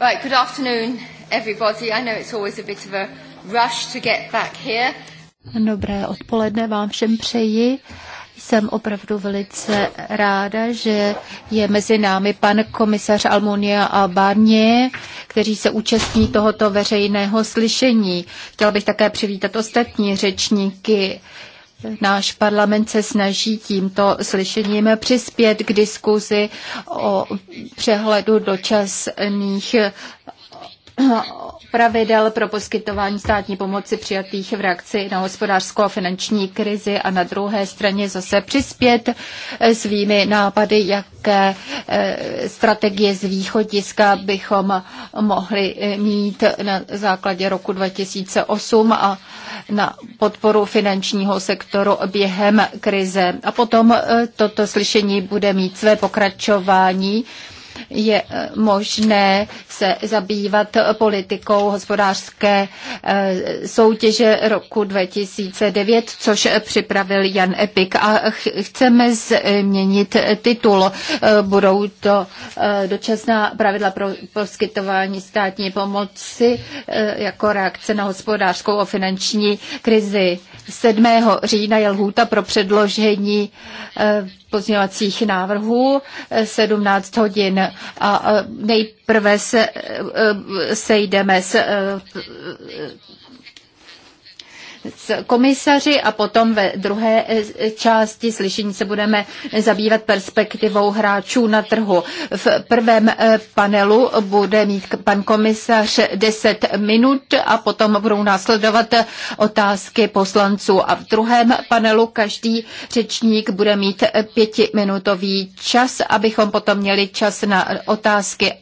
Right, good afternoon, everybody. I know it's always a bit of a rush to get back here. Dobré odpoledne vám všem přeji. Jsem opravdu velice ráda, že je mezi námi pan komisař Almunia a Barnier, kteří se účastní tohoto veřejného slyšení. Chtěla bych také přivítat ostatní řečníky. Náš parlament se snaží tímto slyšením přispět k diskuzi o přehledu dočasných pravidel pro poskytování státní pomoci přijatých v reakci na hospodářskou a finanční krizi a na druhé straně zase přispět svými nápady, jaké eh, strategie z východiska bychom mohli mít na základě roku 2008 a na podporu finančního sektoru během krize. A potom eh, toto slyšení bude mít své pokračování je eh, možné se zabývat politikou hospodářské eh, soutěže roku 2009, což připravil Jan Epik. A chceme změnit titul. Eh, budou to dočasná pravidla pro poskytování státní pomoci jako reakce na hospodářskou a finanční krizi. 7. října je lhůta pro předložení eh, pozměňovacích návrhů 17 eh, hodin a eh, nejprve se sejdeme s s komisaři a potom ve druhé e, části slyšení se budeme zabývat perspektivou hráčů na trhu. V prvém e, panelu bude mít pan komisař 10 minut a potom budou následovat otázky poslanců. A v druhém panelu každý řečník bude mít pětiminutový čas, abychom potom měli čas na otázky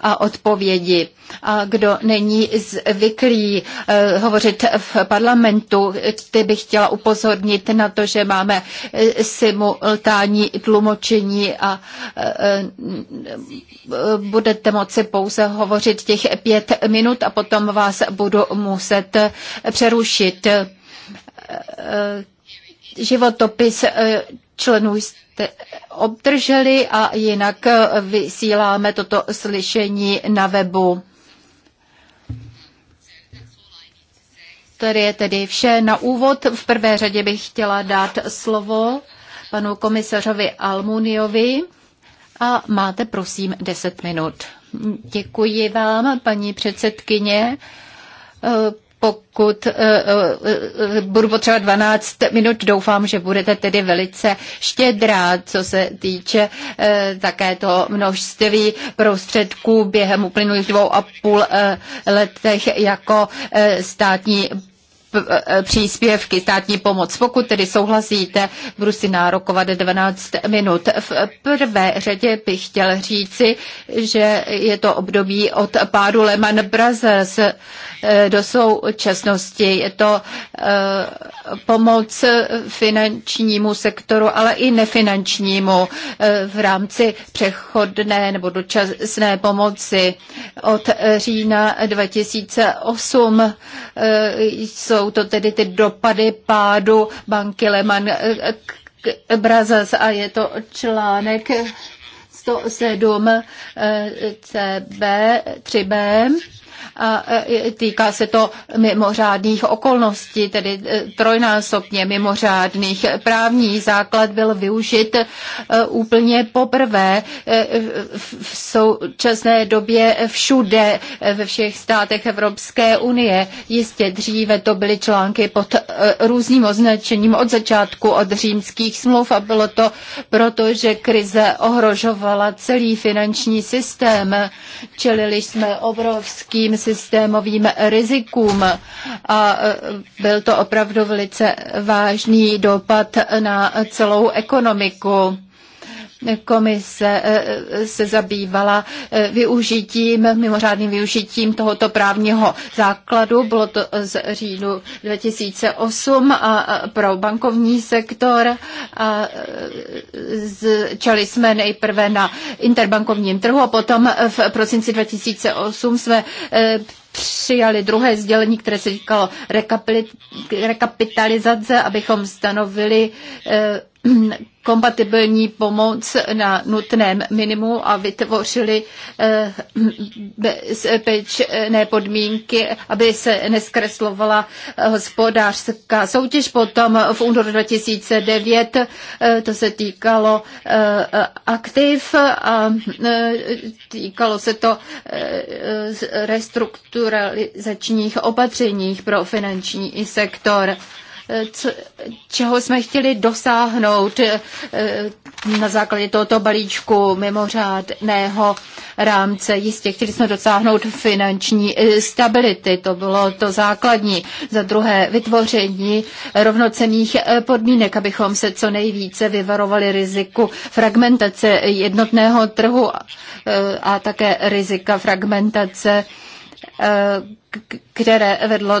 a odpovědi. A kdo není zvyklý eh, hovořit v parlamentu, ty bych chtěla upozornit na to, že máme eh, simultánní tlumočení a eh, budete moci pouze hovořit těch pět minut a potom vás budu muset přerušit životopis eh, členů jste obdrželi a jinak eh, vysíláme toto slyšení na webu. Tady je tedy vše na úvod. V prvé řadě bych chtěla dát slovo panu komisařovi Almuniovi a máte prosím 10 minut. Děkuji vám, paní předsedkyně eh, pokud eh, eh, eh, budu potřebovat 12 minut, doufám, že budete tedy velice štědrá, co se týče také to množství prostředků během uplynulých dvou a půl letech jako státní E, e, příspěvky, státní pomoc. Pokud tedy souhlasíte, budu si nárokovat 12 minut. V prvé řadě bych chtěl říci, že je to období od pádu Lehman Brothers e, do současnosti. Je to pomoc finančnímu sektoru, ale i nefinančnímu v rámci přechodné nebo dočasné pomoci. Od října 2008 jsou jsou to tedy ty dopady pádu banky Lehman Brothers a je to článek 107 CB 3B E, týká se to mimořádných okolností, tedy e, trojnásobně mimořádných. Právní základ byl využit e, úplně poprvé v současné době všude ve všech státech Evropské unie. Jistě dříve to byly články pod různým označením od začátku od římských smluv a bylo to proto, že krize ohrožovala celý finanční systém. Čelili jsme obrovským systémovým rizikům. A e, byl to opravdu velice vážný dopad na celou ekonomiku komise eh, eh, se zabývala eh, využitím, mimořádným využitím tohoto právního základu. Bylo to z říjnu 2008 a pro bankovní sektor. A začali jsme nejprve na interbankovním trhu a potom v prosinci 2008 jsme přijali druhé sdělení, které se říkalo rekapitalizace, abychom stanovili kompatibilní pomoc na nutném minimu a vytvořili eh, bezpečné podmínky, aby se neskreslovala eh, hospodářská soutěž. Potom v únoru 2009 eh, to se týkalo aktiv a týkalo se to restrukturalizačních opatřeních pro finanční sektor. Eh, co, čeho jsme chtěli dosáhnout eh, na základě tohoto balíčku mimořádného rámce. Jistě chtěli jsme dosáhnout finanční eh, stability, to bylo to základní. Za druhé vytvoření rovnocených podmínek, abychom se co nejvíce vyvarovali riziku fragmentace jednotného trhu a také rizika fragmentace které vedlo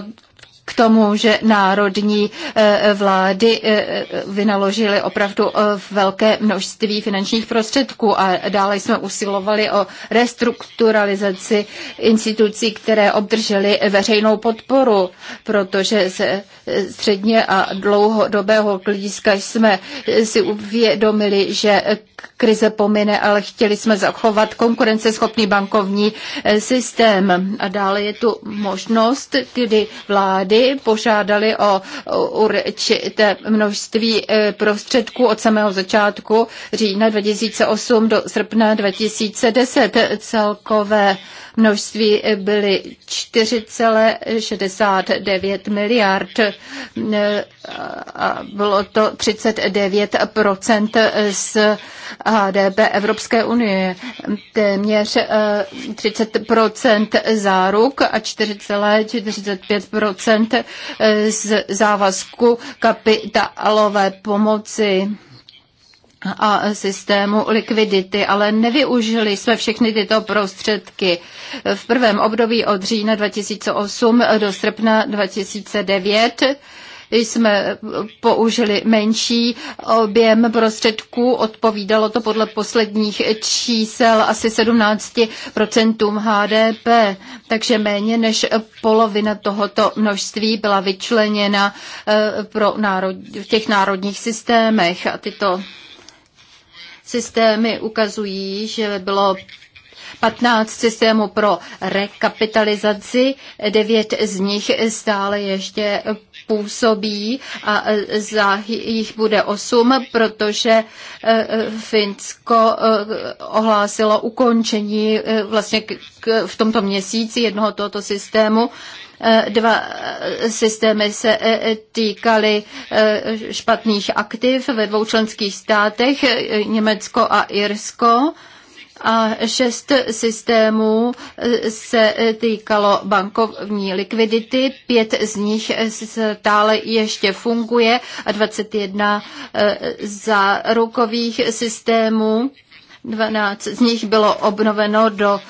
k tomu, že národní eh, vlády eh, vynaložily opravdu eh, velké množství finančních prostředků a dále jsme usilovali o restrukturalizaci institucí, které obdržely veřejnou podporu, protože ze středně a dlouhodobého hlediska jsme si uvědomili, že krize pomine, ale chtěli jsme zachovat konkurenceschopný bankovní systém. A dále je tu možnost, kdy vlády vlády požádali o určité množství eh, prostředků od samého začátku října 2008 do srpna 2010 celkové množství byly 4,69 miliard a bylo to 39 z HDP Evropské unie, téměř 30 eh, záruk a 4,45 z závazku kapitálové pomoci a systému likvidity, ale nevyužili jsme všechny tyto prostředky. V prvém období od října 2008 do srpna 2009 jsme použili menší objem prostředků, odpovídalo to podle posledních čísel asi 17% HDP, takže méně než polovina tohoto množství byla vyčleněna eh, pro národ, v těch národních systémech a tyto systémy ukazují, že bylo 15 systémů pro rekapitalizaci, 9 z nich stále ještě působí a záhy jich bude 8, protože eh, Finsko eh, ohlásilo ukončení eh, vlastně v tomto měsíci jednoho tohoto systému E, dva e, systémy se e, týkaly špatných aktiv ve dvou členských státech, Německo a Irsko a šest systémů se týkalo bankovní likvidity, pět z nich stále ještě funguje a 21 zárukových systémů 12 z nich bylo obnoveno do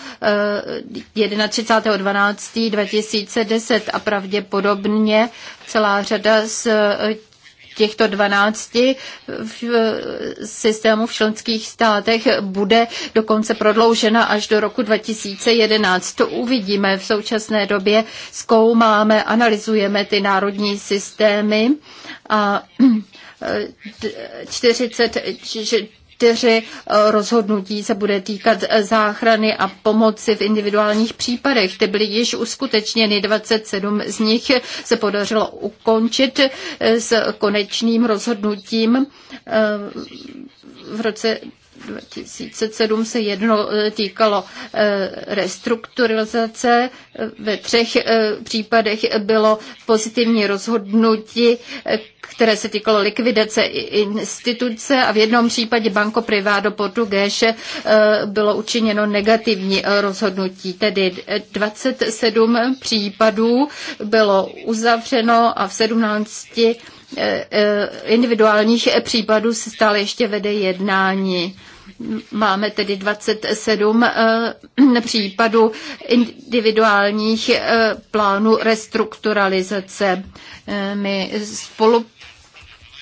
31.12.2010 eh, a pravděpodobně celá řada z eh, těchto 12 v eh, systému v členských státech bude dokonce prodloužena až do roku 2011. To uvidíme v současné době. Zkoumáme, analyzujeme ty národní systémy a 40, čtyři eh, rozhodnutí se bude týkat eh, záchrany a pomoci v individuálních případech. Ty byly již uskutečněny, 27 z nich se podařilo ukončit eh, s konečným rozhodnutím v roce 2007 se jedno eh, týkalo eh, restrukturalizace. Ve třech eh, případech bylo pozitivní rozhodnutí, které se týkalo likvidace instituce a v jednom případě Banco Privado Portugéše bylo učiněno negativní rozhodnutí. Tedy 27 případů bylo uzavřeno a v 17 individuálních případů se stále ještě vede jednání. Máme tedy 27 eh, případů individuálních eh, plánů restrukturalizace. Eh, my spolu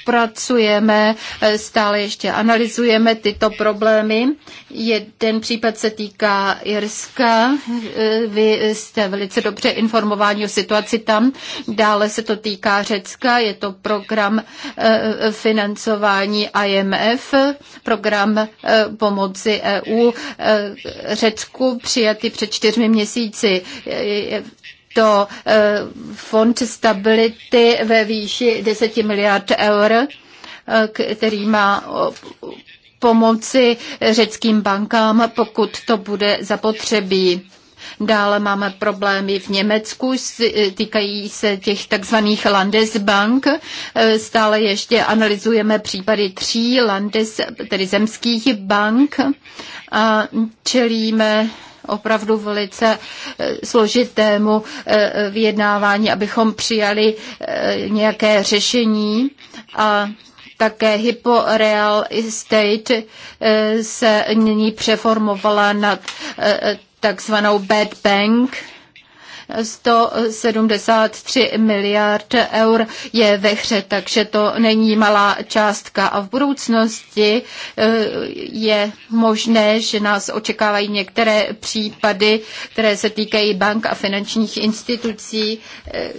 pracujeme, eh, stále ještě analyzujeme tyto problémy. Jeden případ se týká Jirska, eh, Vy jste velice dobře informováni o situaci tam. Dále se to týká Řecka. Je to program eh, financování IMF, program pomoci EU Řecku přijatý před čtyřmi měsíci to eh, fond stability ve výši 10 miliard eur, eh, který má pomoci řeckým bankám, pokud to bude zapotřebí. Dále máme problémy v Německu, týkají se těch takzvaných Landesbank. E, stále ještě analyzujeme případy tří Landes, tedy zemských bank a čelíme opravdu velice e, složitému e, vyjednávání, abychom přijali nějaké řešení a také Hypo Real Estate se nyní přeformovala na takzvanou bad bank, 173 miliard eur je ve hře, takže to není malá částka. A v budoucnosti eh, je možné, že nás očekávají některé případy, které se týkají bank a finančních institucí, eh,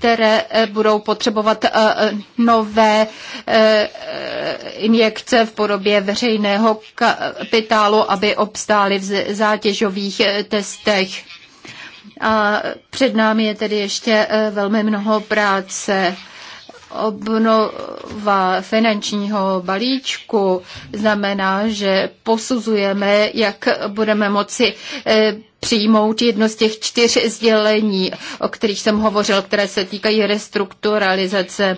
které eh, budou potřebovat eh, eh, nové injekce v podobě veřejného kapitálu, aby obstály v zátěžových testech. A před námi je tedy ještě velmi mnoho práce obnova finančního balíčku znamená, že posuzujeme, jak budeme moci přijmout jedno z těch čtyř sdělení, o kterých jsem hovořil, které se týkají restrukturalizace. E,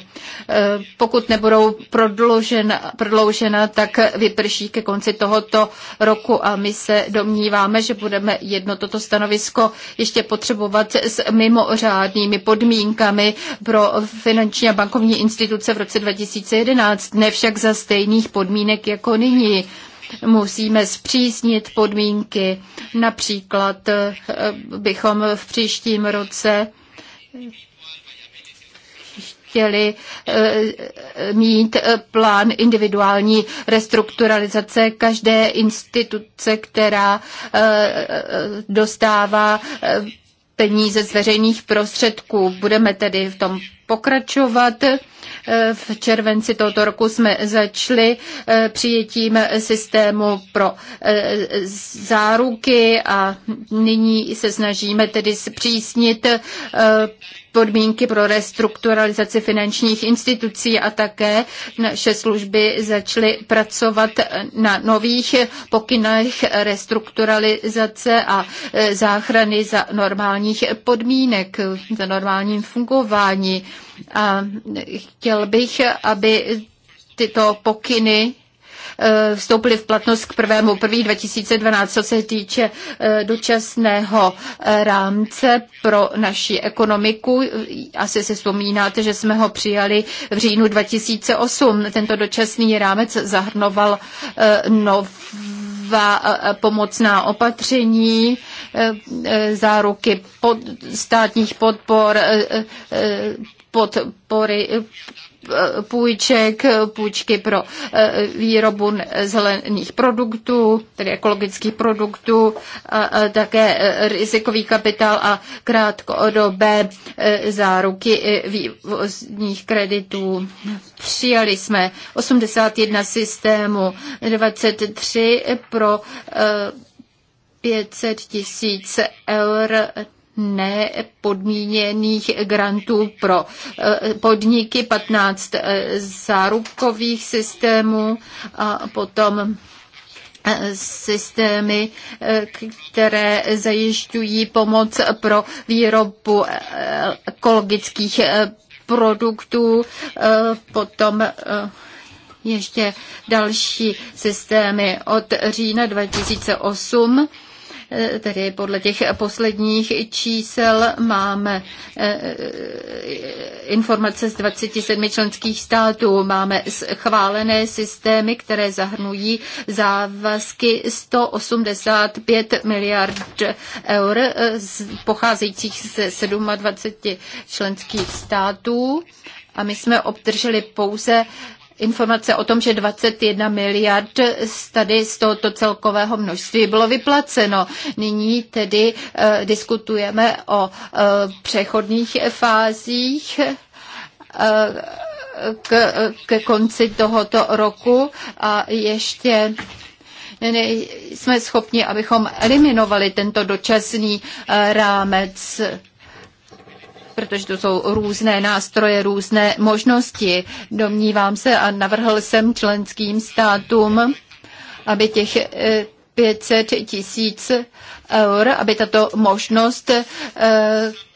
pokud nebudou prodloužena, prodloužena tak vyprší ke konci tohoto roku a my se domníváme, že budeme jedno toto stanovisko ještě potřebovat s mimořádnými podmínkami pro finanční a bankovní instituce v roce 2011, ne však za stejných podmínek jako nyní musíme zpřísnit podmínky. Například eh, bychom v příštím roce chtěli eh, mít eh, plán individuální restrukturalizace každé instituce, která dostává peníze z veřejných prostředků. Budeme tedy v tom pokračovat. Eh, v červenci tohoto roku jsme začali eh, přijetím systému pro eh, záruky a nyní se snažíme tedy zpřísnit podmínky pro restrukturalizaci finančních institucí a také naše služby začaly pracovat na nových pokynech restrukturalizace a záchrany za normálních podmínek, za normálním fungování. A chtěl bych, aby tyto pokyny eh, vstoupily v platnost k 1. 1. 2012, co se týče eh, dočasného eh, rámce pro naši ekonomiku. Asi se vzpomínáte, že jsme ho přijali v říjnu 2008. Tento dočasný rámec zahrnoval nová pomocná opatření, záruky pod, státních podpor, podpory eh, půjček, půjčky pro eh, výrobu zelených produktů, tedy ekologických produktů, a také eh, rizikový kapitál a krátkodobé záruky vývozních kreditů. Přijali jsme 81 systému 23 pro 500 tisíc eur nepodmíněných grantů pro eh, podniky, 15 eh, zárubkových systémů a potom eh, systémy, které zajišťují pomoc pro výrobu ekologických produktů, potom ještě další systémy od října 2008 Eh, tedy podle těch posledních čísel máme eh, eh, informace z 27 členských států, máme schválené systémy, které zahrnují závazky 185 miliard eur pocházejících ze 27 členských států a my jsme obdrželi pouze informace o tom, že 21 miliard tady z tohoto celkového množství bylo vyplaceno. Nyní tedy eh, diskutujeme o eh, přechodných fázích eh, k, k konci tohoto roku a ještě jsme schopni, abychom eliminovali tento dočasný rámec protože to jsou různé nástroje, různé možnosti. Domnívám se a navrhl jsem členským státům, aby těch eh, 500 tisíc eur, aby tato možnost eh,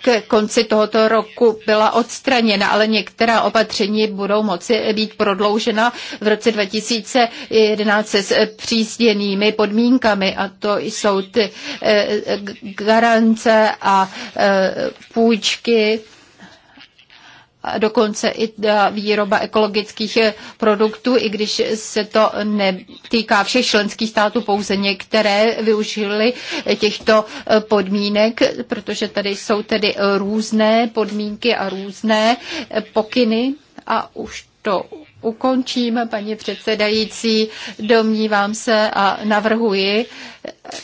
k konci tohoto roku byla odstraněna, ale některá opatření budou moci být prodloužena v roce 2011 s přísněnými podmínkami a to jsou ty eh, garance a eh, půjčky dokonce i e, výroba ekologických e, produktů, i když se to netýká všech členských států, pouze některé využili těchto e, podmínek, protože tady jsou tedy různé podmínky a různé pokyny a už to ukončím, paní předsedající. Domnívám se a navrhuji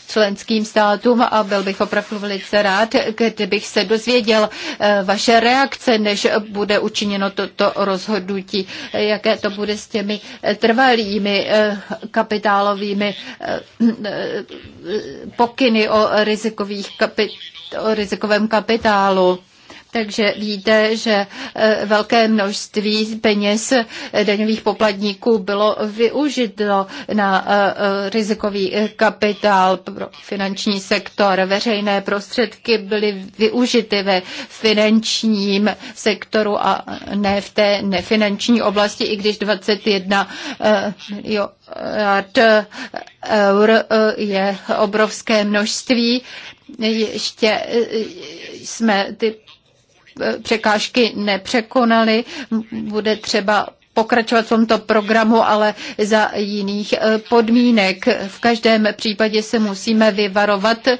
členským státům a byl bych opravdu velice rád, kdybych se dozvěděl eh, vaše reakce, než bude učiněno toto rozhodnutí, jaké to bude s těmi trvalými eh, kapitálovými eh, pokyny o rizikových kapit- o rizikovém kapitálu takže víte, že e, velké množství peněz daňových poplatníků bylo využito na e, e, rizikový kapitál pro finanční sektor. Veřejné prostředky byly využity ve finančním sektoru a ne v té nefinanční oblasti, i když 21 miliard eur je obrovské množství. Ještě jsme ty E, překážky nepřekonaly. Bude třeba pokračovat v tomto programu, ale za jiných e, podmínek. V každém případě se musíme vyvarovat, e,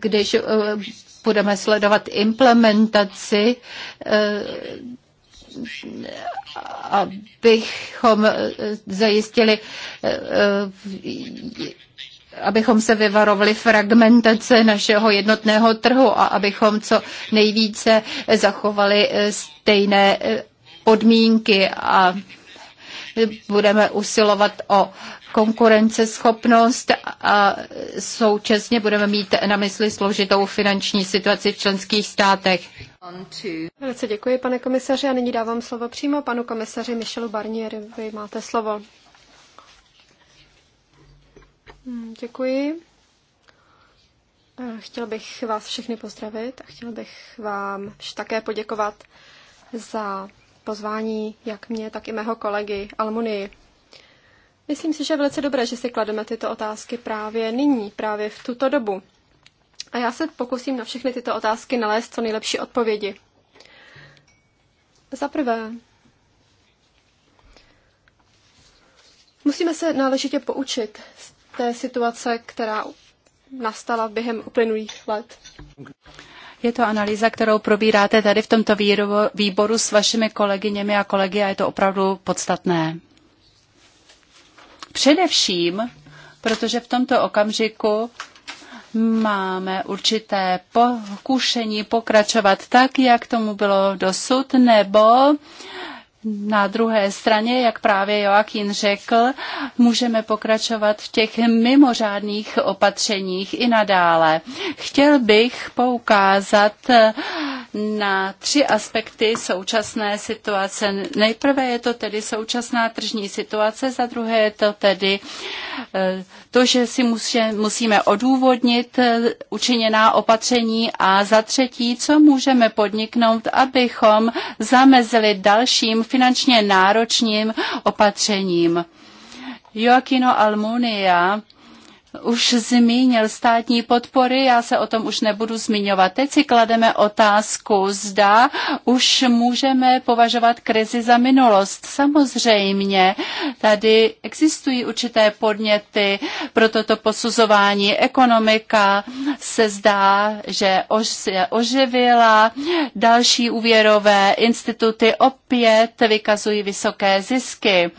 když budeme sledovat implementaci, abychom zajistili abychom se vyvarovali fragmentace našeho jednotného trhu a abychom co nejvíce zachovali eh, stejné eh, podmínky a budeme usilovat o konkurenceschopnost a současně budeme mít na mysli složitou finanční situaci v členských státech. Velice děkuji, pane komisaři, a nyní dávám slovo přímo panu komisaři Michelu Barnierovi. Máte slovo. Hm, děkuji. Eh, chtěl bych vás všechny pozdravit a chtěl bych vám také poděkovat za pozvání jak mě, tak i mého kolegy Almunii. Myslím si, že je velice dobré, že si klademe tyto otázky právě nyní, právě v tuto dobu. A já se pokusím na všechny tyto otázky nalézt co nejlepší odpovědi. Za prvé, musíme se náležitě poučit z té situace, která nastala během uplynulých let. Je to analýza, kterou probíráte tady v tomto výboru s vašimi kolegyněmi a kolegy a je to opravdu podstatné. Především, protože v tomto okamžiku máme určité pokušení pokračovat tak, jak tomu bylo dosud, nebo na druhé straně, jak právě Joaquín řekl, můžeme pokračovat v těch mimořádných opatřeních i nadále. Chtěl bych poukázat eh, na tři aspekty současné situace. Nejprve je to tedy současná tržní situace, za druhé je to tedy eh, to, že si musíme odůvodnit eh, učiněná opatření a za třetí, co můžeme podniknout, abychom zamezili dalším finančně náročným opatřením. Joaquino Almunia už zmínil státní podpory, já se o tom už nebudu zmiňovat. Teď si klademe otázku, zda už můžeme považovat krizi za minulost. Samozřejmě tady existují určité podněty pro toto posuzování. Ekonomika se zdá, že ož, oživila, další úvěrové instituty opět vykazují vysoké zisky.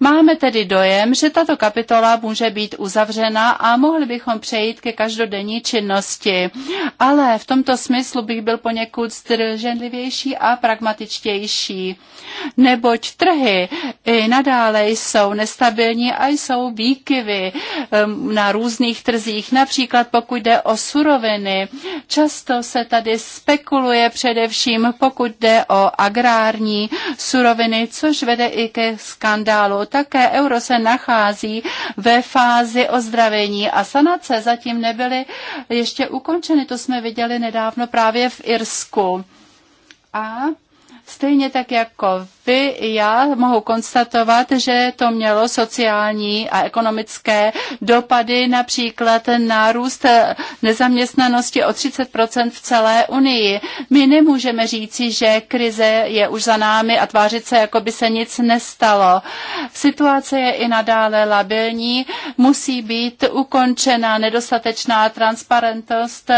Máme tedy dojem, že tato kapitola může být uzavřena a mohli bychom přejít ke každodenní činnosti. Ale v tomto smyslu bych byl poněkud zdrženlivější a pragmatičtější, neboť trhy i nadále jsou nestabilní a jsou výkyvy um, na různých trzích, například pokud jde o suroviny. Často se tady spekuluje především, pokud jde o agrární suroviny, což vede i ke skandálu. Také euro se nachází ve fázi ozdravení řízení a sanace zatím nebyly ještě ukončeny. To jsme viděli nedávno právě v Irsku. A stejně tak jako vy i já mohu konstatovat, že to mělo sociální a ekonomické dopady, například nárůst nezaměstnanosti o 30% v celé Unii. My nemůžeme říci, že krize je už za námi a tvářit se, jako by se nic nestalo. Situace je i nadále labilní, musí být ukončena nedostatečná transparentnost,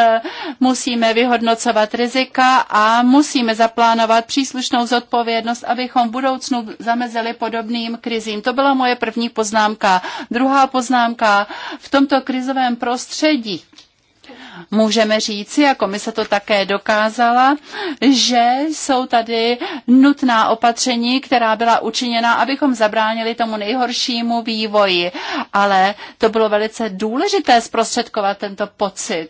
musíme vyhodnocovat rizika a musíme zaplánovat příslušnou zodpovědnost, abychom abychom v budoucnu zamezili podobným krizím. To byla moje první poznámka. Druhá poznámka, v tomto krizovém prostředí můžeme říci, a komise to také dokázala, že jsou tady nutná opatření, která byla učiněna, abychom zabránili tomu nejhoršímu vývoji. Ale to bylo velice důležité zprostředkovat tento pocit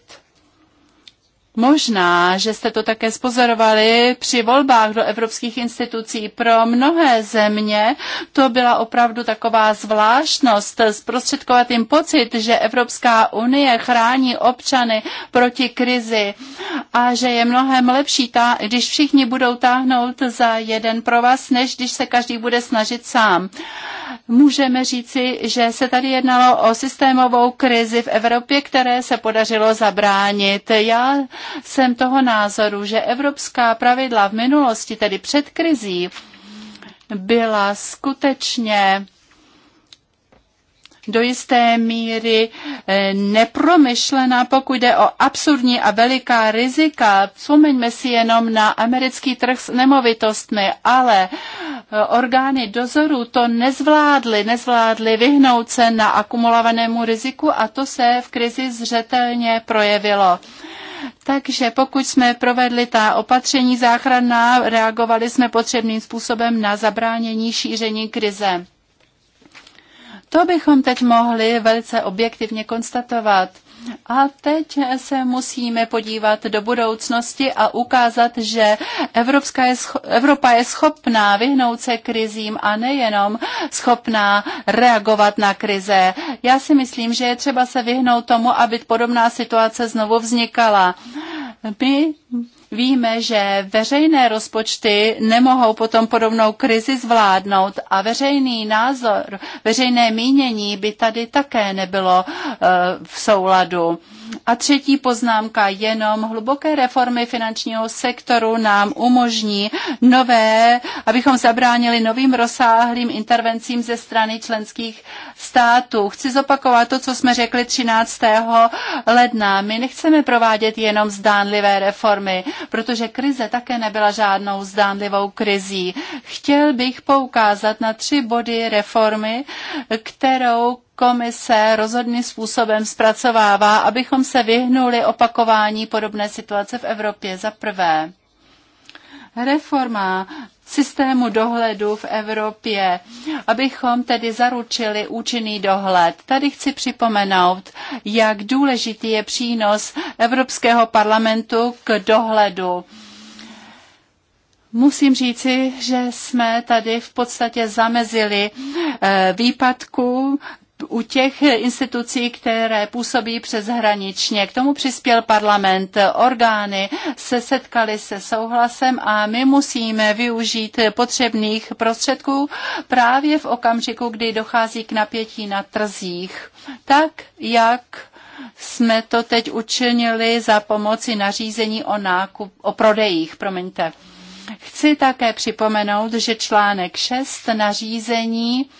Možná, že jste to také spozorovali při volbách do evropských institucí. Pro mnohé země to byla opravdu taková zvláštnost zprostředkovat jim pocit, že Evropská unie chrání občany proti krizi a že je mnohem lepší, ta, když všichni budou táhnout za jeden pro vás, než když se každý bude snažit sám. Můžeme říci, že se tady jednalo o systémovou krizi v Evropě, které se podařilo zabránit. Já jsem toho názoru, že evropská pravidla v minulosti, tedy před krizí, byla skutečně do jisté míry eh, nepromyšlená, pokud jde o absurdní a veliká rizika. Vzpomeňme si jenom na americký trh s nemovitostmi, ale eh, orgány dozoru to nezvládly, nezvládly vyhnout se na akumulovanému riziku a to se v krizi zřetelně projevilo. Takže pokud jsme provedli ta opatření záchranná, reagovali jsme potřebným způsobem na zabránění šíření krize. To bychom teď mohli velice objektivně konstatovat. A teď se musíme podívat do budoucnosti a ukázat, že Evropská je Evropa je schopná vyhnout se krizím a nejenom schopná reagovat na krize. Já si myslím, že je třeba se vyhnout tomu, aby podobná situace znovu vznikala. My Víme, že veřejné rozpočty nemohou potom podobnou krizi zvládnout a veřejný názor, veřejné mínění by tady také nebylo eh, v souladu. A třetí poznámka, jenom hluboké reformy finančního sektoru nám umožní nové, abychom zabránili novým rozsáhlým intervencím ze strany členských států. Chci zopakovat to, co jsme řekli 13. ledna. My nechceme provádět jenom zdánlivé reformy, protože krize také nebyla žádnou zdánlivou krizí. Chtěl bych poukázat na tři body reformy, kterou komise rozhodným způsobem zpracovává, abychom se vyhnuli opakování podobné situace v Evropě. Za prvé, reforma systému dohledu v Evropě, abychom tedy zaručili účinný dohled. Tady chci připomenout, jak důležitý je přínos Evropského parlamentu k dohledu. Musím říci, že jsme tady v podstatě zamezili eh, výpadku u těch institucí, které působí přeshraničně. K tomu přispěl parlament. Orgány se setkaly se souhlasem a my musíme využít potřebných prostředků právě v okamžiku, kdy dochází k napětí na trzích. Tak, jak jsme to teď učinili za pomoci nařízení o, nákup, o prodejích. Promiňte. Chci také připomenout, že článek 6 nařízení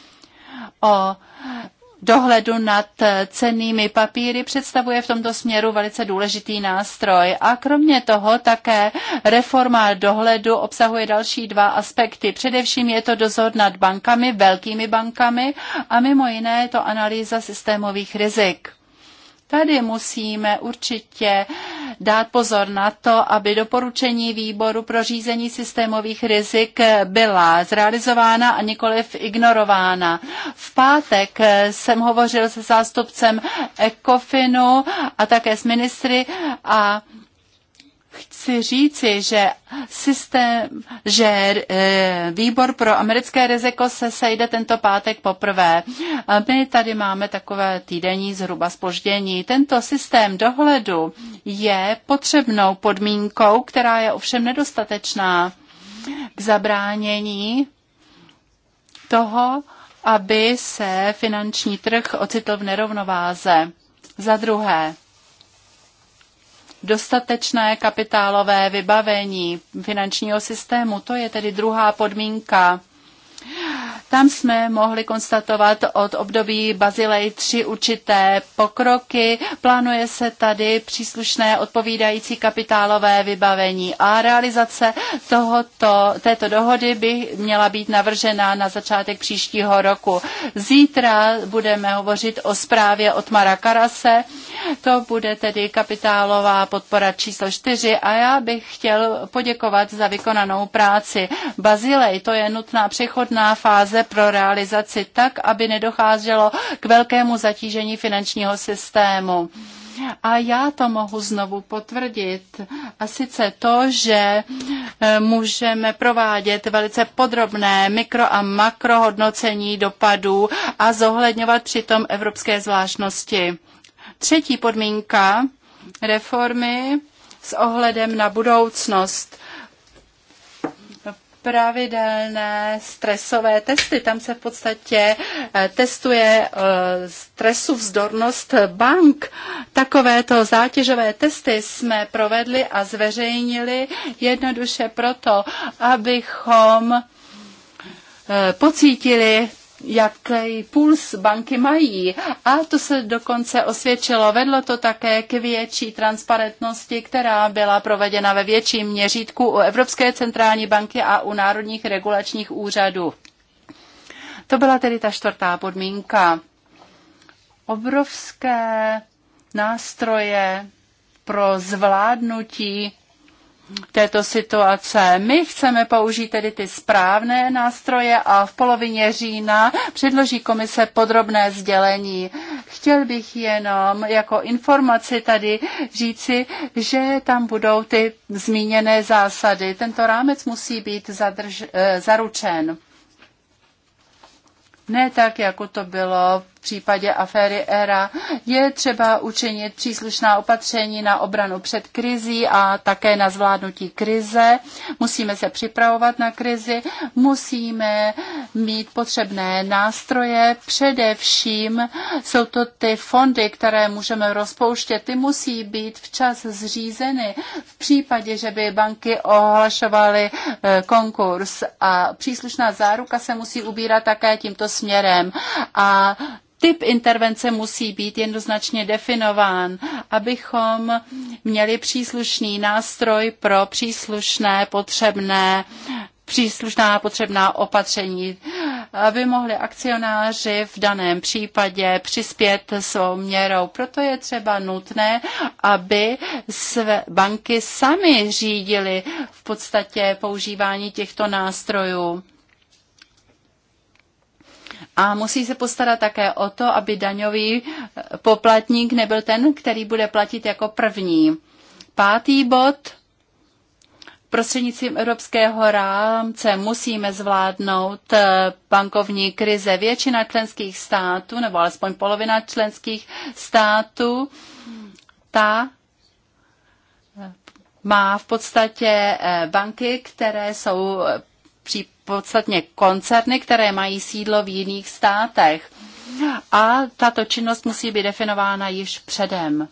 o dohledu nad eh, cenými papíry představuje v tomto směru velice důležitý nástroj. A kromě toho také reforma dohledu obsahuje další dva aspekty. Především je to dozor nad bankami, velkými bankami a mimo jiné je to analýza systémových rizik. Tady musíme určitě dát pozor na to, aby doporučení výboru pro řízení systémových rizik byla zrealizována a nikoliv ignorována. V pátek jsem hovořil se zástupcem ECOFINu a také s ministry a chci říci, že systém, že e, výbor pro americké riziko se sejde tento pátek poprvé. My tady máme takové týdenní zhruba spoždění. Tento systém dohledu je potřebnou podmínkou, která je ovšem nedostatečná k zabránění toho, aby se finanční trh ocitl v nerovnováze. Za druhé, dostatečné kapitálové vybavení finančního systému. To je tedy druhá podmínka tam jsme mohli konstatovat od období Bazilej 3 určité pokroky. Plánuje se tady příslušné odpovídající kapitálové vybavení a realizace tohoto, této dohody by měla být navržena na začátek příštího roku. Zítra budeme hovořit o zprávě od Mara Karase. To bude tedy kapitálová podpora číslo 4 a já bych chtěl poděkovat za vykonanou práci. Bazilej, to je nutná přechodná fáze pro realizaci tak, aby nedocházelo k velkému zatížení finančního systému. A já to mohu znovu potvrdit. A sice to, že eh, můžeme provádět velice podrobné mikro a makrohodnocení dopadů a zohledňovat přitom evropské zvláštnosti. Třetí podmínka reformy s ohledem na budoucnost pravidelné stresové testy. Tam se v podstatě eh, testuje eh, stresu vzdornost bank. Takovéto zátěžové testy jsme provedli a zveřejnili jednoduše proto, abychom eh, pocítili jaký puls banky mají. A to se dokonce osvědčilo. Vedlo to také k větší transparentnosti, která byla provedena ve větším měřítku u Evropské centrální banky a u národních regulačních úřadů. To byla tedy ta čtvrtá podmínka. Obrovské nástroje pro zvládnutí této situace. My chceme použít tedy ty správné nástroje a v polovině října předloží komise podrobné sdělení. Chtěl bych jenom jako informaci tady říci, že tam budou ty zmíněné zásady. Tento rámec musí být zadrž, eh, zaručen. Ne tak, jako to bylo případě aféry ERA je třeba učinit příslušná opatření na obranu před krizí a také na zvládnutí krize. Musíme se připravovat na krizi, musíme mít potřebné nástroje. Především jsou to ty fondy, které můžeme rozpouštět. Ty musí být včas zřízeny v případě, že by banky ohlašovaly eh, konkurs a příslušná záruka se musí ubírat také tímto směrem. A typ intervence musí být jednoznačně definován, abychom měli příslušný nástroj pro příslušné potřebné příslušná potřebná opatření, aby mohli akcionáři v daném případě přispět svou měrou. Proto je třeba nutné, aby své banky sami řídili v podstatě používání těchto nástrojů. A musí se postarat také o to, aby daňový eh, poplatník nebyl ten, který bude platit jako první. Pátý bod. Prostřednictvím Evropského rámce musíme zvládnout eh, bankovní krize. Většina členských států, nebo alespoň polovina členských států, ta eh, má v podstatě banky, které jsou při podstatně koncerny, které mají sídlo v jiných státech. A tato činnost musí být definována již předem.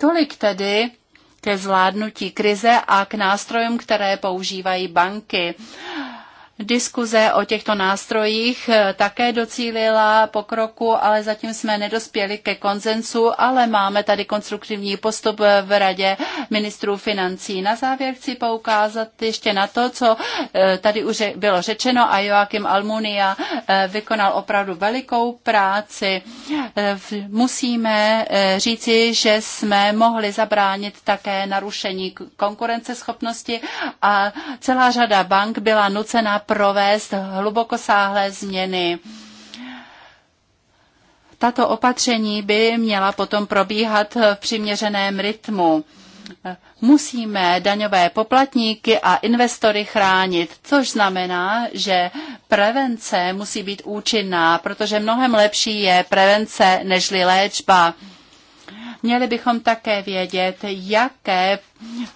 Tolik tedy ke zvládnutí krize a k nástrojům, které používají banky. Diskuze o těchto nástrojích eh, také docílila pokroku, ale zatím jsme nedospěli ke konzensu, ale máme tady konstruktivní postup eh, v Radě ministrů financí. Na závěr chci poukázat ještě na to, co eh, tady už bylo řečeno a Joachim Almunia vykonal opravdu velikou práci. Musíme říci, že jsme mohli zabránit také narušení konkurenceschopnosti a celá řada bank byla nucená provést hlubokosáhlé změny. Tato opatření by měla potom probíhat v přiměřeném rytmu. Musíme daňové poplatníky a investory chránit, což znamená, že prevence musí být účinná, protože mnohem lepší je prevence nežli léčba. Měli bychom také vědět, jaké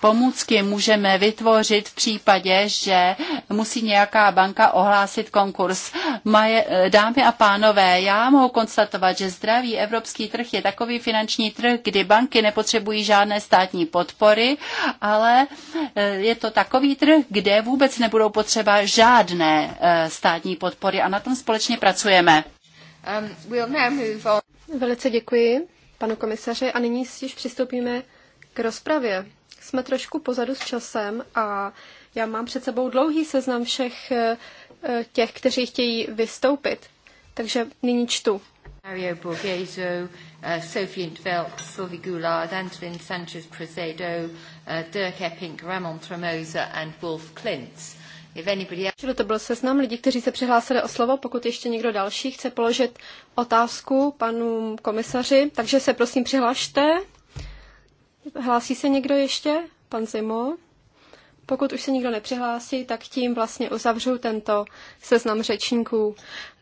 pomůcky můžeme vytvořit v případě, že musí nějaká banka ohlásit konkurs. Maje, dámy a pánové, já mohu konstatovat, že zdravý evropský trh je takový finanční trh, kdy banky nepotřebují žádné státní podpory, ale eh, je to takový trh, kde vůbec nebudou potřeba žádné eh, státní podpory a na tom společně pracujeme. Um, we'll Velice děkuji panu komisaři a nyní si již přistoupíme k rozpravě. Jsme trošku pozadu s časem a já mám před sebou dlouhý seznam všech eh, eh, těch, kteří chtějí vystoupit. Takže nyní čtu. Mario Borghese, uh, Sophie Intveld, Sylvie Goulard, Antolin Sanchez-Prezedo, uh, Dirk Epping, Ramon Tremosa and Wolf Klintz. Čili to byl seznam lidí, kteří se přihlásili o slovo. Pokud ještě někdo další chce položit otázku panu komisaři, takže se prosím přihlašte. Hlásí se někdo ještě? Pan Zimo? Pokud už se nikdo nepřihlásí, tak tím vlastně uzavřu tento seznam řečníků.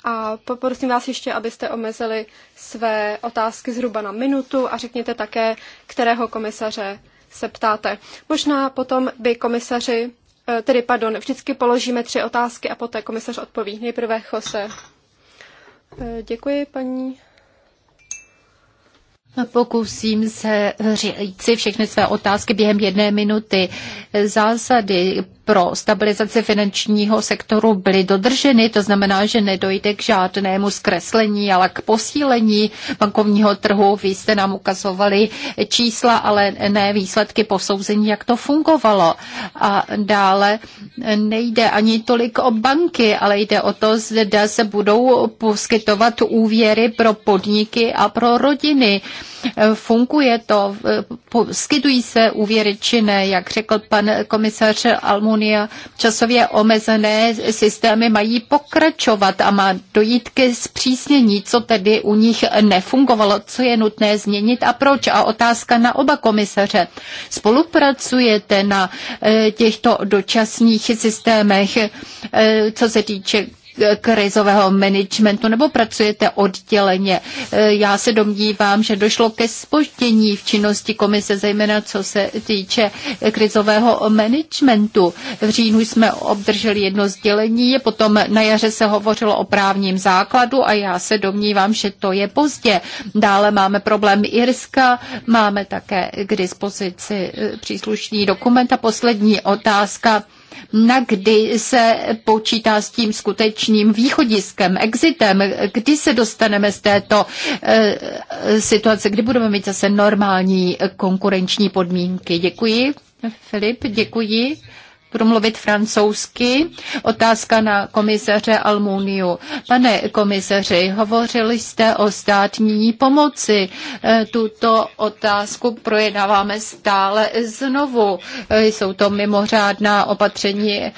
A poprosím vás ještě, abyste omezili své otázky zhruba na minutu a řekněte také, kterého komisaře se ptáte. Možná potom by komisaři Eh, tedy pardon, vždycky položíme tři otázky a poté komisař odpoví. Nejprve Jose. Eh, děkuji, paní. Pokusím se říct si všechny své otázky během jedné minuty. Zásady pro stabilizaci finančního sektoru byly dodrženy, to znamená, že nedojde k žádnému zkreslení, ale k posílení bankovního trhu. Vy jste nám ukazovali čísla, ale ne výsledky posouzení, jak to fungovalo. A dále nejde ani tolik o banky, ale jde o to, zda se budou poskytovat úvěry pro podniky a pro rodiny. Funguje to, poskytují se úvěry či ne, jak řekl pan komisař Almun unie. Časově omezené systémy mají pokračovat a má dojít ke zpřísnění, co tedy u nich nefungovalo, co je nutné změnit a proč. A otázka na oba komisaře. Spolupracujete na eh, těchto dočasných systémech, eh, co se týče krizového managementu nebo pracujete odděleně? E, já se domnívám, že došlo ke spoždění v činnosti komise, zejména co se týče krizového managementu. V říjnu jsme obdrželi jedno sdělení, potom na jaře se hovořilo o právním základu a já se domnívám, že to je pozdě. Dále máme problém Irska, máme také k dispozici e, příslušný dokument a poslední otázka na kdy se počítá s tím skutečným východiskem, exitem, kdy se dostaneme z této eh, situace, kdy budeme mít zase normální konkurenční podmínky. Děkuji, Filip, děkuji promluvit francouzsky. Otázka na komisaře Almuniu. Pane komisaři, hovořili jste o státní pomoci. E, tuto otázku projednáváme stále znovu. E, jsou to mimořádná opatření e,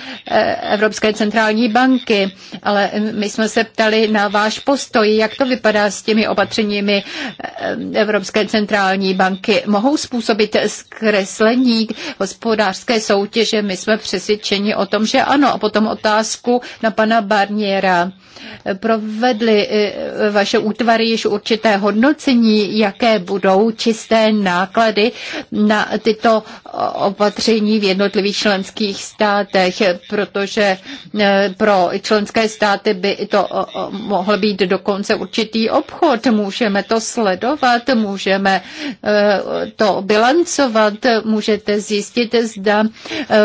Evropské centrální banky, ale my jsme se ptali na váš postoj, jak to vypadá s těmi opatřeními Evropské centrální banky. Mohou způsobit zkreslení hospodářské soutěže? My jsme přesvědčeni o tom, že ano. A potom otázku na pana Barniera provedly eh, vaše útvary již určité hodnocení, jaké budou čisté náklady na tyto opatření v jednotlivých členských státech, protože eh, pro členské státy by to mohl být dokonce určitý obchod. Můžeme to sledovat, můžeme eh, to bilancovat, můžete zjistit, zda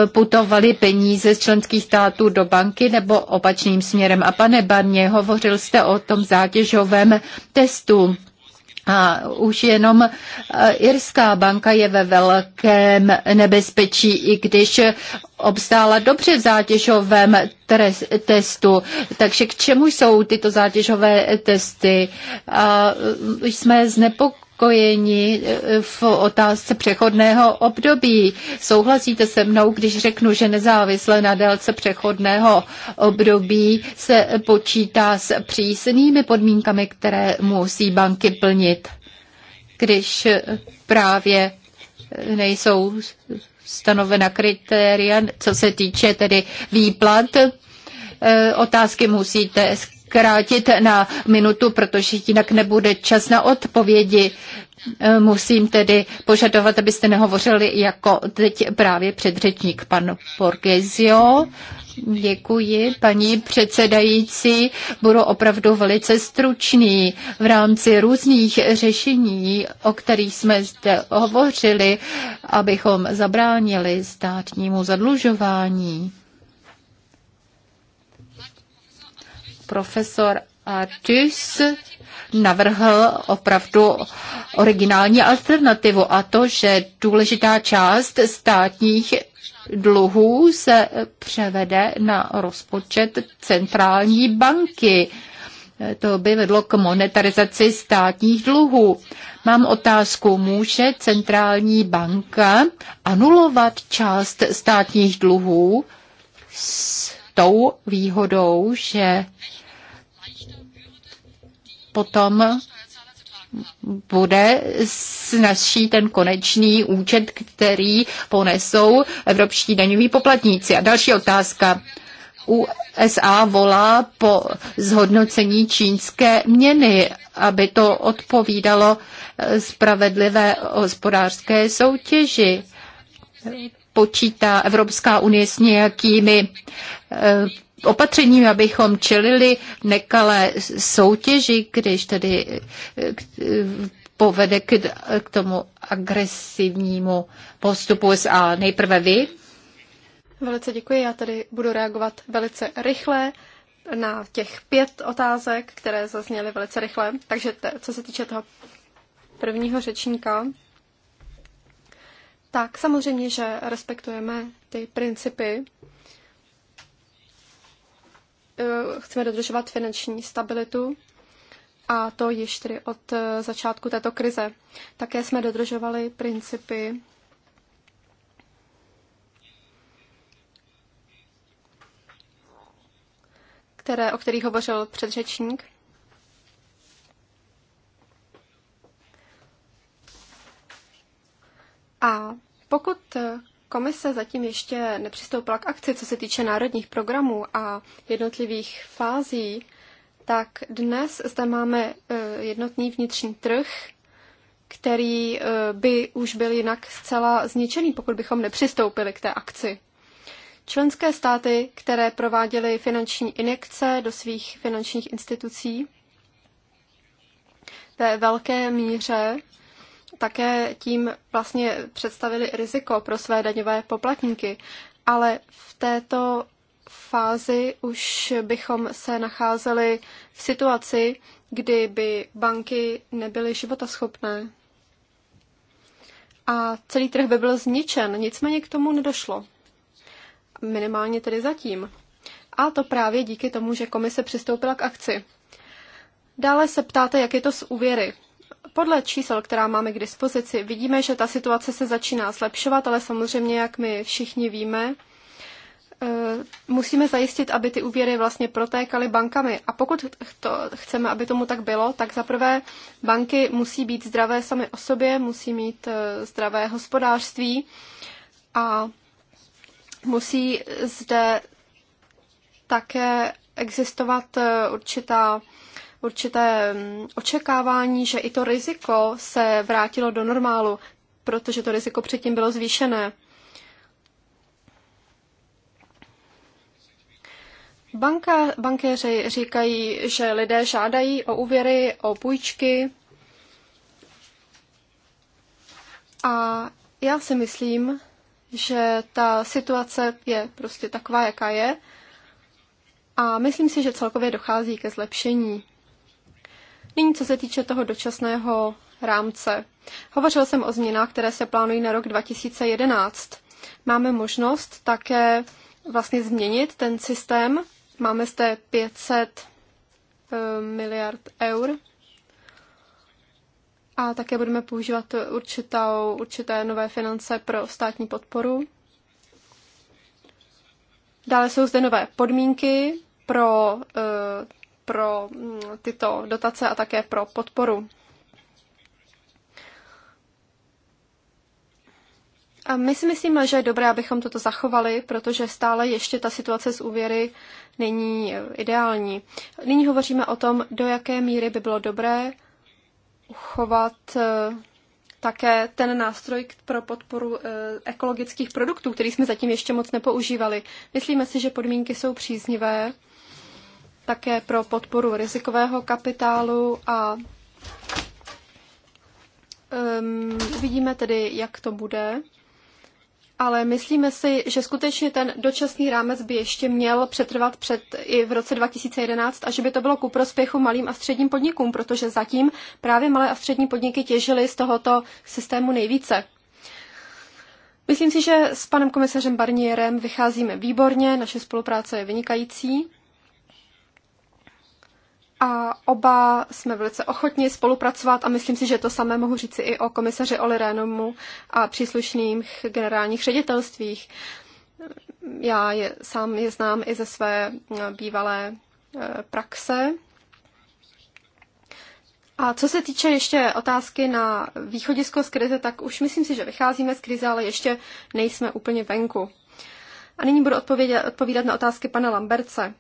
putovaly peníze z členských států do banky nebo opačným směrem. A pane Bar mě Hovořil jste o tom zátěžovém testu. A už jenom e, Irská banka je ve velkém nebezpečí, i když obstála dobře v zátěžovém testu. Takže k čemu jsou tyto zátěžové testy? A e, jsme znepokojeni kojení eh, v otázce přechodného období. Souhlasíte se mnou, když řeknu, že nezávisle na délce přechodného období se počítá s přísnými podmínkami, které musí banky plnit, když právě nejsou stanovena kritéria, co se týče tedy výplat eh, otázky musíte krátit na minutu, protože jinak nebude čas na odpovědi. Musím tedy požadovat, abyste nehovořili jako teď právě předřečník pan Borgesio. Děkuji, paní předsedající. Budu opravdu velice stručný. V rámci různých řešení, o kterých jsme zde hovořili, abychom zabránili státnímu zadlužování. profesor Artus navrhl opravdu originální alternativu a to, že důležitá část státních dluhů se převede na rozpočet centrální banky. To by vedlo k monetarizaci státních dluhů. Mám otázku, může centrální banka anulovat část státních dluhů s tou výhodou, že potom bude snažší ten konečný účet, který ponesou evropští daňoví poplatníci. A další otázka. USA volá po zhodnocení čínské měny, aby to odpovídalo spravedlivé hospodářské soutěži. Počítá Evropská unie s nějakými eh, opatřením, abychom čelili nekalé soutěži, když tedy eh, eh, povede k, k tomu agresivnímu postupu A Nejprve vy. Velice děkuji. Já tady budu reagovat velice rychle na těch pět otázek, které zazněly velice rychle. Takže te, co se týče toho prvního řečníka, tak samozřejmě, že respektujeme ty principy Eh, chceme dodržovat finanční stabilitu a to již tedy od eh, začátku této krize. Také jsme dodržovali principy které, o kterých hovořil předřečník. A pokud Komise zatím ještě nepřistoupila k akci, co se týče národních programů a jednotlivých fází, tak dnes zde máme e, jednotný vnitřní trh, který e, by už byl jinak zcela zničený, pokud bychom nepřistoupili k té akci. Členské státy, které prováděly finanční injekce do svých finančních institucí, ve velké míře také tím vlastně představili riziko pro své daňové poplatníky. Ale v této fázi už bychom se nacházeli v situaci, kdy by banky nebyly životaschopné. A celý trh by byl zničen, nicméně k tomu nedošlo. Minimálně tedy zatím. A to právě díky tomu, že komise přistoupila k akci. Dále se ptáte, jak je to s úvěry. Podle čísel, která máme k dispozici, vidíme, že ta situace se začíná zlepšovat, ale samozřejmě, jak my všichni víme, eh, musíme zajistit, aby ty úvěry vlastně protékaly bankami. A pokud to chceme, aby tomu tak bylo, tak zaprvé banky musí být zdravé sami o sobě, musí mít eh, zdravé hospodářství a musí zde také existovat eh, určitá určité mm, očekávání, že i to riziko se vrátilo do normálu, protože to riziko předtím bylo zvýšené. Banka, bankéři říkají, že lidé žádají o úvěry, o půjčky. A já si myslím, že ta situace je prostě taková, jaká je. A myslím si, že celkově dochází ke zlepšení. Nyní, co se týče toho dočasného rámce. Hovořil jsem o změnách, které se plánují na rok 2011. Máme možnost také vlastně změnit ten systém. Máme zde 500 eh, miliard eur a také budeme používat určitou, určité nové finance pro státní podporu. Dále jsou zde nové podmínky pro eh, pro mm, tyto dotace a také pro podporu. A my si myslíme, že je dobré, abychom toto zachovali, protože stále ještě ta situace s úvěry není eh, ideální. Nyní hovoříme o tom, do jaké míry by bylo dobré uchovat eh, také ten nástroj pro podporu eh, ekologických produktů, který jsme zatím ještě moc nepoužívali. Myslíme si, že podmínky jsou příznivé také pro podporu rizikového kapitálu a um, vidíme tedy, jak to bude. Ale myslíme si, že skutečně ten dočasný rámec by ještě měl přetrvat před, i v roce 2011 a že by to bylo ku prospěchu malým a středním podnikům, protože zatím právě malé a střední podniky těžily z tohoto systému nejvíce. Myslím si, že s panem komisařem Barnierem vycházíme výborně, naše spolupráce je vynikající a oba jsme velice ochotní spolupracovat a myslím si, že to samé mohu říci i o komisaři Oli Renomu a příslušných generálních ředitelstvích. Já je, sám je znám i ze své eh, bývalé eh, praxe. A co se týče ještě otázky na východisko z krize, tak už myslím si, že vycházíme z krize, ale ještě nejsme úplně venku. A nyní budu odpovědět, odpovídat na otázky pana Lamberce.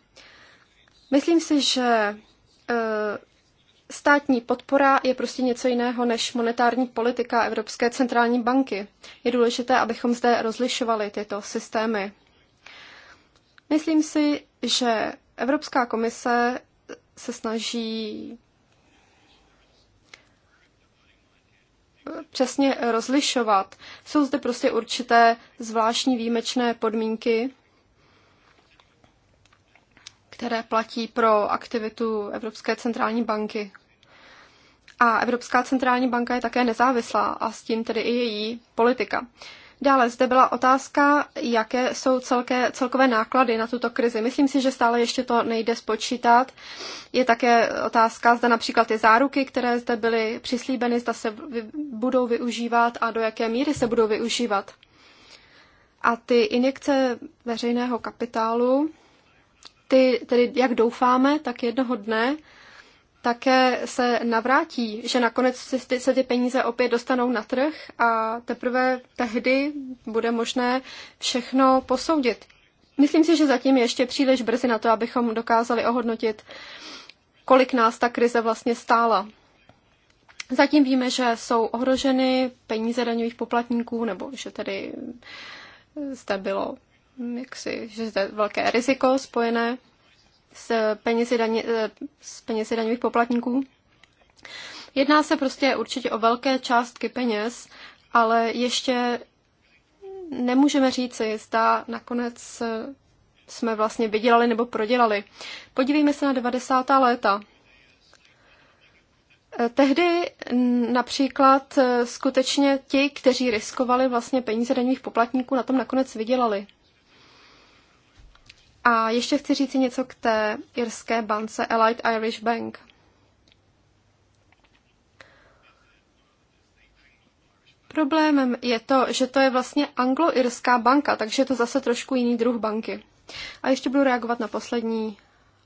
Myslím si, že Eh, státní podpora je prostě něco jiného než monetární politika Evropské centrální banky. Je důležité, abychom zde rozlišovali tyto systémy. Myslím si, že Evropská komise se snaží přesně rozlišovat. Jsou zde prostě určité zvláštní výjimečné podmínky, které platí pro aktivitu Evropské centrální banky. A Evropská centrální banka je také nezávislá a s tím tedy i její politika. Dále zde byla otázka, jaké jsou celké, celkové náklady na tuto krizi. Myslím si, že stále ještě to nejde spočítat. Je také otázka, zda například ty záruky, které zde byly přislíbeny, zda se budou využívat a do jaké míry se budou využívat. A ty injekce veřejného kapitálu, ty, tedy jak doufáme, tak jednoho dne také se navrátí, že nakonec se ty peníze opět dostanou na trh a teprve tehdy bude možné všechno posoudit. Myslím si, že zatím je ještě příliš brzy na to, abychom dokázali ohodnotit, kolik nás ta krize vlastně stála. Zatím víme, že jsou ohroženy peníze daňových poplatníků, nebo že tedy zde bylo jaksi, že to je velké riziko spojené s penězi, daně, eh, s penězi daňových poplatníků. Jedná se prostě určitě o velké částky peněz, ale ještě nemůžeme říci, zda nakonec eh, jsme vlastně vydělali nebo prodělali. Podívejme se na 90. léta. Eh, tehdy například skutečně ti, kteří riskovali vlastně peníze daňových poplatníků, na tom nakonec vydělali. A ještě chci říct něco k té irské bance Elite Irish Bank. Problémem je to, že to je vlastně anglo-irská banka, takže je to zase trošku jiný druh banky. A ještě budu reagovat na poslední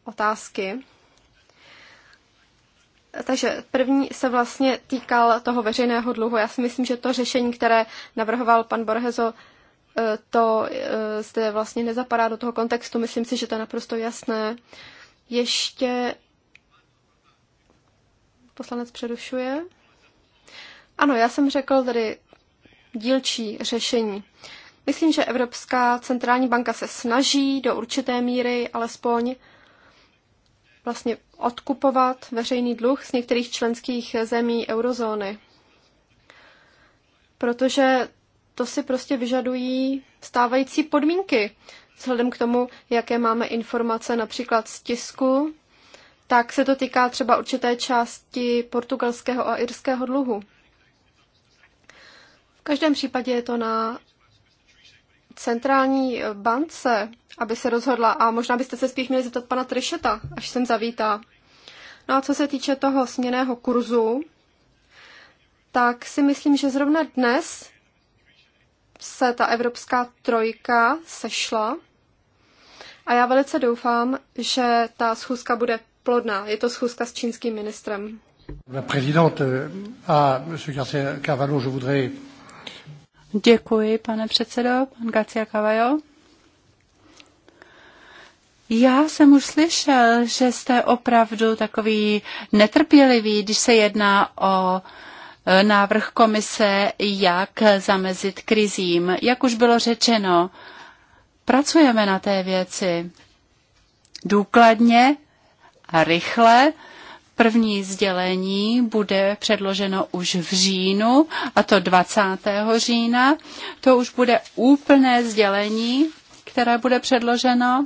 otázky. Takže první se vlastně týkal toho veřejného dluhu. Já si myslím, že to řešení, které navrhoval pan Borhezo, Eh, to eh, zde vlastně nezapadá do toho kontextu. Myslím si, že to je naprosto jasné. Ještě poslanec přerušuje. Ano, já jsem řekl tady dílčí řešení. Myslím, že Evropská centrální banka se snaží do určité míry alespoň vlastně odkupovat veřejný dluh z některých členských zemí eurozóny. Protože to si prostě vyžadují stávající podmínky. Vzhledem k tomu, jaké máme informace například z tisku, tak se to týká třeba určité části portugalského a irského dluhu. V každém případě je to na centrální bance, aby se rozhodla. A možná byste se spíš měli zeptat pana Trišeta, až sem zavítá. No a co se týče toho směného kurzu, tak si myslím, že zrovna dnes se ta evropská trojka sešla a já velice doufám, že ta schůzka bude plodná. Je to schůzka s čínským ministrem. Euh, ah, Děkuji, pane předsedo, pan Garcia Cavallo. Já jsem už slyšel, že jste opravdu takový netrpělivý, když se jedná o uh, návrh komise, jak zamezit krizím. Jak už bylo řečeno, pracujeme na té věci důkladně a rychle. První sdělení bude předloženo už v říjnu, a to 20. října. To už bude úplné sdělení, které bude předloženo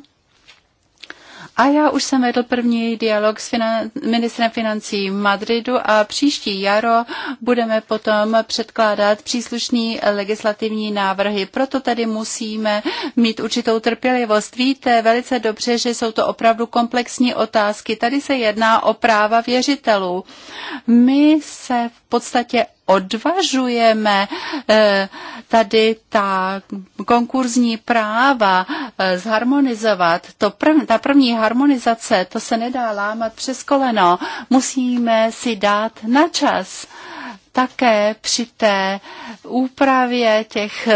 a já už jsem vedl první dialog s finan- ministrem financí Madridu a příští jaro budeme potom předkládat příslušný legislativní návrhy. Proto tedy musíme mít určitou trpělivost. Víte velice dobře, že jsou to opravdu komplexní otázky. Tady se jedná o práva věřitelů. My se v podstatě odvažujeme eh, tady ta konkurzní práva eh, zharmonizovat. To prv, ta první harmonizace, to se nedá lámat přes koleno. Musíme si dát na čas. Uh, také při té úpravě těch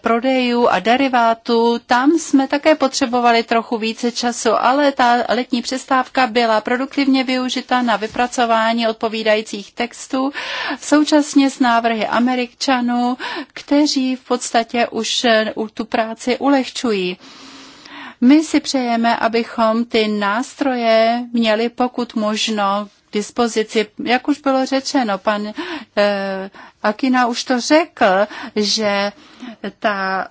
prodejů a derivátů, tam jsme také potřebovali trochu více času, ale ta letní přestávka byla produktivně využita na vypracování odpovídajících textů, současně s návrhy Američanů, kteří v podstatě už eh, tu práci ulehčují. My si přejeme, abychom ty nástroje měli pokud možno dispozici. Jak už bylo řečeno, pan eh, Akina už to řekl, že ta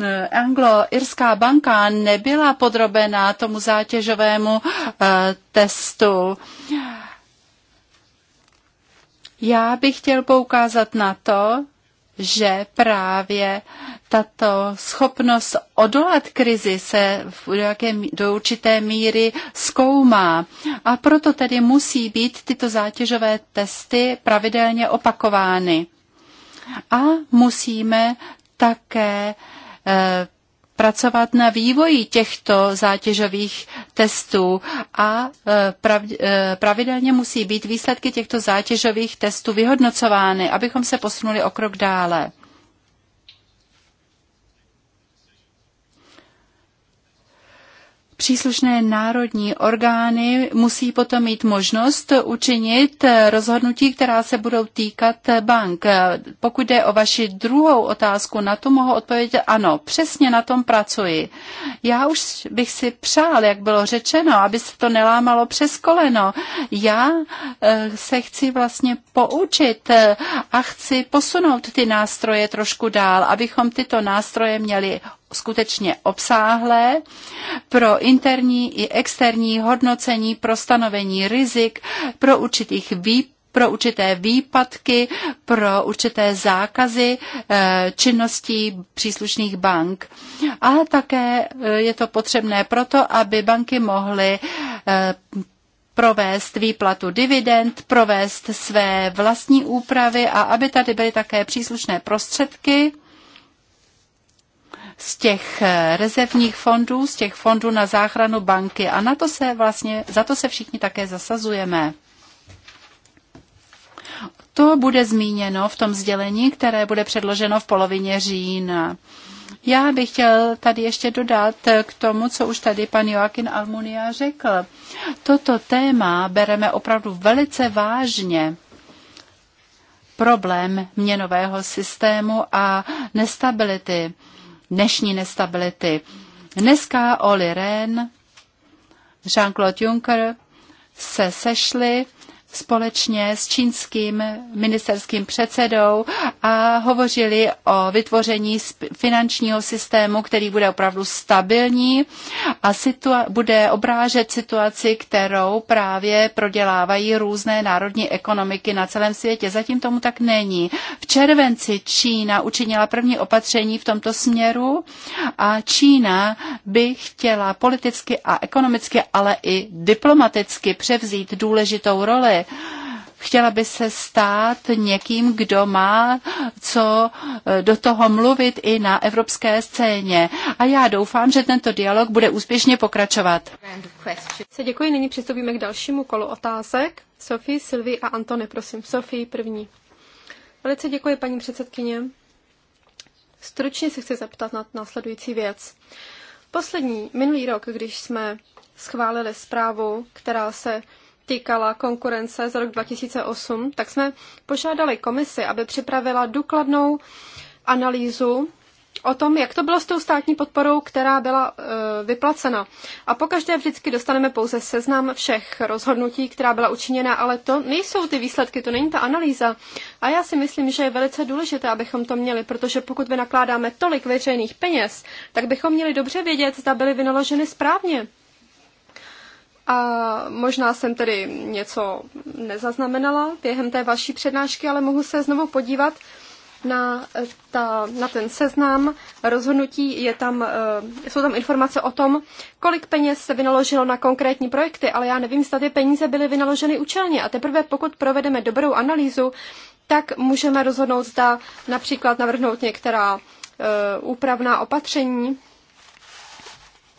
eh, anglo-irská banka nebyla podrobená tomu zátěžovému eh, testu. Já bych chtěl poukázat na to, že právě tato schopnost odolat krizi se v jaké, do určité míry zkoumá. A proto tedy musí být tyto zátěžové testy pravidelně opakovány. A musíme také eh, pracovat na vývoji těchto zátěžových testů a e, e, pravidelně musí být výsledky těchto zátěžových testů vyhodnocovány, abychom se posunuli o krok dále. Příslušné národní orgány musí potom mít možnost učinit rozhodnutí, která se budou týkat bank. Pokud jde o vaši druhou otázku, na to mohu odpovědět ano, přesně na tom pracuji. Já už bych si přál, jak bylo řečeno, aby se to nelámalo přes koleno. Já eh, se chci vlastně poučit eh, a chci posunout ty nástroje trošku dál, abychom tyto nástroje měli skutečně obsáhlé pro interní i externí hodnocení, pro stanovení rizik, pro určitých výpadků pro určité výpadky, pro určité zákazy eh, činností příslušných bank. A také eh, je to potřebné proto, aby banky mohly eh, provést výplatu dividend, provést své vlastní úpravy a aby tady byly také příslušné prostředky, z těch eh, rezervních fondů, z těch fondů na záchranu banky a na to se vlastně, za to se všichni také zasazujeme. To bude zmíněno v tom sdělení, které bude předloženo v polovině října. Já bych chtěl tady ještě dodat eh, k tomu, co už tady pan Joakin Almunia řekl. Toto téma bereme opravdu velice vážně problém měnového systému a nestability dnešní nestability. Dneska Oli Rehn, Jean-Claude Juncker se sešli společně s čínským ministerským předsedou a hovořili o vytvoření finančního systému, který bude opravdu stabilní a bude obrážet situaci, kterou právě prodělávají různé národní ekonomiky na celém světě. Zatím tomu tak není. V červenci Čína učinila první opatření v tomto směru a Čína by chtěla politicky a ekonomicky, ale i diplomaticky převzít důležitou roli Chtěla by se stát někým, kdo má co eh, do toho mluvit i na evropské scéně. A já doufám, že tento dialog bude úspěšně pokračovat. Se děkuji, nyní přistoupíme k dalšímu kolu otázek. Sofie, Sylvie a Antony, prosím. Sofie první. Velice děkuji, paní předsedkyně. Stručně se chci zeptat na následující věc. Poslední, minulý rok, když jsme schválili zprávu, která se týkala konkurence za rok 2008, tak jsme požádali komisi, aby připravila důkladnou analýzu o tom, jak to bylo s tou státní podporou, která byla e, vyplacena. A pokaždé vždycky dostaneme pouze seznam všech rozhodnutí, která byla učiněna, ale to nejsou ty výsledky, to není ta analýza. A já si myslím, že je velice důležité, abychom to měli, protože pokud vynakládáme tolik veřejných peněz, tak bychom měli dobře vědět, zda byly vynaloženy správně. A možná jsem tedy něco nezaznamenala během té vaší přednášky, ale mohu se znovu podívat na, ta, na ten seznam rozhodnutí. Je tam, eh, jsou tam informace o tom, kolik peněz se vynaložilo na konkrétní projekty, ale já nevím, zda ty peníze byly vynaloženy účelně. A teprve pokud provedeme dobrou analýzu, tak můžeme rozhodnout, zda například navrhnout některá eh, úpravná opatření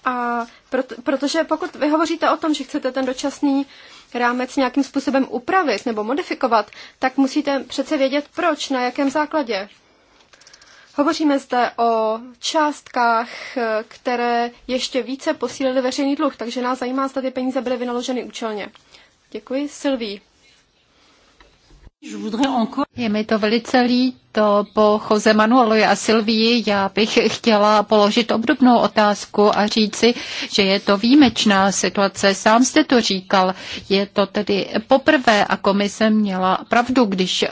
a proto, protože pokud vy hovoříte o tom, že chcete ten dočasný rámec nějakým způsobem upravit nebo modifikovat, tak musíte přece vědět proč, na jakém základě. Hovoříme zde o částkách, které ještě více posílily veřejný dluh, takže nás zajímá, zda ty peníze byly vynaloženy účelně. Děkuji. Silví. Je mi to velice líto po Jose Manuelu a Silvii. Já bych chtěla položit obdobnou otázku a říci, že je to výjimečná situace. Sám jste to říkal. Je to tedy poprvé a komise měla pravdu, když eh,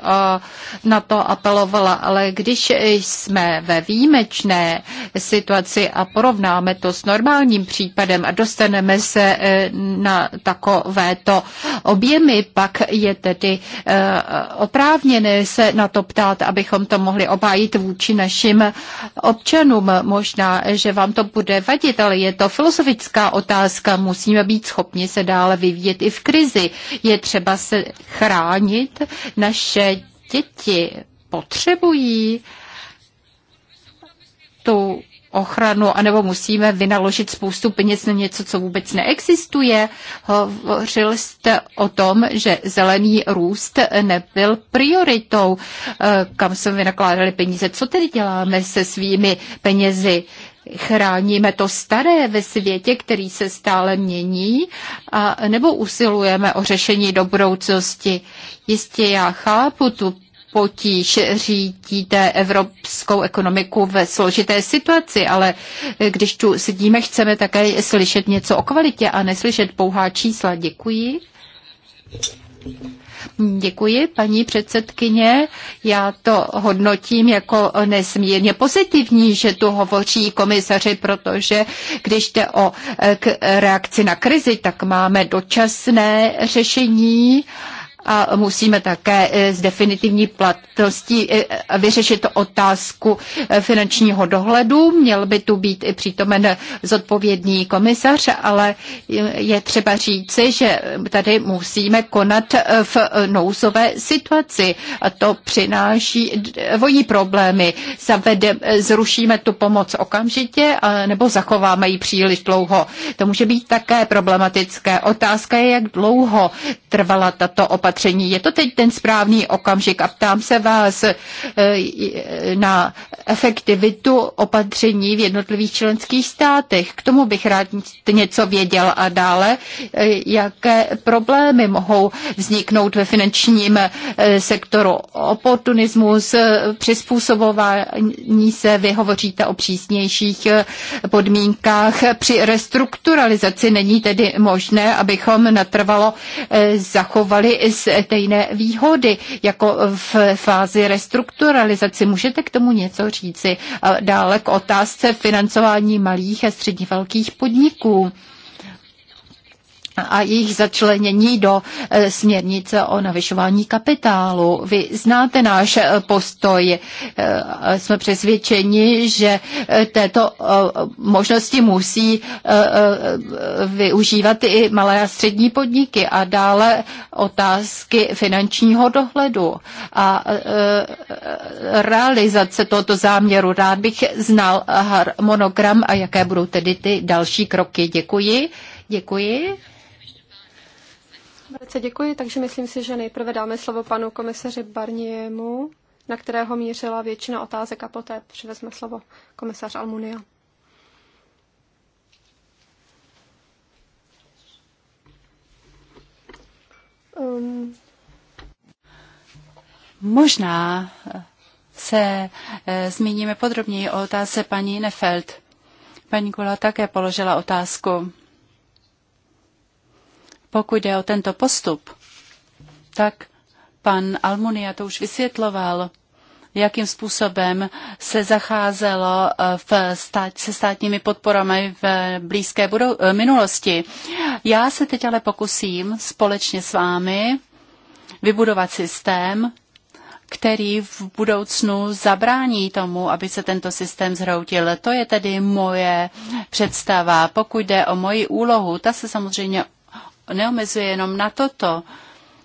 na to apelovala. Ale když jsme ve výjimečné situaci a porovnáme to s normálním případem a dostaneme se eh, na takovéto objemy, pak je tedy eh, oprávněny se na to ptát, abychom to mohli obhájit vůči našim občanům. Možná, že vám to bude vadit, ale je to filozofická otázka. Musíme být schopni se dále vyvíjet i v krizi. Je třeba se chránit. Naše děti potřebují tu ochranu, anebo musíme vynaložit spoustu peněz na něco, co vůbec neexistuje. Hovořil jste o tom, že zelený růst nebyl prioritou, kam jsme vynakládali peníze. Co tedy děláme se svými penězi? Chráníme to staré ve světě, který se stále mění, a nebo usilujeme o řešení do budoucnosti? Jistě já chápu tu potíž. Řídíte evropskou ekonomiku ve složité situaci, ale když tu sedíme, chceme také slyšet něco o kvalitě a neslyšet pouhá čísla. Děkuji. Děkuji, paní předsedkyně. Já to hodnotím jako nesmírně pozitivní, že tu hovoří komisaři, protože když jde o eh, reakci na krizi, tak máme dočasné řešení a musíme také s eh, definitivní platností eh, vyřešit otázku eh, finančního dohledu. Měl by tu být i přítomen zodpovědný komisař, ale je třeba říci, že tady musíme konat v nouzové situaci a to přináší dvojí problémy. Zavede, zrušíme tu pomoc okamžitě a nebo zachováme ji příliš dlouho. To může být také problematické. Otázka je, jak dlouho trvala tato opatření opatření. Je to teď ten správný okamžik a ptám se vás eh, na efektivitu opatření v jednotlivých členských státech. K tomu bych rád něco věděl a dále, eh, jaké problémy mohou vzniknout ve finančním eh, sektoru. Oportunismus, přizpůsobování se, vy hovoříte o přísnějších podmínkách. Při restrukturalizaci není tedy možné, abychom natrvalo zachovali stejné výhody jako v fázi restrukturalizace. Můžete k tomu něco říci? Dále k otázce financování malých a středně velkých podniků a jejich začlenění do e, směrnice o navyšování kapitálu. Vy znáte náš e, postoj. E, jsme přesvědčeni, že této možnosti musí využívat i malé a střední podniky a dále otázky finančního dohledu a realizace tohoto záměru. Rád bych znal harmonogram a jaké budou tedy ty další kroky. Děkuji. Děkuji. Velice děkuji, takže myslím si, že nejprve dáme slovo panu komisaři Barniemu, na kterého mířila většina otázek a poté přivezme slovo komisař Almunia. Um. Možná se e, zmíníme podrobněji o otázce paní Nefeld. Paní Kula také položila otázku. Pokud jde o tento postup, tak pan Almunia to už vysvětloval, jakým způsobem se zacházelo eh, v stát, se státními podporami v blízké budou, eh, minulosti. Já se teď ale pokusím společně s vámi vybudovat systém, který v budoucnu zabrání tomu, aby se tento systém zhroutil. To je tedy moje představa. Pokud jde o moji úlohu, ta se samozřejmě neomezuje jenom na toto.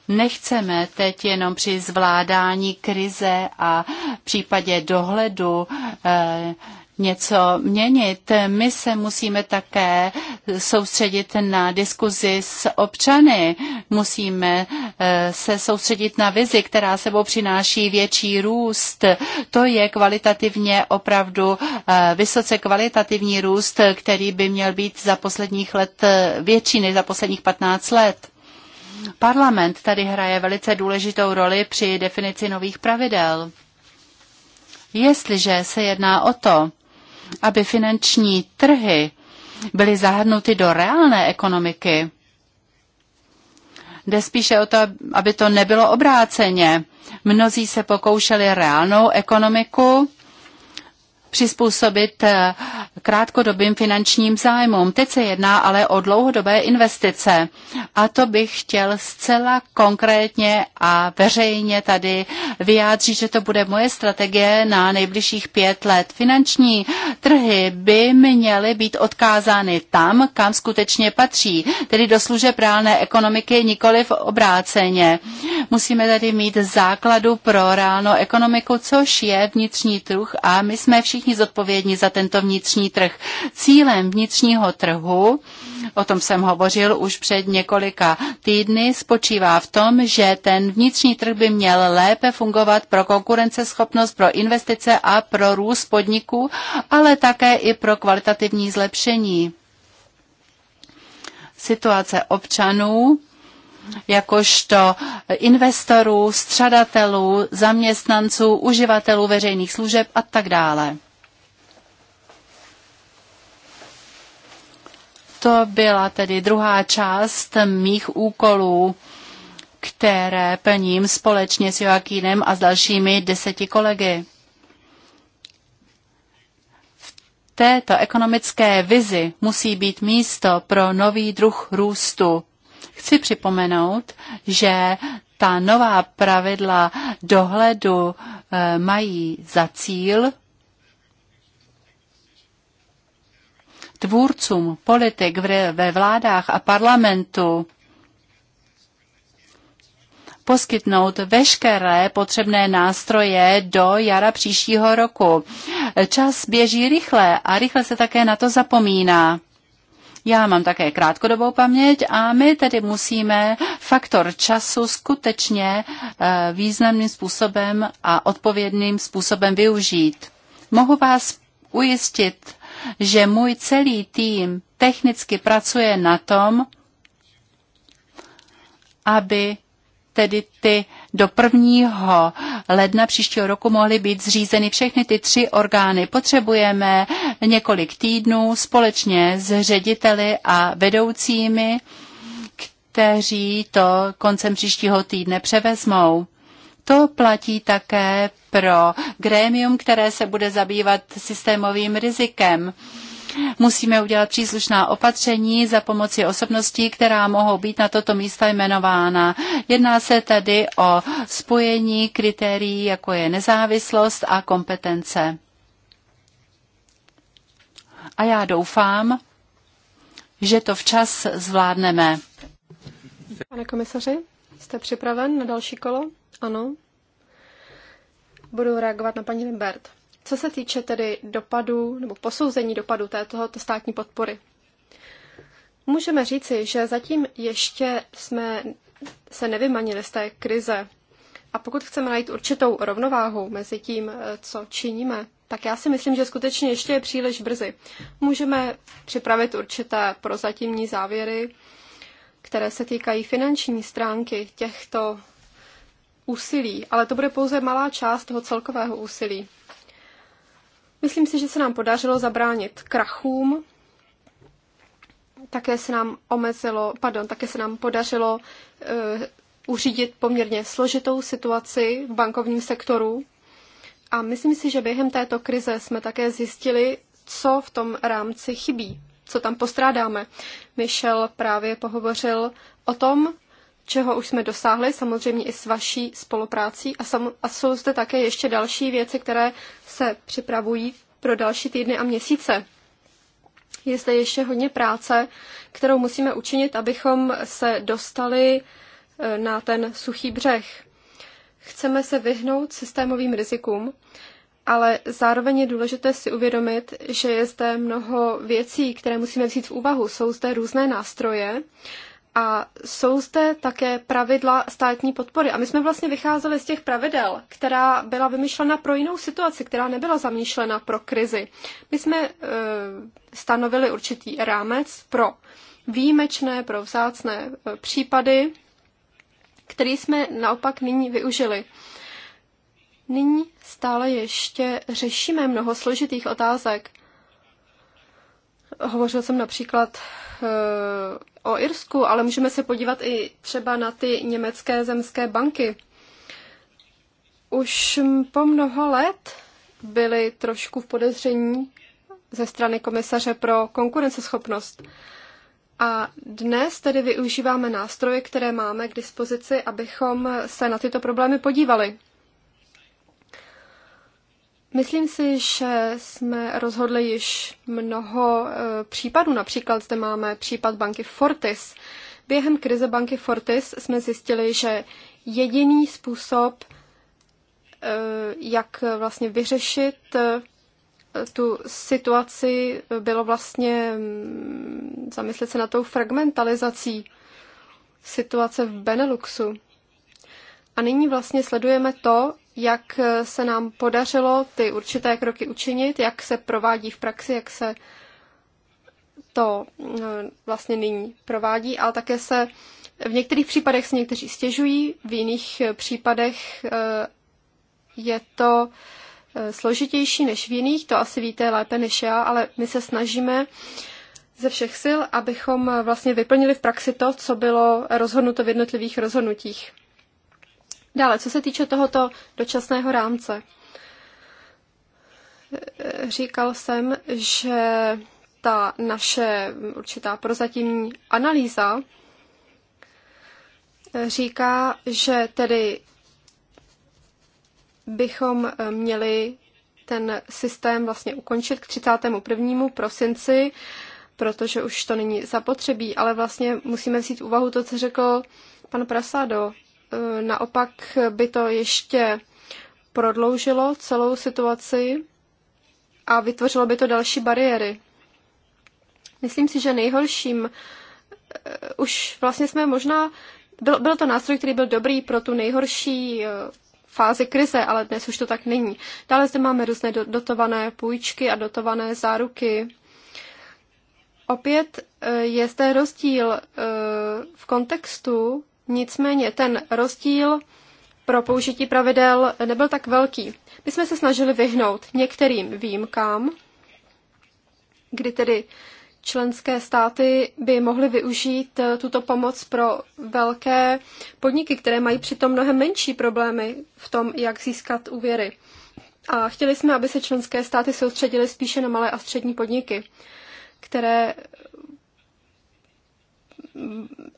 Nechceme teď jenom při zvládání krize a v případě dohledu eh, něco měnit. My se musíme také soustředit na diskuzi s občany. Musíme eh, se soustředit na vizi, která sebou přináší větší růst. To je kvalitativně opravdu eh, vysoce kvalitativní růst, který by měl být za posledních let eh, větší než za posledních 15 let. Parlament tady hraje velice důležitou roli při definici nových pravidel. Jestliže se jedná o to, aby finanční trhy byly zahrnuty do reálné ekonomiky. Jde spíše o to, aby to nebylo obráceně. Mnozí se pokoušeli reálnou ekonomiku přizpůsobit eh, krátkodobým finančním zájmům. Teď se jedná ale o dlouhodobé investice. A to bych chtěl zcela konkrétně a veřejně tady vyjádřit, že to bude moje strategie na nejbližších pět let. Finanční trhy by měly být odkázány tam, kam skutečně patří, tedy do služeb reálné ekonomiky, nikoli v obráceně. Musíme tady mít základu pro reálnou ekonomiku, což je vnitřní trh a my jsme všichni všichni zodpovědní za tento vnitřní trh. Cílem vnitřního trhu, o tom jsem hovořil už před několika týdny, spočívá v tom, že ten vnitřní trh by měl lépe fungovat pro konkurenceschopnost, pro investice a pro růst podniků, ale také i pro kvalitativní zlepšení situace občanů, jakožto investorů, střadatelů, zaměstnanců, uživatelů veřejných služeb a tak dále. To byla tedy druhá část mých úkolů, které plním společně s Joakínem a s dalšími deseti kolegy. V této ekonomické vizi musí být místo pro nový druh růstu. Chci připomenout, že ta nová pravidla dohledu eh, mají za cíl tvůrcům politik ve vládách a parlamentu poskytnout veškeré potřebné nástroje do jara příštího roku. Čas běží rychle a rychle se také na to zapomíná. Já mám také krátkodobou paměť a my tedy musíme faktor času skutečně eh, významným způsobem a odpovědným způsobem využít. Mohu vás ujistit že můj celý tým technicky pracuje na tom, aby tedy ty do 1. ledna příštího roku mohly být zřízeny všechny ty tři orgány. Potřebujeme několik týdnů společně s řediteli a vedoucími, kteří to koncem příštího týdne převezmou. To platí také pro grémium, které se bude zabývat systémovým rizikem. Musíme udělat příslušná opatření za pomoci osobností, která mohou být na toto místo jmenována. Jedná se tedy o spojení kritérií, jako je nezávislost a kompetence. A já doufám, že to včas zvládneme. Pane komisaři, jste připraven na další kolo? Ano. Budu reagovat na paní Limbert. Co se týče tedy dopadu nebo posouzení dopadu této státní podpory, můžeme říci, že zatím ještě jsme se nevymanili z té krize. A pokud chceme najít určitou rovnováhu mezi tím, eh, co činíme, tak já si myslím, že skutečně ještě je příliš brzy. Můžeme připravit určité prozatímní závěry, které se týkají finanční stránky těchto úsilí, ale to bude pouze malá část toho celkového úsilí. Myslím si, že se nám podařilo zabránit krachům, také se nám omezilo, pardon, také se nám podařilo uh, uřídit poměrně složitou situaci v bankovním sektoru. A myslím si, že během této krize jsme také zjistili, co v tom rámci chybí, co tam postrádáme. Michel právě pohovořil o tom, čeho už jsme dosáhli, samozřejmě i s vaší spoluprácí. A, sam, a jsou zde také ještě další věci, které se připravují pro další týdny a měsíce. Je zde ještě hodně práce, kterou musíme učinit, abychom se dostali e, na ten suchý břeh. Chceme se vyhnout systémovým rizikům, ale zároveň je důležité si uvědomit, že je zde mnoho věcí, které musíme vzít v úvahu. Jsou zde různé nástroje, a jsou zde také pravidla státní podpory. A my jsme vlastně vycházeli z těch pravidel, která byla vymyšlena pro jinou situaci, která nebyla zamýšlena pro krizi. My jsme e, stanovili určitý rámec pro výjimečné, pro vzácné e, případy, který jsme naopak nyní využili. Nyní stále ještě řešíme mnoho složitých otázek. Hovořil jsem například eh, o Irsku, ale můžeme se podívat i třeba na ty německé zemské banky. Už po mnoho let byly trošku v podezření ze strany komisaře pro konkurenceschopnost. A dnes tedy využíváme nástroje, které máme k dispozici, abychom se na tyto problémy podívali. Myslím si, že jsme rozhodli již mnoho eh, případů. Například zde máme případ banky Fortis. Během krize banky Fortis jsme zjistili, že jediný způsob, eh, jak vlastně vyřešit eh, tu situaci, bylo vlastně mm, zamyslet se na tou fragmentalizací situace v Beneluxu. A nyní vlastně sledujeme to, jak se nám podařilo ty určité kroky učinit, jak se provádí v praxi, jak se to eh, vlastně nyní provádí, ale také se v některých případech se někteří stěžují, v jiných případech eh, je to eh, složitější než v jiných, to asi víte lépe než já, ale my se snažíme ze všech sil, abychom vlastně vyplnili v praxi to, co bylo rozhodnuto v jednotlivých rozhodnutích. Dále, co se týče tohoto dočasného rámce. Říkal jsem, že ta naše určitá prozatímní analýza říká, že tedy bychom měli ten systém vlastně ukončit k 31. prosinci, protože už to není zapotřebí, ale vlastně musíme vzít úvahu to, co řekl pan Prasado, E, naopak by to ještě prodloužilo celou situaci a vytvořilo by to další bariéry. Myslím si, že nejhorším e, už vlastně jsme možná, byl, byl to nástroj, který byl dobrý pro tu nejhorší e, fázi krize, ale dnes už to tak není. Dále zde máme různé dotované půjčky a dotované záruky. Opět je zde rozdíl v kontextu Nicméně ten rozdíl pro použití pravidel nebyl tak velký. My jsme se snažili vyhnout některým výjimkám, kdy tedy členské státy by mohly využít eh, tuto pomoc pro velké podniky, které mají přitom mnohem menší problémy v tom, jak získat úvěry. A chtěli jsme, aby se členské státy soustředily spíše na malé a střední podniky, které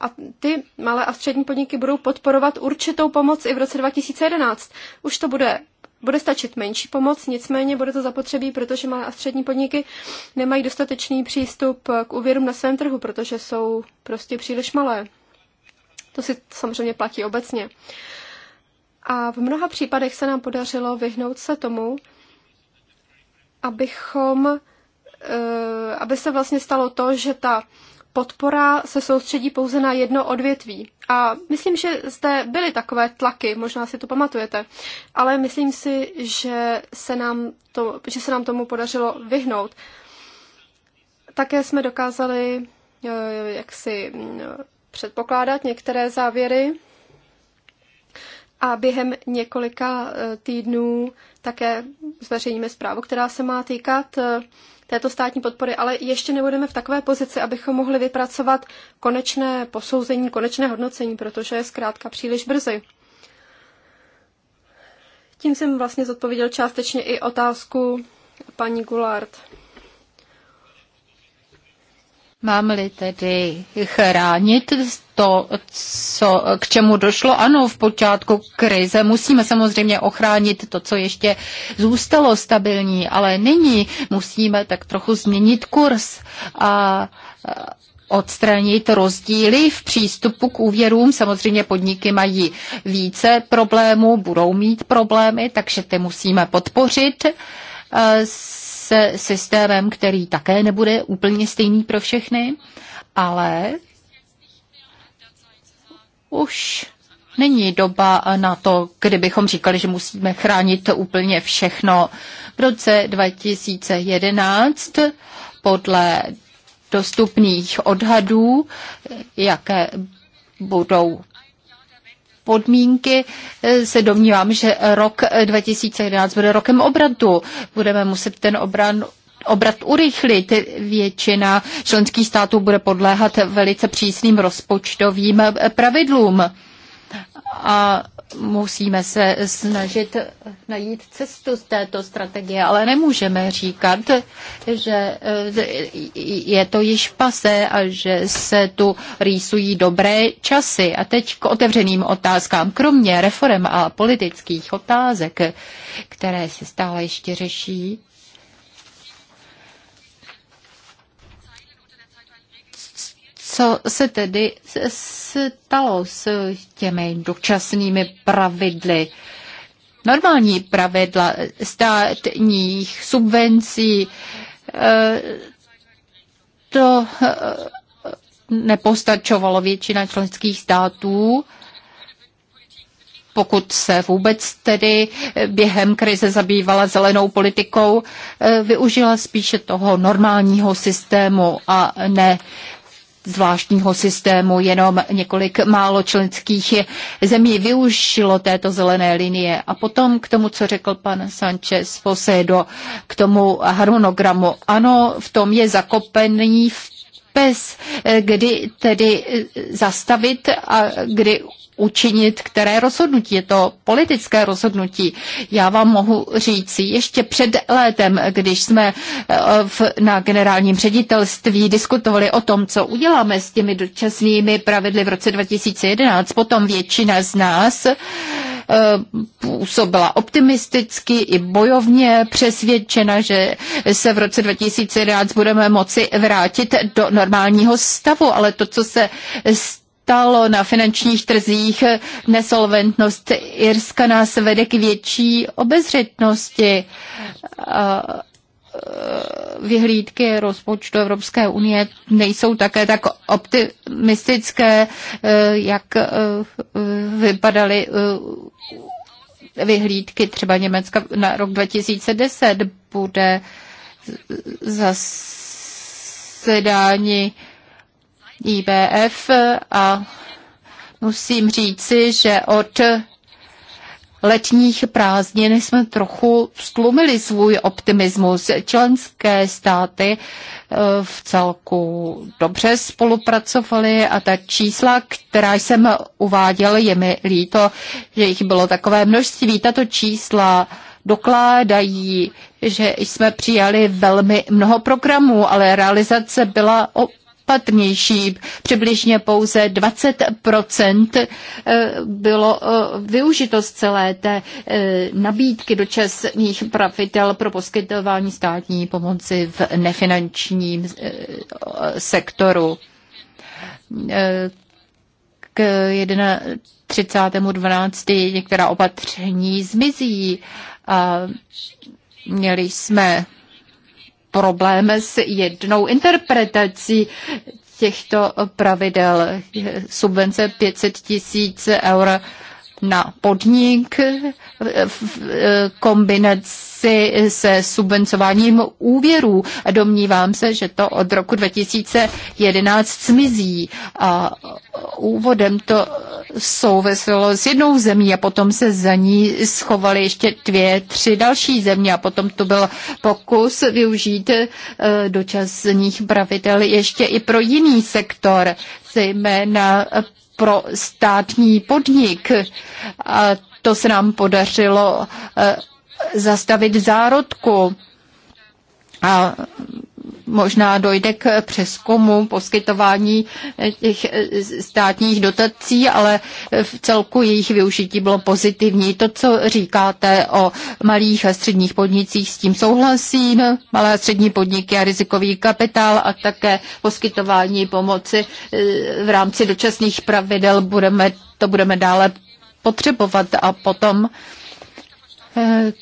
a ty malé a střední podniky budou podporovat určitou pomoc i v roce 2011. Už to bude bude stačit menší pomoc, nicméně bude to zapotřebí, protože malé a střední podniky nemají dostatečný přístup k úvěrům na svém trhu, protože jsou prostě příliš malé. To si samozřejmě platí obecně. A v mnoha případech se nám podařilo vyhnout se tomu, abychom, eh, aby se vlastně stalo to, že ta podpora se soustředí pouze na jedno odvětví. A myslím, že zde byly takové tlaky, možná si to pamatujete, ale myslím si, že se nám, to, že se nám tomu podařilo vyhnout. Také jsme dokázali eh, jak si mm, předpokládat některé závěry a během několika eh, týdnů také zveřejníme zprávu, která se má týkat eh, této státní podpory, ale ještě nebudeme v takové pozici, abychom mohli vypracovat konečné posouzení, konečné hodnocení, protože je zkrátka příliš brzy. Tím jsem vlastně zodpověděl částečně i otázku paní Gulard. Mám-li tedy chránit to, co, k čemu došlo? Ano, v počátku krize musíme samozřejmě ochránit to, co ještě zůstalo stabilní, ale nyní musíme tak trochu změnit kurz a odstranit rozdíly v přístupu k úvěrům. Samozřejmě podniky mají více problémů, budou mít problémy, takže ty musíme podpořit. S se systémem, který také nebude úplně stejný pro všechny, ale už není doba na to, kdybychom říkali, že musíme chránit úplně všechno. V roce 2011 podle dostupných odhadů, jaké budou podmínky, e, se domnívám, že rok 2011 bude rokem obratu. Budeme muset ten obran obrat urychlit. Většina členských států bude podléhat velice přísným rozpočtovým e, pravidlům. A musíme se snažit najít cestu z této strategie, ale nemůžeme říkat, že eh, je to již pase a že se tu rýsují dobré časy. A teď k otevřeným otázkám, kromě reform a politických otázek, které se stále ještě řeší, Co se tedy stalo s těmi dočasnými pravidly? Normální pravidla státních subvencí, eh, to eh, nepostačovalo většina členských států, pokud se vůbec tedy během krize zabývala zelenou politikou, eh, využila spíše toho normálního systému a ne zvláštního systému. Jenom několik málo členských zemí využilo této zelené linie. A potom k tomu, co řekl pan Sanchez Fosedo, k tomu harmonogramu. Ano, v tom je zakopený v pes, eh, kdy tedy eh, zastavit a kdy učinit, které rozhodnutí. Je to politické rozhodnutí. Já vám mohu říct, ještě před létem, když jsme eh, v, na generálním ředitelství diskutovali o tom, co uděláme s těmi dočasnými pravidly v roce 2011, potom většina z nás působila optimisticky i bojovně přesvědčena, že se v roce 2011 budeme moci vrátit do normálního stavu, ale to, co se stalo na finančních trzích, nesolventnost Irska nás vede k větší obezřetnosti vyhlídky rozpočtu Evropské unie nejsou také tak optimistické, eh, jak eh, vypadaly eh, vyhlídky třeba Německa na rok 2010 bude zasedání IBF a musím říci, že od letních prázdnin jsme trochu stlumili svůj optimismus. Členské státy eh, v celku dobře spolupracovaly a ta čísla, která jsem uváděl, je mi líto, že jich bylo takové množství. Tato čísla dokládají, že jsme přijali velmi mnoho programů, ale realizace byla nejpatrnější. Přibližně pouze 20 eh, bylo eh, využito z celé té eh, nabídky dočasných pravidel pro poskytování státní pomoci v nefinančním sektoru k 31.12. některá opatření zmizí. A měli jsme problém s jednou interpretací těchto pravidel. Subvence 500 tisíc eur na podnik Eh, kombinaci se subvencováním úvěrů. Domnívám se, že to od roku 2011 smizí a úvodem to souviselo s jednou zemí a potom se za ní schovaly ještě dvě, tři další země a potom to byl pokus využít eh, dočasných pravidel ještě i pro jiný sektor, zejména pro státní podnik. A to se nám podařilo eh, zastavit zárodku. A možná dojde k přeskumu poskytování eh, těch eh, státních dotací, ale v celku jejich využití bylo pozitivní. To, co říkáte o malých a středních podnicích, s tím souhlasím. Malé a střední podniky a rizikový kapitál a také poskytování pomoci v rámci dočasných pravidel budeme to budeme dále potřebovat a potom eh,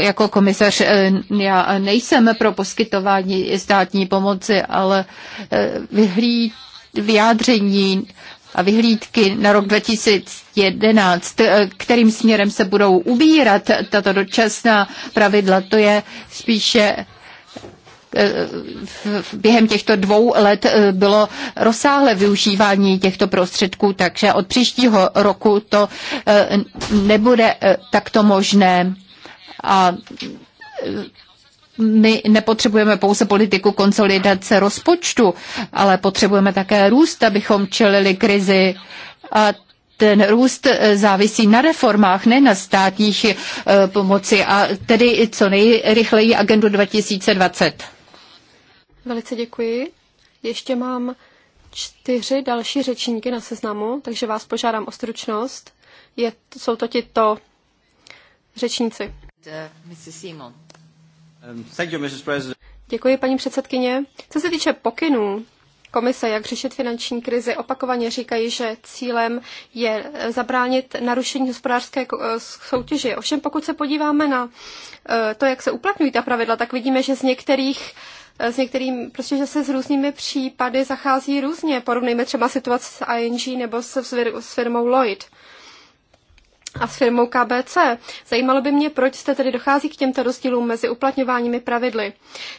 jako komisař eh, já nejsem pro poskytování státní pomoci, ale eh, vyjádření a vyhlídky na rok 2011, kterým směrem se budou ubírat tato dočasná pravidla, to je spíše Eh, během těchto dvou let eh, bylo rozsáhlé využívání těchto prostředků, takže od příštího roku to eh, nebude takto možné. A my nepotřebujeme pouze politiku konsolidace rozpočtu, ale potřebujeme také růst, abychom čelili krizi. A ten růst závisí na reformách, ne na státních pomoci a tedy co nejrychleji agendu 2020. Velice děkuji. Ještě mám čtyři další řečníky na seznamu, takže vás požádám o stručnost. Je, jsou to to řečníci. Um, děkuji, paní předsedkyně. Co se týče pokynů, Komise, jak řešit finanční krizi, opakovaně říkají, že cílem je zabránit narušení hospodářské eh, soutěže. Ovšem, pokud se podíváme na eh, to, jak se uplatňují ta pravidla, tak vidíme, že z některých s některým, prostě, že se s různými případy zachází různě. Porovnejme třeba situaci s ING nebo se, s firmou Lloyd a s firmou KBC. Zajímalo by mě, proč jste tedy dochází k těmto rozdílům mezi uplatňováními pravidly.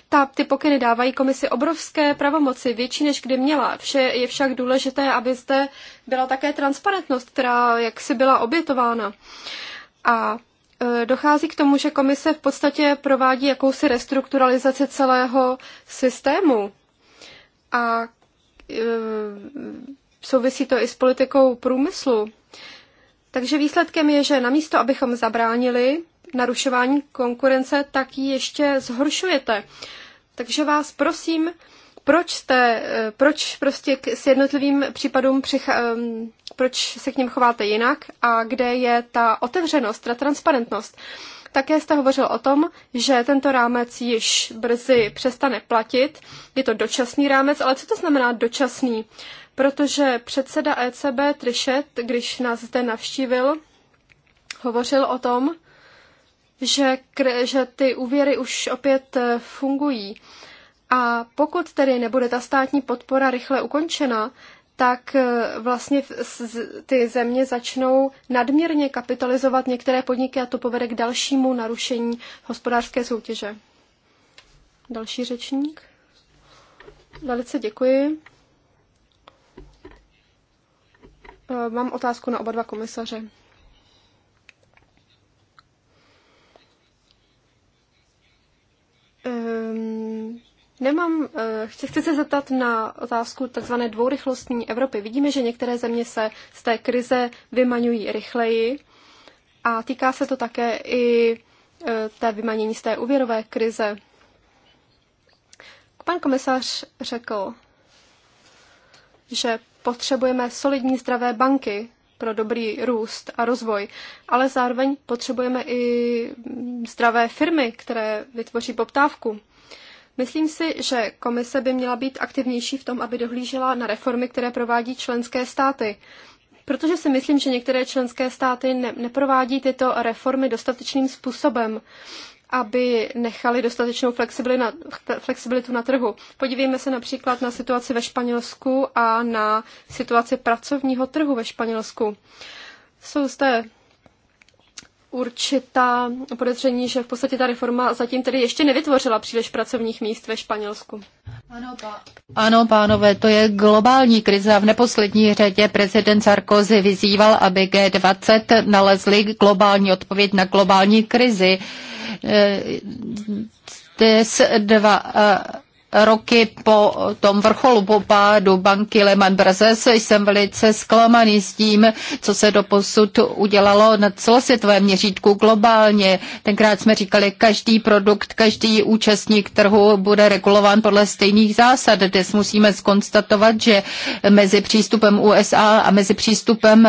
Ta, ty pokyny dávají komisi obrovské pravomoci, větší než kdy měla. Vše je však důležité, aby zde byla také transparentnost, která jaksi byla obětována. A Eh, dochází k tomu, že komise v podstatě provádí jakousi restrukturalizaci celého systému. A eh, souvisí to i s politikou průmyslu. Takže výsledkem je, že namísto, abychom zabránili narušování konkurence, tak ji ještě zhoršujete. Takže vás prosím, proč jste, eh, proč prostě k, s jednotlivým případům přicha, proč se k ním chováte jinak a kde je ta otevřenost, ta transparentnost. Také jste hovořil o tom, že tento rámec již brzy přestane platit. Je to dočasný rámec, ale co to znamená dočasný? Protože předseda ECB Trichet, když nás zde navštívil, hovořil o tom, že, že ty úvěry už opět eh, fungují. A pokud tedy nebude ta státní podpora rychle ukončena, tak eh, vlastně ty země začnou nadměrně kapitalizovat některé podniky a to povede k dalšímu narušení hospodářské soutěže. Další řečník. Velice děkuji. Eh, mám otázku na oba dva komisaře. Um, Nemám, eh, chci, chci se zeptat na otázku tzv. dvourychlostní Evropy. Vidíme, že některé země se z té krize vymaňují rychleji a týká se to také i eh, té vymanění z té úvěrové krize. Pan komisař řekl, že potřebujeme solidní zdravé banky pro dobrý růst a rozvoj, ale zároveň potřebujeme i mm, zdravé firmy, které vytvoří poptávku. Myslím si, že komise by měla být aktivnější v tom, aby dohlížela na reformy, které provádí členské státy. Protože si myslím, že některé členské státy ne- neprovádí tyto reformy dostatečným způsobem aby nechali dostatečnou flexibilitu na trhu. Podívejme se například na situaci ve Španělsku a na situaci pracovního trhu ve Španělsku. Jsou zde určitá podezření, že v podstatě ta reforma zatím tedy ještě nevytvořila příliš pracovních míst ve Španělsku. Ano, pá... ano, pánové, to je globální krize a v neposlední řadě prezident Sarkozy vyzýval, aby G20 nalezli globální odpověď na globální krizi. Eh, dnes dva eh, roky po tom vrcholu, po pádu banky Lehman Brothers, jsem velice zklamaný s tím, co se do posud udělalo na celosvětovém měřítku globálně. Tenkrát jsme říkali, každý produkt, každý účastník trhu bude regulován podle stejných zásad. Dnes musíme skonstatovat, že mezi přístupem USA a mezi přístupem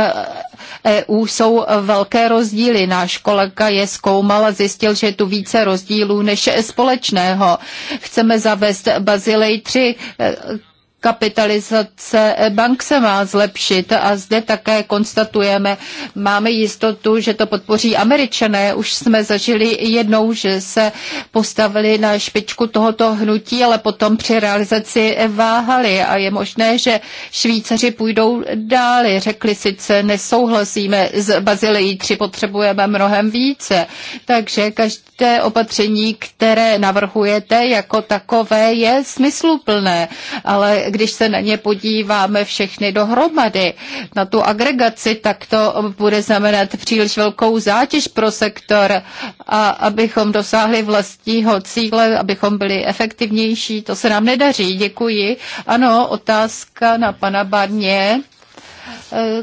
EU jsou velké rozdíly. Náš kolega je zkoumal a zjistil, že je tu více rozdílů než společného. Chceme zavést Bazilej 3, kapitalizace bank se má zlepšit a zde také konstatujeme, máme jistotu, že to podpoří američané. Už jsme zažili jednou, že se postavili na špičku tohoto hnutí, ale potom při realizaci váhali a je možné, že Švýcaři půjdou dále. Řekli sice, nesouhlasíme s Bazilejí 3, potřebujeme mnohem více. Takže každé opatření, které navrhujete jako takové, je smysluplné, ale když se na ně podíváme všechny dohromady. Na tu agregaci tak to bude znamenat příliš velkou zátěž pro sektor a abychom dosáhli vlastního cíle, abychom byli efektivnější, to se nám nedaří. Děkuji. Ano, otázka na pana Barně eh,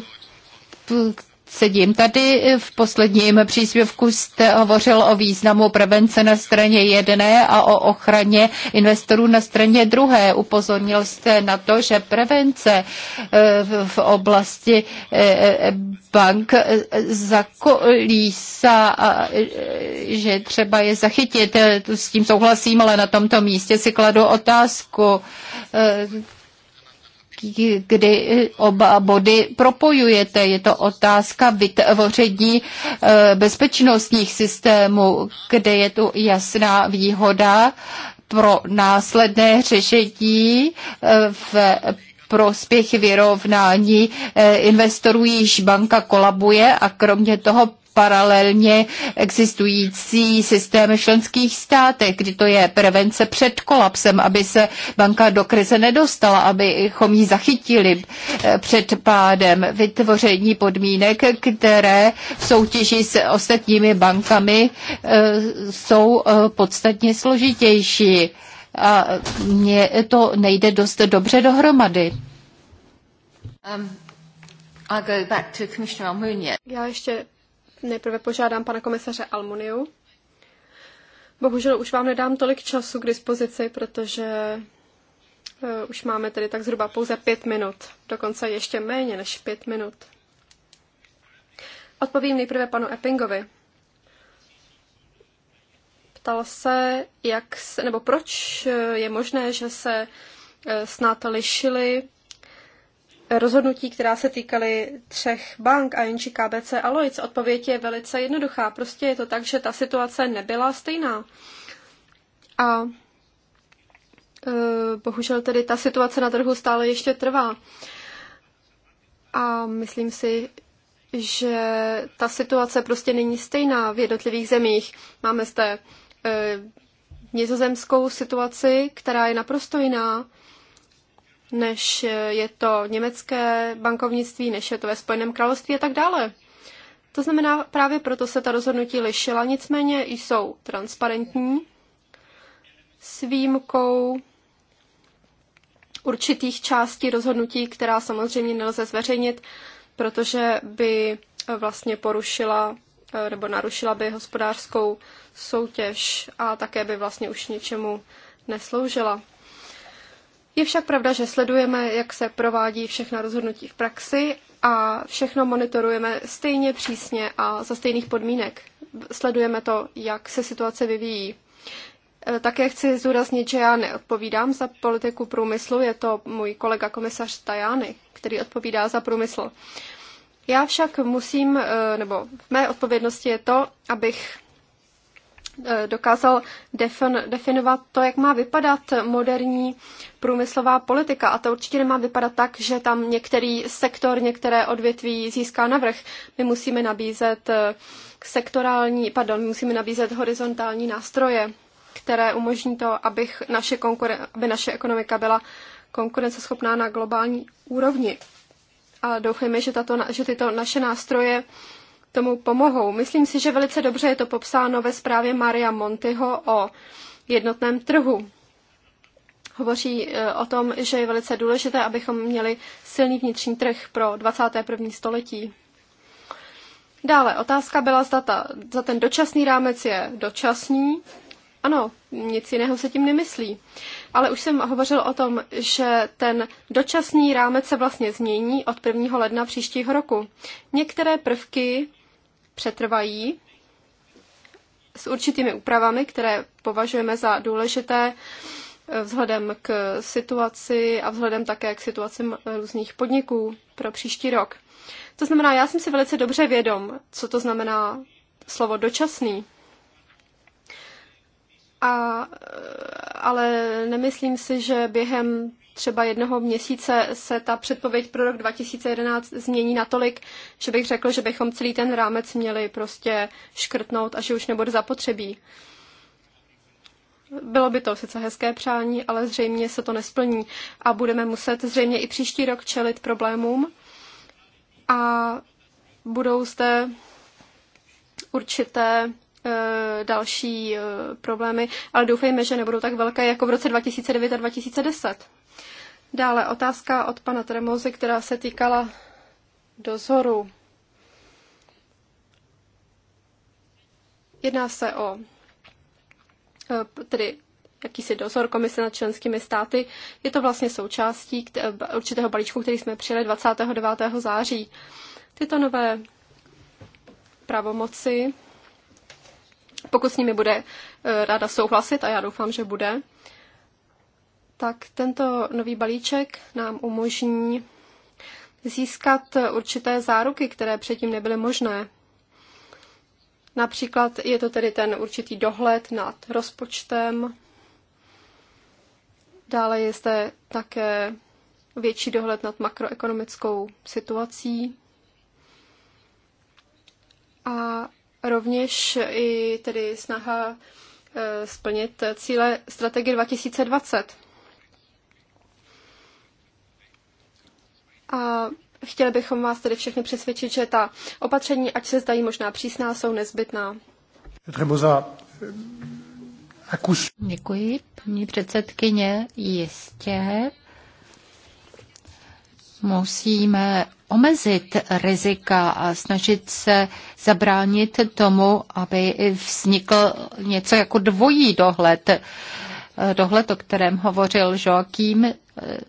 Sedím tady. V posledním příspěvku jste hovořil o významu prevence na straně jedné a o ochraně investorů na straně druhé. Upozornil jste na to, že prevence eh, v oblasti eh, eh, bank zakolísa a že třeba je zachytit. S tím souhlasím, ale na tomto místě si kladu otázku kdy eh, oba body propojujete. Je to otázka vytvoření eh, bezpečnostních systémů, kde je tu jasná výhoda pro následné řešení eh, v prospěch vyrovnání investorů, již banka kolabuje a kromě toho paralelně existující systémy v členských státech, kdy to je prevence před kolapsem, aby se banka do krize nedostala, abychom ji zachytili eh, před pádem, vytvoření podmínek, které v soutěži s ostatními bankami eh, jsou eh, podstatně složitější. A mně to nejde dost dobře dohromady. Um. I'll go back to Commissioner Almunia. Já ještě Nejprve požádám pana komisaře Almuniu. Bohužel už vám nedám tolik času k dispozici, protože e, už máme tedy tak zhruba pouze pět minut, dokonce ještě méně než pět minut. Odpovím nejprve panu Eppingovi. Ptal se, jak se, nebo proč e, je možné, že se e, snad lišily rozhodnutí, která se týkaly třech bank, ING, KBC a Lloyds. Odpověď je velice jednoduchá. Prostě je to tak, že ta situace nebyla stejná. A e, bohužel tedy ta situace na trhu stále ještě trvá. A myslím si, že ta situace prostě není stejná v jednotlivých zemích. Máme zde e, nizozemskou situaci, která je naprosto jiná než je to německé bankovnictví, než je to ve Spojeném království a tak dále. To znamená, právě proto se ta rozhodnutí lišila, nicméně jsou transparentní s výjimkou určitých částí rozhodnutí, která samozřejmě nelze zveřejnit, protože by vlastně porušila nebo narušila by hospodářskou soutěž a také by vlastně už ničemu nesloužila. Je však pravda, že sledujeme, jak se provádí všechna rozhodnutí v praxi a všechno monitorujeme stejně přísně a za stejných podmínek. Sledujeme to, jak se situace vyvíjí. E, také chci zdůraznit, že já neodpovídám za politiku průmyslu, je to můj kolega komisař Tajány, který odpovídá za průmysl. Já však musím, e, nebo v mé odpovědnosti je to, abych Eh, dokázal defin, definovat to, jak má vypadat moderní průmyslová politika. A to určitě nemá vypadat tak, že tam některý sektor, některé odvětví získá navrh. My musíme nabízet eh, sektorální, pardon, my musíme nabízet horizontální nástroje, které umožní to, aby naše, konkuren- aby naše ekonomika byla konkurenceschopná na globální úrovni. A doufejme, že, tato, že tyto naše nástroje tomu pomohou. Myslím si, že velice dobře je to popsáno ve zprávě Maria Montyho o jednotném trhu. Hovoří e, o tom, že je velice důležité, abychom měli silný vnitřní trh pro 21. století. Dále otázka byla, zda, ta, zda ten dočasný rámec je dočasný. Ano, nic jiného se tím nemyslí. Ale už jsem hovořil o tom, že ten dočasný rámec se vlastně změní od 1. ledna příštího roku. Některé prvky přetrvají s určitými úpravami, které považujeme za důležité eh, vzhledem k situaci a vzhledem také k situaci různých podniků pro příští rok. To znamená, já jsem si velice dobře vědom, co to znamená slovo dočasný. A, eh, ale nemyslím si, že během třeba jednoho měsíce se ta předpověď pro rok 2011 změní natolik, že bych řekl, že bychom celý ten rámec měli prostě škrtnout a že už nebude zapotřebí. Bylo by to sice hezké přání, ale zřejmě se to nesplní a budeme muset zřejmě i příští rok čelit problémům a budou zde určité Eh, další eh, problémy, ale doufejme, že nebudou tak velké jako v roce 2009 a 2010. Dále otázka od pana Tremozy, která se týkala dozoru. Jedná se o eh, tedy jakýsi dozor komise nad členskými státy. Je to vlastně součástí určitého balíčku, který jsme přijeli 29. září. Tyto nové pravomoci pokud s nimi bude e, ráda souhlasit, a já doufám, že bude, tak tento nový balíček nám umožní získat určité záruky, které předtím nebyly možné. Například je to tedy ten určitý dohled nad rozpočtem. Dále je zde také větší dohled nad makroekonomickou situací. A rovněž i tedy snaha eh, splnit cíle strategie 2020. A chtěli bychom vás tedy všechny přesvědčit, že ta opatření, ať se zdají možná přísná, jsou nezbytná. Eh, Děkuji, paní předsedkyně. Jistě musíme omezit rizika a snažit se zabránit tomu, aby vznikl něco jako dvojí dohled. Dohled, o kterém hovořil Joachim,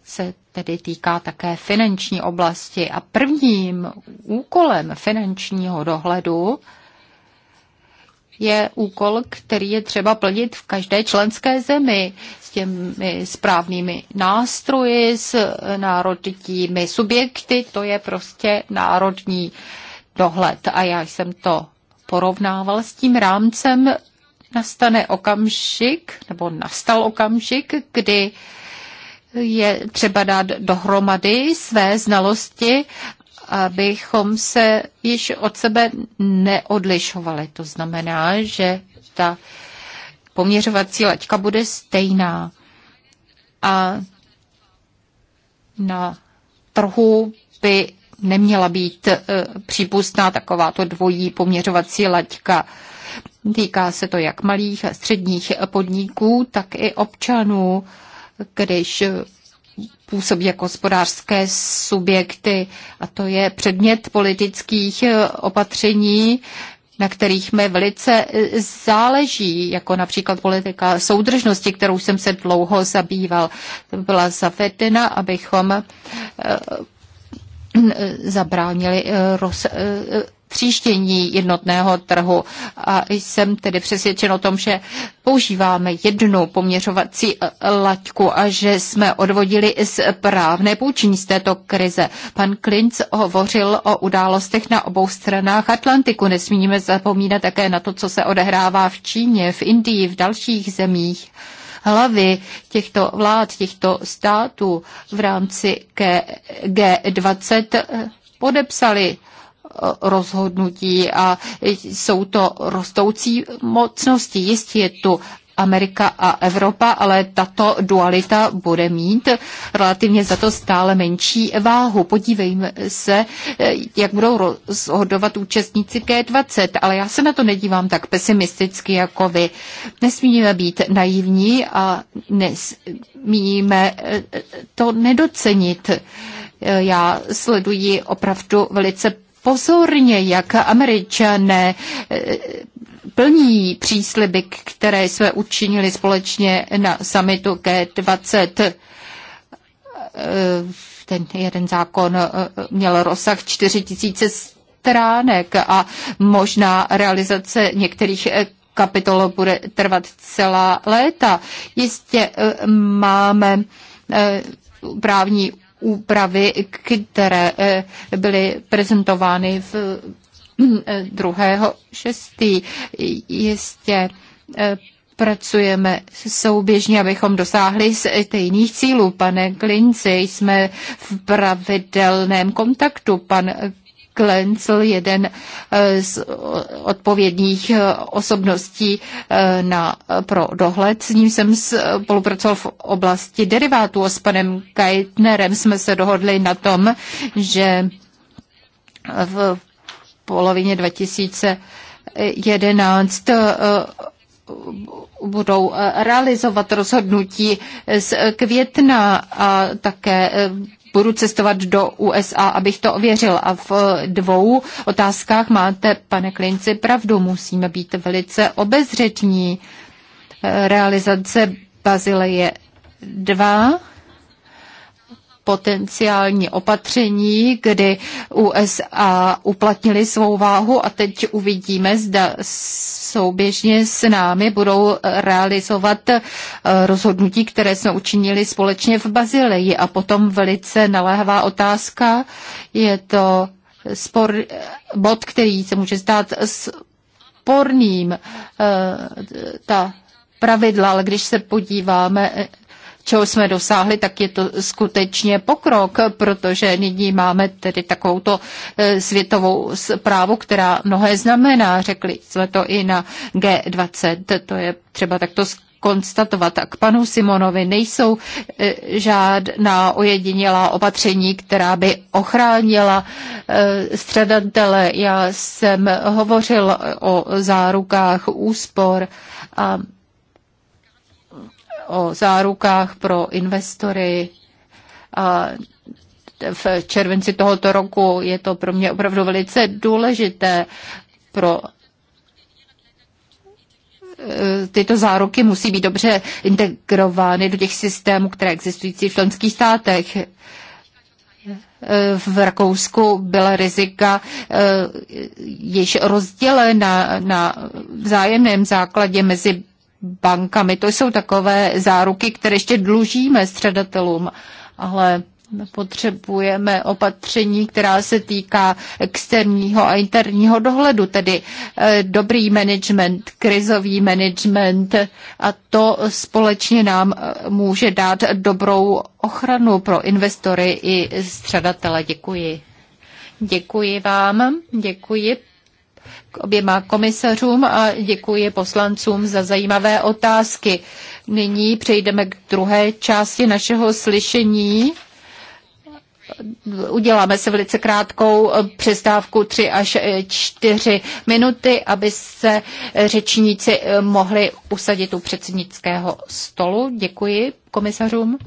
se tedy týká také finanční oblasti. A prvním úkolem finančního dohledu je úkol, který je třeba plnit v každé členské zemi s těmi správnými nástroji, s národními subjekty. To je prostě národní dohled. A já jsem to porovnával s tím rámcem. Nastane okamžik, nebo nastal okamžik, kdy je třeba dát dohromady své znalosti abychom se již od sebe neodlišovali. To znamená, že ta poměřovací laťka bude stejná. A na trhu by neměla být e, přípustná takováto dvojí poměřovací laťka. Týká se to jak malých a středních podniků, tak i občanů, když působí jako hospodářské subjekty a to je předmět politických eh, opatření, na kterých mi velice eh, záleží, jako například politika soudržnosti, kterou jsem se dlouho zabýval. Byla zavedena, abychom eh, zabránili roz, tříštění jednotného trhu. A jsem tedy přesvědčen o tom, že používáme jednu poměřovací laťku a že jsme odvodili správné poučení z této krize. Pan Klinc hovořil o událostech na obou stranách Atlantiku. Nesmíme zapomínat také na to, co se odehrává v Číně, v Indii, v dalších zemích hlavy těchto vlád, těchto států v rámci G20 podepsali Eh, rozhodnutí a jsou to rostoucí mocnosti. Jistě je tu Amerika a Evropa, ale tato dualita bude mít relativně za to stále menší váhu. Podívejme se, eh, jak budou rozhodovat účastníci G20, ale já se na to nedívám tak pesimisticky jako vy. Nesmíme být naivní a nesmíme eh, to nedocenit. Já sleduji opravdu velice pozorně, jak američané eh, plní přísliby, které jsme učinili společně na summitu G20 eh, ten jeden zákon eh, měl rozsah 4000 stránek a možná realizace některých kapitol bude trvat celá léta. Jistě máme právní úpravy, které eh, byly prezentovány v 2.6. Eh, Jistě eh, pracujeme souběžně, abychom dosáhli stejných cílů. Pane Klinci, jsme v pravidelném kontaktu. Pan Klencl, jeden eh, z odpovědných eh, osobností eh, na, pro dohled. S ním jsem spolupracoval v oblasti derivátů a s panem Keitnerem jsme se dohodli na tom, že v polovině 2011 budou realizovat rozhodnutí z května a také budu cestovat do USA, abych to ověřil. A v dvou otázkách máte, pane Klinci, pravdu. Musíme být velice obezřetní. Realizace Bazileje 2 potenciální opatření, kdy USA uplatnili svou váhu a teď uvidíme, zda souběžně s námi budou realizovat eh, rozhodnutí, které jsme učinili společně v Bazileji. A potom velice naléhavá otázka, je to spor, bod, který se může stát sporným, eh, ta pravidla, ale když se podíváme čeho jsme dosáhli, tak je to skutečně pokrok, protože nyní máme tedy takovouto e, světovou zprávu, která mnohé znamená. Řekli jsme to i na G20, to je třeba takto konstatovat. A k panu Simonovi nejsou e, žádná ojedinělá opatření, která by ochránila e, středatele. Já jsem hovořil o zárukách úspor a o zárukách pro investory. A v červenci tohoto roku je to pro mě opravdu velice důležité pro eh, tyto záruky musí být dobře integrovány do těch systémů, které existují v členských státech. Eh, v Rakousku byla rizika eh, již rozdělena na vzájemném základě mezi bankami. To jsou takové záruky, které ještě dlužíme středatelům, ale potřebujeme opatření, která se týká externího a interního dohledu, tedy eh, dobrý management, krizový management a to společně nám eh, může dát dobrou ochranu pro investory i středatele. Děkuji. Děkuji vám, děkuji oběma komisařům a děkuji poslancům za zajímavé otázky. Nyní přejdeme k druhé části našeho slyšení. Uděláme se velice krátkou přestávku 3 až 4 minuty, aby se řečníci mohli usadit u předsednického stolu. Děkuji komisařům.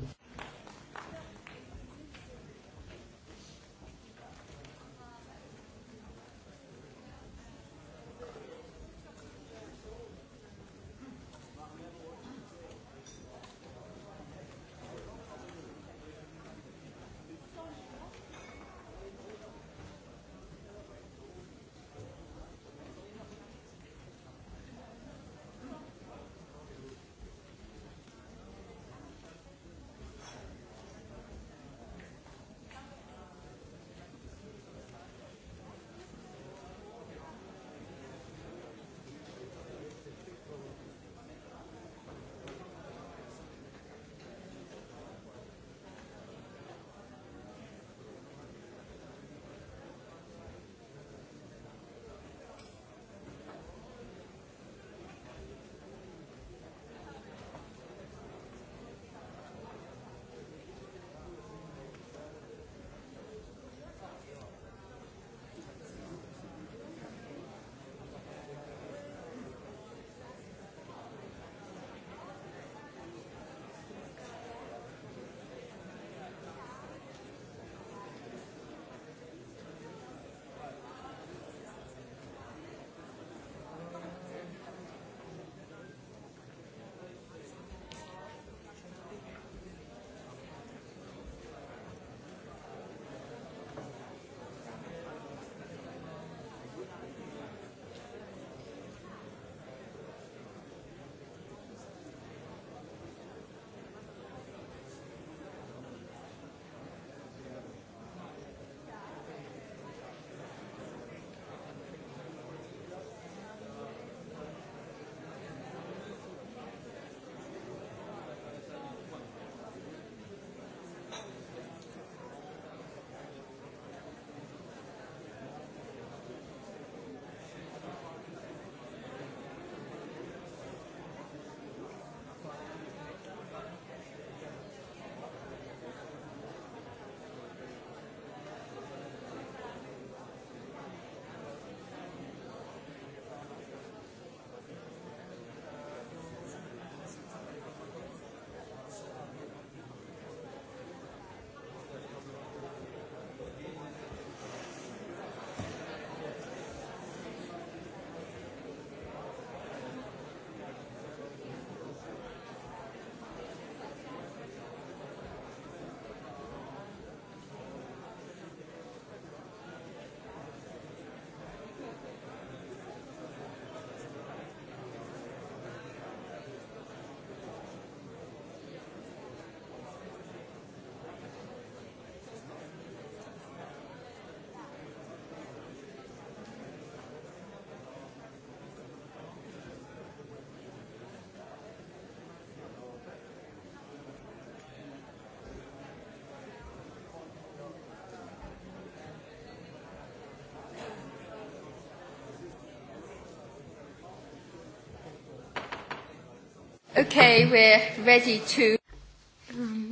Okay, we're ready to...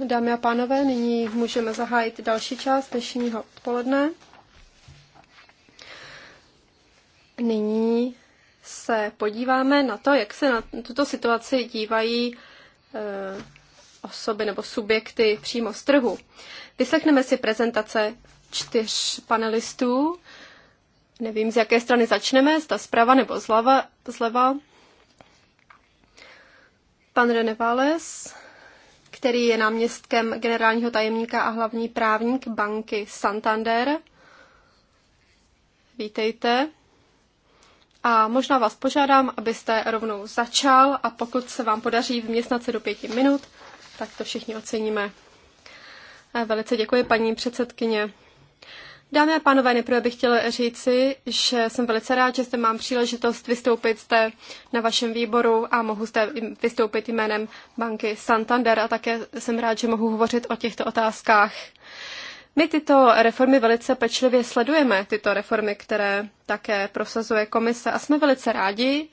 Dámy a pánové, nyní můžeme zahájit další část dnešního odpoledne. Nyní se podíváme na to, jak se na tuto situaci dívají eh, osoby nebo subjekty přímo z trhu. Vyslechneme si prezentace čtyř panelistů. Nevím, z jaké strany začneme, zda zprava nebo zleva. zleva pan René Vales, který je náměstkem generálního tajemníka a hlavní právník banky Santander. Vítejte. A možná vás požádám, abyste rovnou začal a pokud se vám podaří vměstnat se do pěti minut, tak to všichni oceníme. Velice děkuji, paní předsedkyně. Dámy a pánové, nejprve bych chtěla říci, že jsem velice rád, že zde mám příležitost vystoupit zde na vašem výboru a mohu zde vystoupit jménem banky Santander a také jsem rád, že mohu hovořit o těchto otázkách. My tyto reformy velice pečlivě sledujeme, tyto reformy, které také prosazuje komise a jsme velice rádi,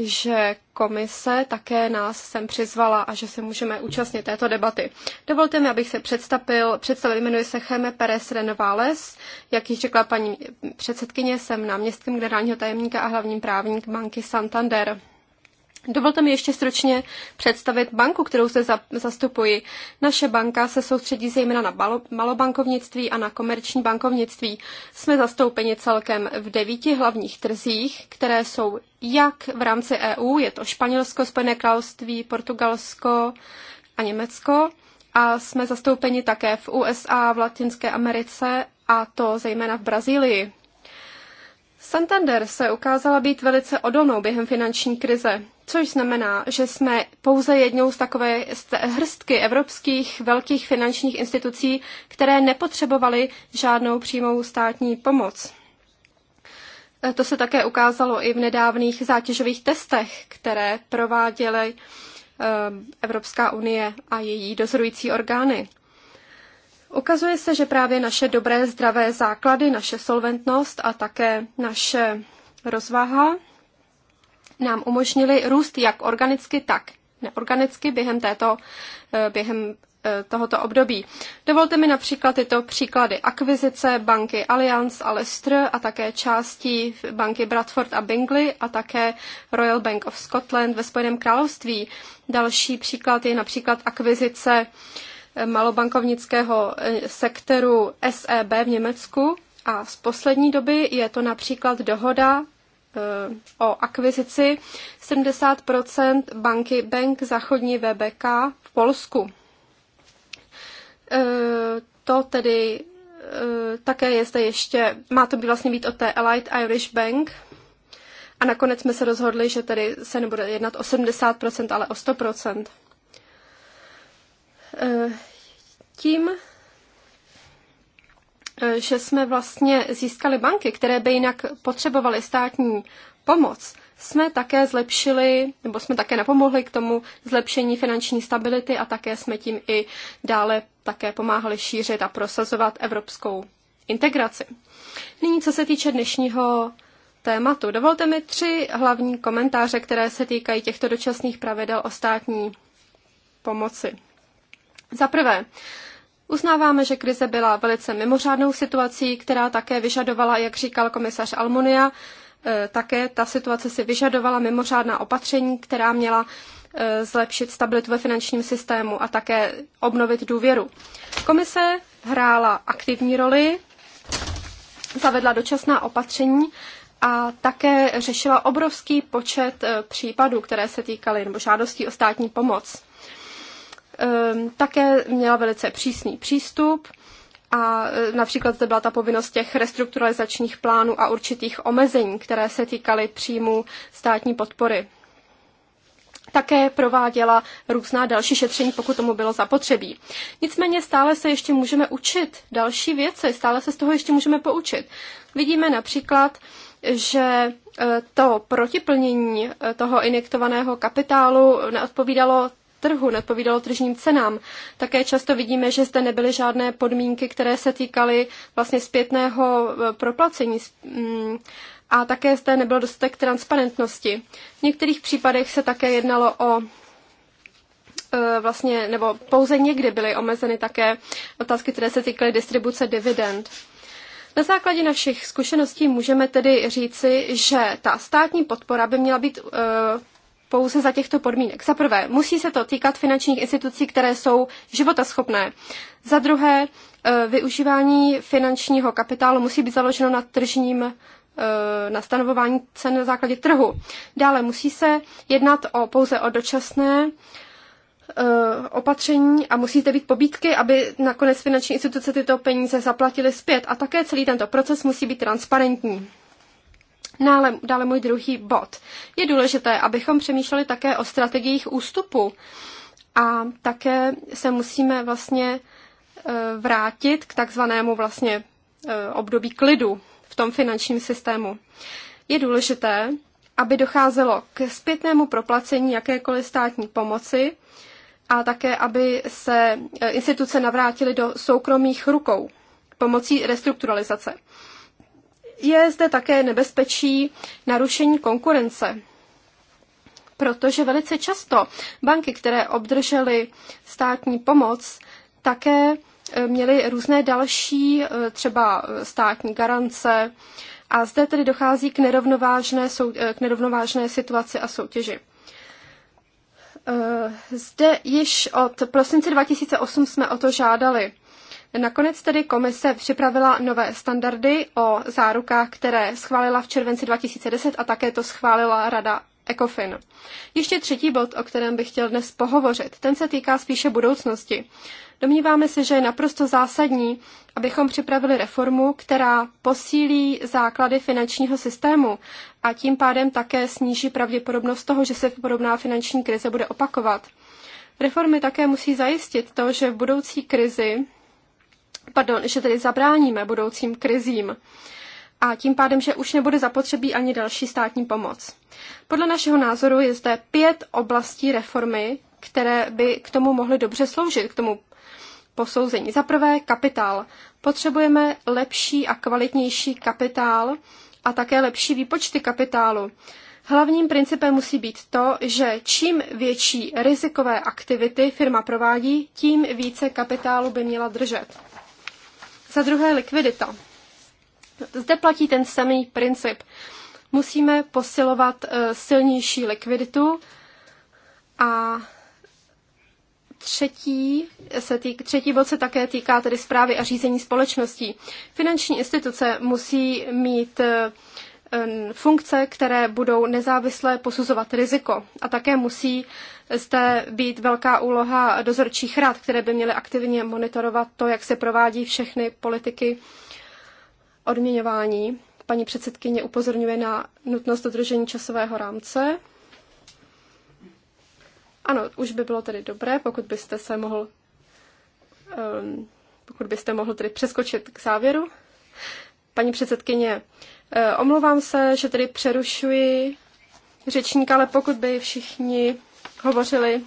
že komise také nás sem přizvala a že se můžeme účastnit této debaty. Dovolte mi, abych se představil. Představil jmenuji se Cheme Perez Renovales. Jak již řekla paní předsedkyně, jsem náměstkem generálního tajemníka a hlavním právník banky Santander. Dovolte mi ještě stručně představit banku, kterou se za, zastupuji. Naše banka se soustředí zejména na balo, malobankovnictví a na komerční bankovnictví. Jsme zastoupeni celkem v devíti hlavních trzích, které jsou jak v rámci EU, je to Španělsko, Spojené království, Portugalsko a Německo. A jsme zastoupeni také v USA, v Latinské Americe a to zejména v Brazílii. Santander se ukázala být velice odolnou během finanční krize což znamená, že jsme pouze jednou z takové hrstky evropských velkých finančních institucí, které nepotřebovaly žádnou přímou státní pomoc. E, to se také ukázalo i v nedávných zátěžových testech, které prováděly e, Evropská unie a její dozorující orgány. Ukazuje se, že právě naše dobré zdravé základy, naše solventnost a také naše rozvaha nám umožnily růst jak organicky, tak neorganicky během, této, eh, během eh, tohoto období. Dovolte mi například tyto příklady. Akvizice banky Allianz a Lestr a také částí banky Bradford a Bingley a také Royal Bank of Scotland ve Spojeném království. Další příklad je například akvizice eh, malobankovnického sektoru SEB v Německu a z poslední doby je to například dohoda Eh, o akvizici 70 banky Bank Zachodní VBK v Polsku. Eh, to tedy eh, také je zde ještě, má to být vlastně být o té Elite Irish Bank. A nakonec jsme se rozhodli, že tedy se nebude jednat o 70%, ale o 100%. Tím Eh, že jsme vlastně získali banky, které by jinak potřebovaly státní pomoc, jsme také zlepšili, nebo jsme také napomohli k tomu zlepšení finanční stability a také jsme tím i dále také pomáhali šířit a prosazovat evropskou integraci. Nyní, co se týče dnešního tématu, dovolte mi tři hlavní komentáře, které se týkají těchto dočasných pravidel o státní pomoci. Za prvé, Uznáváme, že krize byla velice mimořádnou situací, která také vyžadovala, jak říkal komisař Almunia, eh, také ta situace si vyžadovala mimořádná opatření, která měla eh, zlepšit stabilitu ve finančním systému a také obnovit důvěru. Komise hrála aktivní roli, zavedla dočasná opatření a také řešila obrovský počet eh, případů, které se týkaly nebo žádostí o státní pomoc. Ehm, také měla velice přísný přístup a e, například zde byla ta povinnost těch restrukturalizačních plánů a určitých omezení, které se týkaly příjmu státní podpory. Také prováděla různá další šetření, pokud tomu bylo zapotřebí. Nicméně stále se ještě můžeme učit další věci, stále se z toho ještě můžeme poučit. Vidíme například, že e, to protiplnění e, toho injektovaného kapitálu neodpovídalo trhu, neodpovídalo tržním cenám. Také často vidíme, že zde nebyly žádné podmínky, které se týkaly vlastně zpětného e, proplacení mm, a také zde nebyl dostatek transparentnosti. V některých případech se také jednalo o e, vlastně, nebo pouze někdy byly omezeny také otázky, které se týkaly distribuce dividend. Na základě našich zkušeností můžeme tedy říci, že ta státní podpora by měla být e, pouze za těchto podmínek. Za prvé, musí se to týkat finančních institucí, které jsou životaschopné. Za druhé, e, využívání finančního kapitálu musí být založeno na tržním e, na stanovování cen na základě trhu. Dále musí se jednat o, pouze o dočasné e, opatření a musíte být pobítky, aby nakonec finanční instituce tyto peníze zaplatily zpět. A také celý tento proces musí být transparentní. Dále, no dále můj druhý bod. Je důležité, abychom přemýšleli také o strategiích ústupu a také se musíme vlastně e, vrátit k takzvanému vlastně e, období klidu v tom finančním systému. Je důležité, aby docházelo k zpětnému proplacení jakékoliv státní pomoci a také, aby se e, instituce navrátily do soukromých rukou pomocí restrukturalizace je zde také nebezpečí narušení konkurence, protože velice často banky, které obdržely státní pomoc, také eh, měly různé další eh, třeba eh, státní garance a zde tedy dochází k nerovnovážné, sou, k nerovnovážné situaci a soutěži. Zde již od prosince 2008 jsme o to žádali. Nakonec tedy komise připravila nové standardy o zárukách, které schválila v červenci 2010 a také to schválila Rada ECOFIN. Ještě třetí bod, o kterém bych chtěl dnes pohovořit, ten se týká spíše budoucnosti. Domníváme se, že je naprosto zásadní, abychom připravili reformu, která posílí základy finančního systému a tím pádem také sníží pravděpodobnost toho, že se podobná finanční krize bude opakovat. Reformy také musí zajistit to, že v budoucí krizi pardon, že tedy zabráníme budoucím krizím a tím pádem, že už nebude zapotřebí ani další státní pomoc. Podle našeho názoru je zde pět oblastí reformy, které by k tomu mohly dobře sloužit, k tomu posouzení. Za prvé kapitál. Potřebujeme lepší a kvalitnější kapitál a také lepší výpočty kapitálu. Hlavním principem musí být to, že čím větší rizikové aktivity firma provádí, tím více kapitálu by měla držet. Za druhé likvidita. Zde platí ten samý princip. Musíme posilovat eh, silnější likviditu a třetí, se týk, třetí bod se také týká tedy zprávy a řízení společností. Finanční instituce musí mít eh, funkce, které budou nezávisle posuzovat riziko a také musí zde být velká úloha dozorčích rad, které by měly aktivně monitorovat to, jak se provádí všechny politiky odměňování. Paní předsedkyně upozorňuje na nutnost dodržení časového rámce. Ano, už by bylo tedy dobré, pokud byste se mohl, um, pokud byste mohl tedy přeskočit k závěru. Paní předsedkyně, eh, omlouvám se, že tedy přerušuji řečníka, ale pokud by všichni hovořili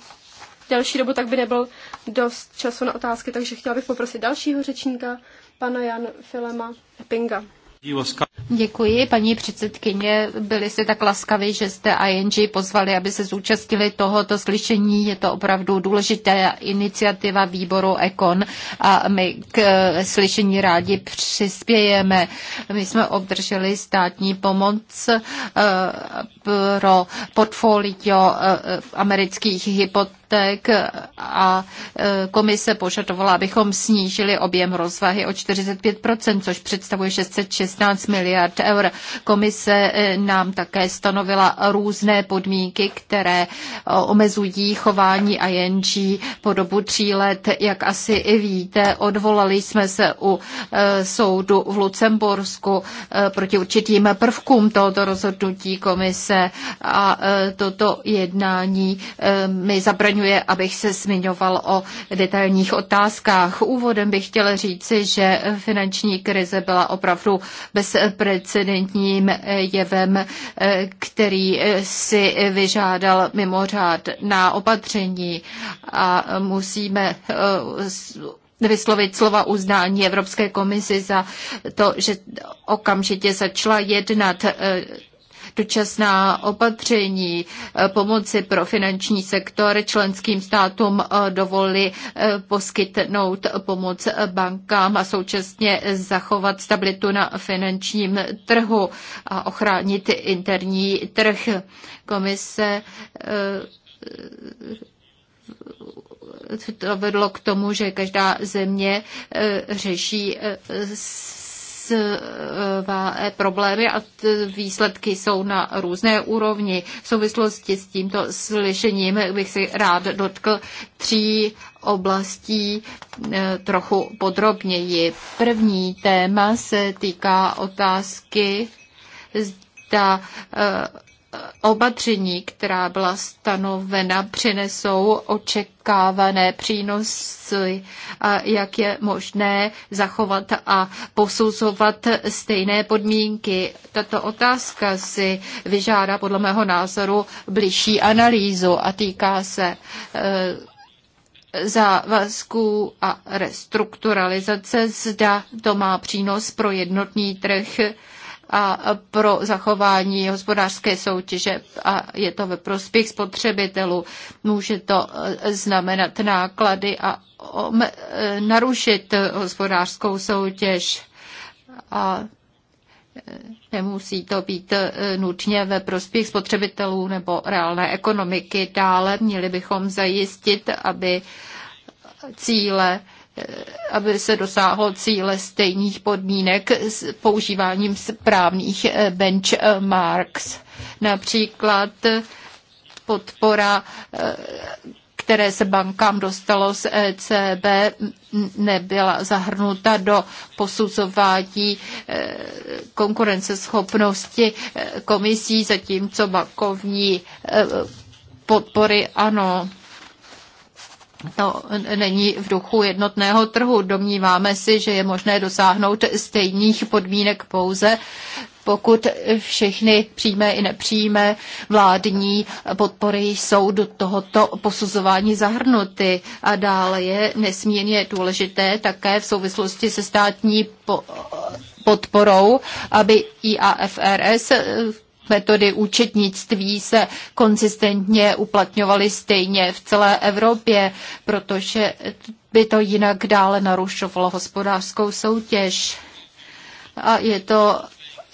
delší dobu, tak by nebyl dost času na otázky, takže chtěla bych poprosit dalšího řečníka, pana Jan Filema Pinga. Děkuji, paní předsedkyně. Byli jste tak laskaví, že jste ING pozvali, aby se zúčastnili tohoto slyšení. Je to opravdu důležitá iniciativa výboru ECON a my k eh, slyšení rádi přispějeme. My jsme obdrželi státní pomoc eh, pro portfolio eh, amerických hypoték poplatek a e, komise požadovala, abychom snížili objem rozvahy o 45%, což představuje 616 miliard eur. Komise e, nám také stanovila různé podmínky, které e, omezují chování ING po dobu tří let. Jak asi i víte, odvolali jsme se u soudu v Lucembursku proti určitým prvkům tohoto rozhodnutí komise a toto jednání mi zabraňuje zabraňuje, abych se zmiňoval o detailních otázkách. Úvodem bych chtěl říci, že finanční krize byla opravdu bezprecedentním jevem, který si vyžádal na opatření a musíme eh, vyslovit slova uznání Evropské komisi za to, že okamžitě začala jednat eh, dočasná opatření, eh, pomoci pro finanční sektor členským státům eh, dovolili eh, poskytnout pomoc bankám a současně zachovat stabilitu na finančním trhu a ochránit interní trh. Komise to vedlo k tomu, že každá země řeší své e, problémy a výsledky jsou na různé úrovni. V souvislosti s tímto slyšením bych si rád dotkl tří oblastí e, trochu podrobněji. První téma se týká otázky, zda e, opatření, která byla stanovena, přinesou očekávané přínosy a jak je možné zachovat a posuzovat stejné podmínky. Tato otázka si vyžádá podle mého názoru bližší analýzu a týká se e, závazků a restrukturalizace, zda to má přínos pro jednotný trh a pro zachování hospodářské soutěže a je to ve prospěch spotřebitelů. Může to e, znamenat náklady a e, narušit hospodářskou soutěž. A e, Nemusí to být nutně ve prospěch spotřebitelů nebo reálné ekonomiky. Dále měli bychom zajistit, aby cíle aby se dosáhlo cíle stejných podmínek s používáním správných benchmarks. Například podpora, které se bankám dostalo z ECB, nebyla zahrnuta do posuzování eh, konkurenceschopnosti eh, komisí, zatímco bankovní eh, podpory ano to no, není v duchu jednotného trhu. Domníváme si, že je možné dosáhnout stejných podmínek pouze pokud všechny přímé i nepřímé vládní podpory jsou do tohoto posuzování zahrnuty. A dále je nesmírně důležité také v souvislosti se státní podporou, aby IAFRS metody účetnictví se konzistentně uplatňovaly stejně v celé Evropě, protože by to jinak dále narušovalo hospodářskou soutěž. A je to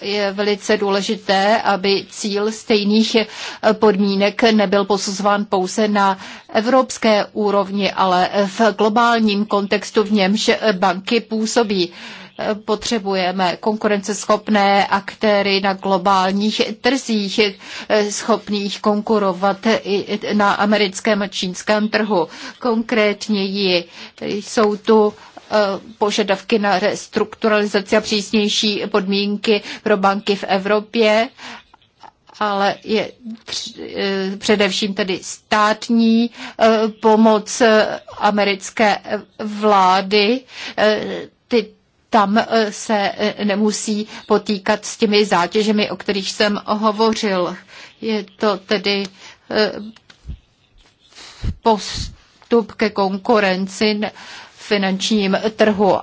je velice důležité, aby cíl stejných podmínek nebyl posuzován pouze na evropské úrovni, ale v globálním kontextu, v němž banky působí. Potřebujeme konkurenceschopné aktéry na globálních trzích, schopných konkurovat i na americkém a čínském trhu. Konkrétně jsou tu e, požadavky na restrukturalizaci a přísnější podmínky pro banky v Evropě ale je e, především tedy státní e, pomoc americké vlády. Ty tam eh, se eh, nemusí potýkat s těmi zátěžemi, o kterých jsem hovořil. Je to tedy eh, postup ke konkurenci na finančním trhu.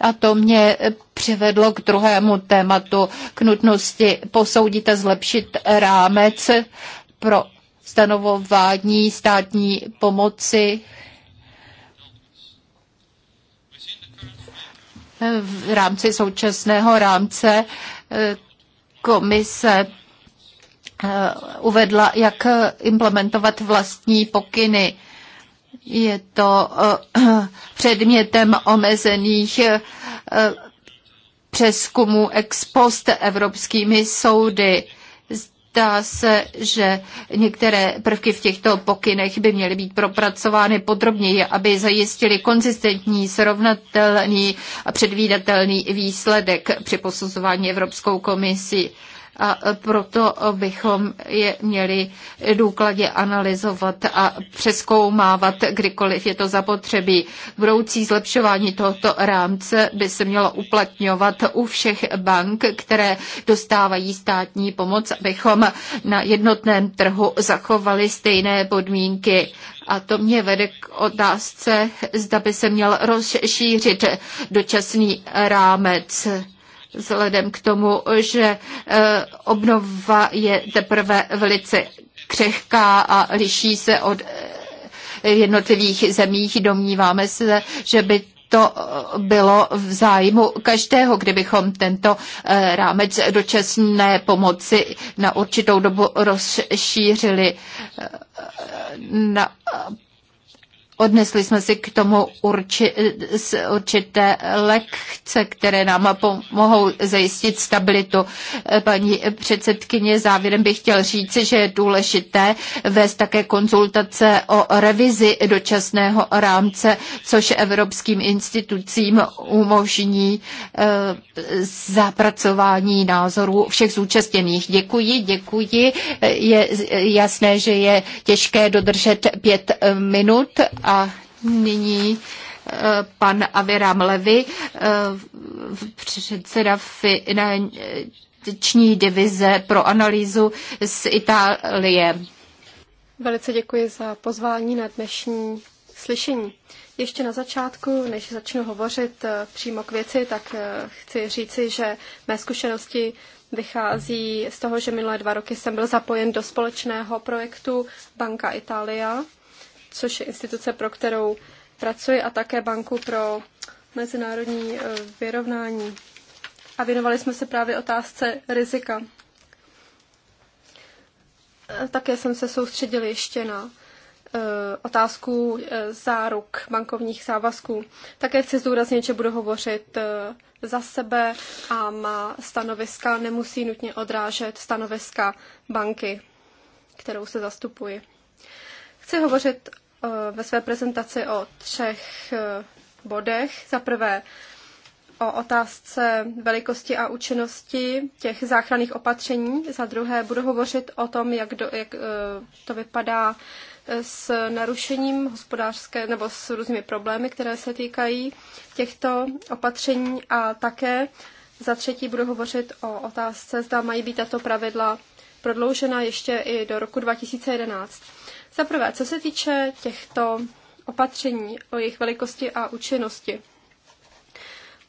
A to mě přivedlo k druhému tématu, k nutnosti posoudit a zlepšit rámec pro stanovování státní pomoci v rámci současného rámce eh, komise eh, uvedla, jak eh, implementovat vlastní pokyny. Je to předmětem omezených přeskumu ex post evropskými soudy. Zdá se, že některé prvky v těchto pokynech by měly být propracovány podrobněji, aby zajistili konzistentní, srovnatelný a předvídatelný výsledek při posuzování Evropskou komisí a proto bychom je měli důkladně analyzovat a přeskoumávat, kdykoliv je to zapotřebí. Budoucí zlepšování tohoto rámce by se mělo uplatňovat u všech bank, které dostávají státní pomoc, abychom na jednotném trhu zachovali stejné podmínky. A to mě vede k otázce, zda by se měl rozšířit dočasný rámec vzhledem k tomu, že eh, obnova je teprve velice křehká a liší se od eh, jednotlivých zemích. Domníváme se, že by to eh, bylo v zájmu každého, kdybychom tento rámec dočasné pomoci na určitou dobu rozšířili. Na Odnesli jsme si k tomu urči, určité lekce, které nám pomohou zajistit stabilitu. Paní předsedkyně, závěrem bych chtěl říct, že je důležité vést také konzultace o revizi dočasného rámce, což evropským institucím umožní eh, zapracování názorů všech zúčastněných. Děkuji, děkuji. Je jasné, že je těžké dodržet pět eh, minut a nyní eh, pan Aviram Levy, eh, předseda finanční divize pro analýzu z Itálie. Velice děkuji za pozvání na dnešní slyšení. Ještě na začátku, než začnu hovořit eh, přímo k věci, tak chci říci, že mé zkušenosti vychází z toho, že minulé dva roky jsem byl zapojen do společného projektu Banka Italia, což je instituce, pro kterou pracuji, a také Banku pro mezinárodní eh, vyrovnání. A věnovali jsme se právě otázce rizika. Eh, také jsem se soustředil ještě na eh, otázku záruk bankovních závazků. Také chci zdůraznit, že budu hovořit za sebe a má stanoviska nemusí nutně odrážet stanoviska banky, kterou se zastupuji. Chci hovořit Eh, ve své prezentaci o třech eh, bodech. Za prvé o otázce velikosti a účinnosti těch záchranných opatření. Za druhé budu hovořit o tom, jak, do, jak eh, to vypadá s narušením hospodářské nebo s různými problémy, které se týkají těchto opatření a také za třetí budu hovořit o otázce, zda mají být tato pravidla prodloužena ještě i do roku 2011. Za prvé, co se týče těchto opatření o jejich velikosti a účinnosti.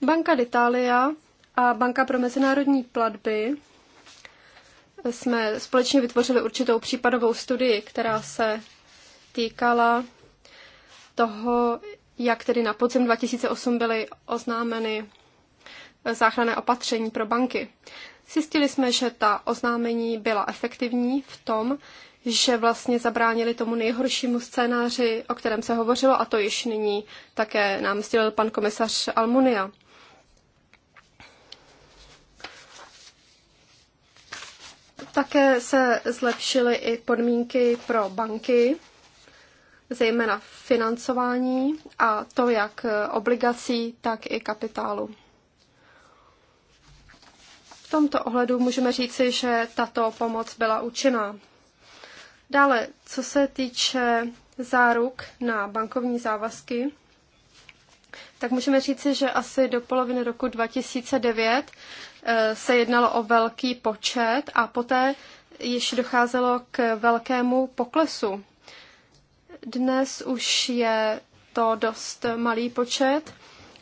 Banka d'Italia a Banka pro mezinárodní platby jsme společně vytvořili určitou případovou studii, která se týkala toho, jak tedy na podzim 2008 byly oznámeny záchranné opatření pro banky. Zjistili jsme, že ta oznámení byla efektivní v tom, že vlastně zabránili tomu nejhoršímu scénáři, o kterém se hovořilo, a to již nyní také nám sdělil pan komisař Almunia. Také se zlepšily i podmínky pro banky, zejména financování a to jak obligací, tak i kapitálu. V tomto ohledu můžeme říci, že tato pomoc byla účinná. Dále, co se týče záruk na bankovní závazky, tak můžeme říci, že asi do poloviny roku 2009 eh, se jednalo o velký počet a poté již docházelo k velkému poklesu. Dnes už je to dost malý počet.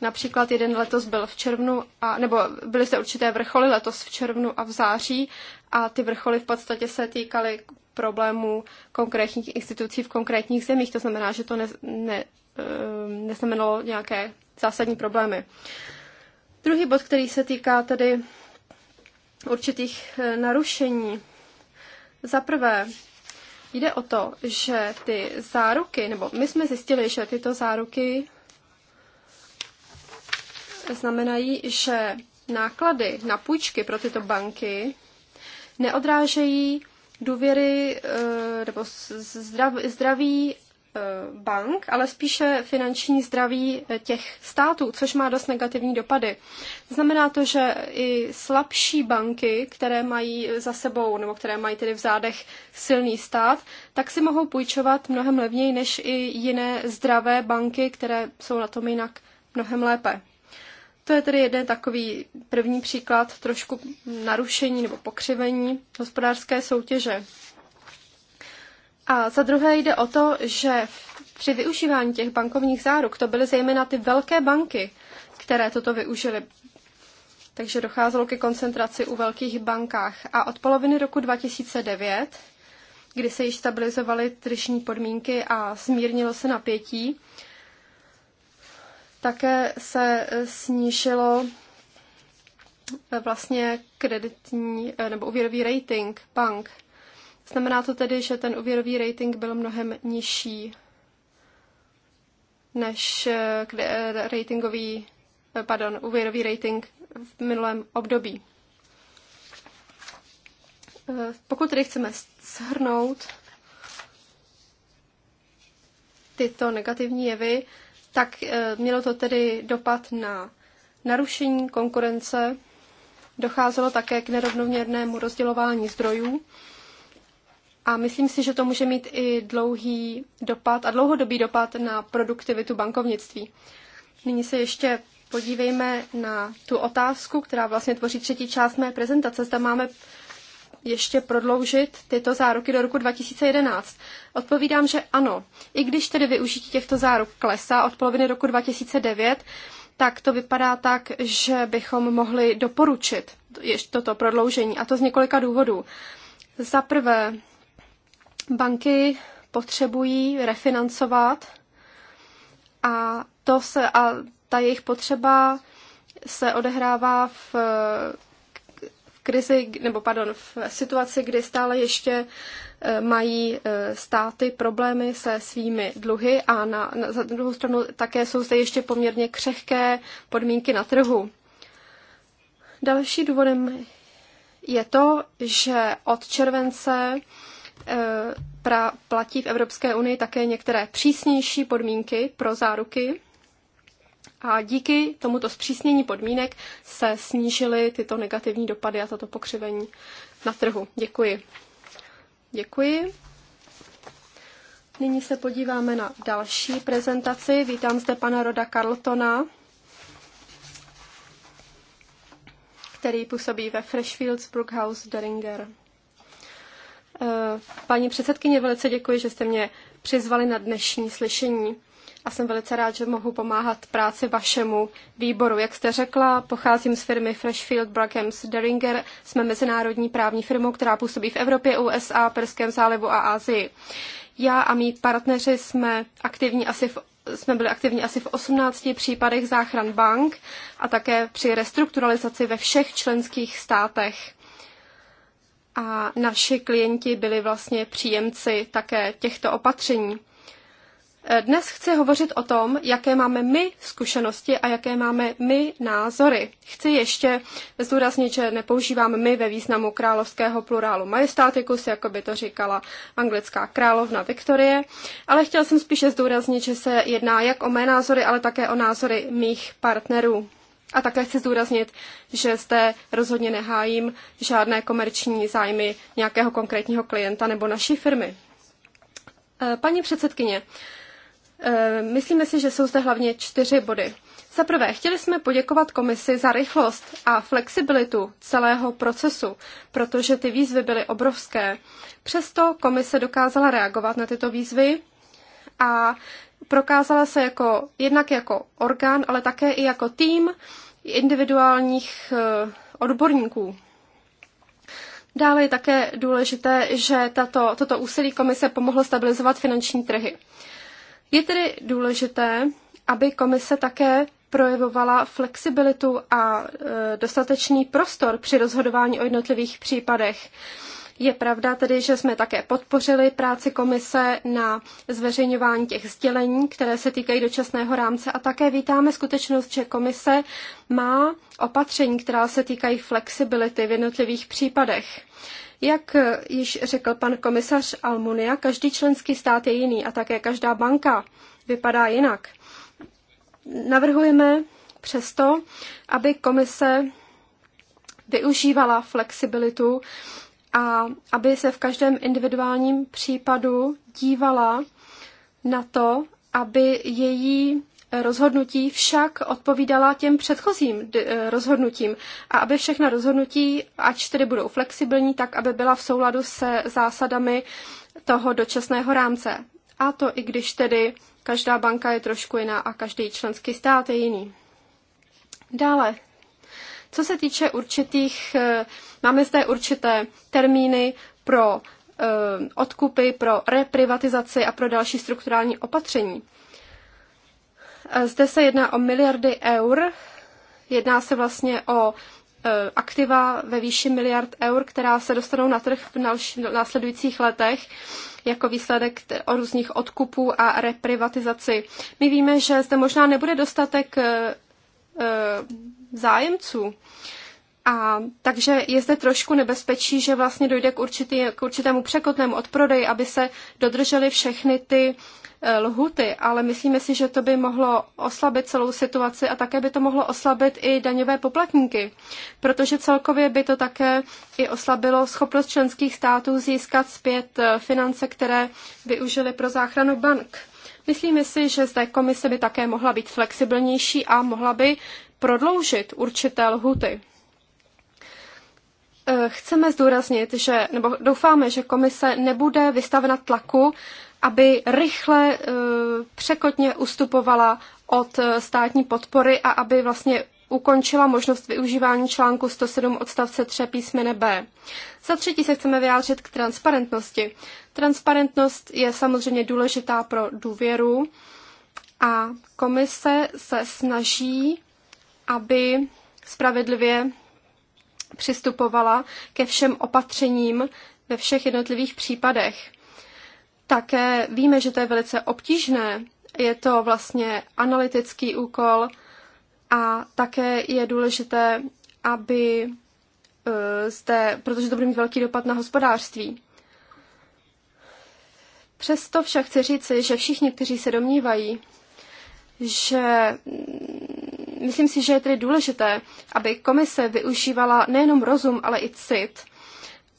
Například jeden letos byl v červnu, a, nebo byly zde určité vrcholy letos v červnu a v září a ty vrcholy v podstatě se týkaly problémů konkrétních institucí v konkrétních zemích. To znamená, že to ne, ne, eh, neznamenalo nějaké zásadní problémy. Druhý bod, který se týká tedy určitých eh, narušení. Za prvé, jde o to, že ty záruky, nebo my jsme zjistili, že tyto záruky znamenají, že náklady na půjčky pro tyto banky neodrážejí důvěry eh, nebo zdraví eh, bank, ale spíše finanční zdraví eh, těch států, což má dost negativní dopady. Znamená to, že i slabší banky, které mají za sebou nebo které mají tedy v zádech silný stát, tak si mohou půjčovat mnohem levněji než i jiné zdravé banky, které jsou na tom jinak mnohem lépe. To je tedy jeden takový první příklad trošku narušení nebo pokřivení hospodářské soutěže. A za druhé jde o to, že při využívání těch bankovních záruk to byly zejména ty velké banky, které toto využily. Takže docházelo ke koncentraci u velkých bankách. A od poloviny roku 2009, kdy se již stabilizovaly tržní podmínky a zmírnilo se napětí, také se eh, snížilo eh, vlastně kreditní eh, nebo úvěrový rating bank. Znamená to tedy, že ten úvěrový rating byl mnohem nižší než ratingový, pardon, úvěrový rating v minulém období. Pokud tedy chceme shrnout tyto negativní jevy, tak eh, mělo to tedy dopad na narušení konkurence, docházelo také k nerovnoměrnému rozdělování zdrojů a myslím si, že to může mít i dlouhý dopad a dlouhodobý dopad na produktivitu bankovnictví. Nyní se ještě podívejme na tu otázku, která vlastně tvoří třetí část mé prezentace. Zda máme ještě prodloužit tyto záruky do roku 2011? Odpovídám, že ano. I když tedy využití těchto záruk klesá od poloviny roku 2009, tak to vypadá tak, že bychom mohli doporučit ještě toto prodloužení, a to z několika důvodů. Za prvé, banky potřebují refinancovat a to se a ta jejich potřeba se odehrává v krizi, nebo pardon, v situaci, kdy stále ještě eh, mají eh, státy problémy se svými dluhy a na, na, za druhou stranu také jsou zde ještě poměrně křehké podmínky na trhu. Další důvodem je to, že od července eh, pra, platí v Evropské unii také některé přísnější podmínky pro záruky a díky tomuto zpřísnění podmínek se snížily tyto negativní dopady a tato pokřivení na trhu. Děkuji. Děkuji. Nyní se podíváme na další prezentaci. Vítám zde pana Roda Carltona, který působí ve Freshfields Brookhouse Deringer. Eh, paní předsedkyně, velice děkuji, že jste mě přizvali na dnešní slyšení a jsem velice rád, že mohu pomáhat práci vašemu výboru. Jak jste řekla, pocházím z firmy Freshfield Brackhams Deringer. Jsme mezinárodní právní firmou, která působí v Evropě, USA, Perském zálivu a Asii. Já a mý partneři jsme aktivní asi v jsme byli aktivní asi v 18 případech záchran bank a také při restrukturalizaci ve všech členských státech. A naši klienti byli vlastně příjemci také těchto opatření. Dnes chci hovořit o tom, jaké máme my zkušenosti a jaké máme my názory. Chci ještě zdůraznit, že nepoužívám my ve významu královského plurálu majestáticus, jako by to říkala anglická královna Viktorie, ale chtěl jsem spíše zdůraznit, že se jedná jak o mé názory, ale také o názory mých partnerů. A také chci zdůraznit, že zde rozhodně nehájím žádné komerční zájmy nějakého konkrétního klienta nebo naší firmy. E, paní předsedkyně, Eh, myslíme si, že jsou zde hlavně čtyři body. Za prvé, chtěli jsme poděkovat komisi za rychlost a flexibilitu celého procesu, protože ty výzvy byly obrovské. Přesto komise dokázala reagovat na tyto výzvy a prokázala se jako, jednak jako orgán, ale také i jako tým individuálních eh, odborníků. Dále je také důležité, že tato, toto úsilí komise pomohlo stabilizovat finanční trhy. Je tedy důležité, aby komise také projevovala flexibilitu a e, dostatečný prostor při rozhodování o jednotlivých případech. Je pravda tedy, že jsme také podpořili práci komise na zveřejňování těch sdělení, které se týkají dočasného rámce a také vítáme skutečnost, že komise má opatření, která se týkají flexibility v jednotlivých případech. Jak již řekl pan komisař Almunia, každý členský stát je jiný a také každá banka vypadá jinak. Navrhujeme přesto, aby komise využívala flexibilitu a aby se v každém individuálním případu dívala na to, aby její rozhodnutí však odpovídala těm předchozím eh, rozhodnutím a aby všechna rozhodnutí, ač tedy budou flexibilní, tak aby byla v souladu se zásadami toho dočasného rámce. A to i když tedy každá banka je trošku jiná a každý členský stát je jiný. Dále, co se týče určitých, eh, máme zde určité termíny pro eh, odkupy, pro reprivatizaci a pro další strukturální opatření. Zde se jedná o miliardy eur. Jedná se vlastně o e, aktiva ve výši miliard eur, která se dostanou na trh v následujících letech jako výsledek o různých odkupů a reprivatizaci. My víme, že zde možná nebude dostatek e, e, zájemců. A takže je zde trošku nebezpečí, že vlastně dojde k, určitý, k určitému překotnému odprodeji, aby se dodržely všechny ty eh, lhuty, ale myslíme si, že to by mohlo oslabit celou situaci a také by to mohlo oslabit i daňové poplatníky, protože celkově by to také i oslabilo schopnost členských států získat zpět eh, finance, které využili pro záchranu bank. Myslíme si, že zde komise by také mohla být flexibilnější a mohla by prodloužit určité lhuty. Eh, chceme zdůraznit, že, nebo doufáme, že komise nebude vystavena tlaku, aby rychle eh, překotně ustupovala od eh, státní podpory a aby vlastně ukončila možnost využívání článku 107 odstavce 3 písmene B. Za třetí se chceme vyjádřit k transparentnosti. Transparentnost je samozřejmě důležitá pro důvěru a komise se snaží, aby spravedlivě přistupovala ke všem opatřením ve všech jednotlivých případech. Také víme, že to je velice obtížné. Je to vlastně analytický úkol a také je důležité, aby eh, zde, protože to bude mít velký dopad na hospodářství. Přesto však chci říci, že všichni, kteří se domnívají, že Myslím si, že je tedy důležité, aby komise využívala nejenom rozum, ale i cit.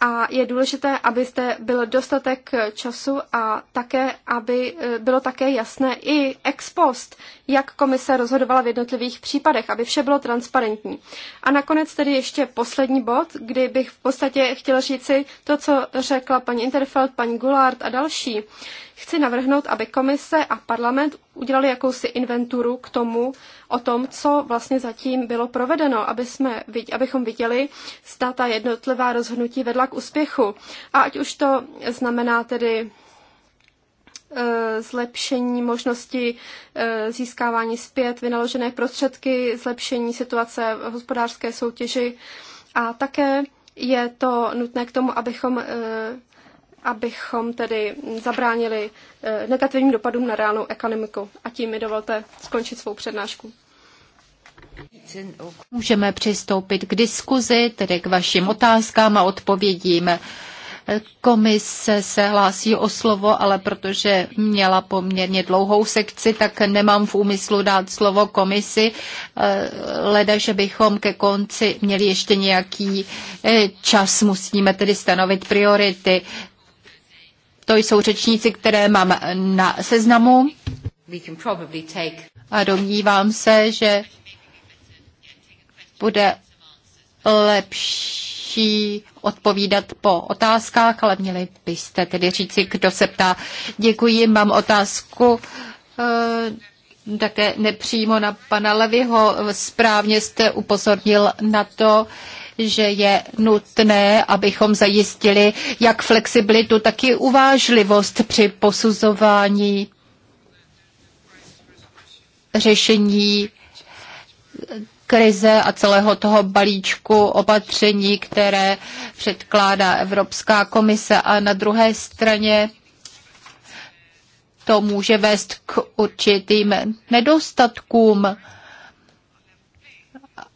A je důležité, abyste byl dostatek času a také, aby eh, bylo také jasné i ex post, jak komise rozhodovala v jednotlivých případech, aby vše bylo transparentní. A nakonec tedy ještě poslední bod, kdy bych v podstatě chtěla říci to, co řekla paní Interfeld, paní Gulard a další. Uh, Chci navrhnout, aby komise a parlament udělali jakousi inventuru k tomu, o tom, co vlastně zatím bylo provedeno, aby jsme, abychom viděli, zda ta jednotlivá rozhodnutí vedla k úspěchu. A ať už to znamená tedy e, zlepšení možnosti e, získávání zpět vynaložené prostředky, zlepšení situace v hospodářské soutěži a také je to nutné k tomu, abychom e, abychom tedy zabránili eh, negativním dopadům na reálnou ekonomiku. A tím mi dovolte skončit svou přednášku. Můžeme přistoupit k diskuzi, tedy k vašim otázkám a odpovědím. Komise se hlásí o slovo, ale protože měla poměrně dlouhou sekci, tak nemám v úmyslu dát slovo komisi. Eh, leda, že bychom ke konci měli ještě nějaký eh, čas, musíme tedy stanovit priority. To jsou řečníci, které mám na seznamu. A domnívám se, že bude lepší odpovídat po otázkách, ale měli byste tedy říci, kdo se ptá. Děkuji, mám otázku eh, také nepřímo na pana Levyho. Správně jste upozornil na to, že je nutné, abychom zajistili jak flexibilitu, tak i uvážlivost při posuzování řešení krize a celého toho balíčku opatření, které předkládá Evropská komise. A na druhé straně to může vést k určitým nedostatkům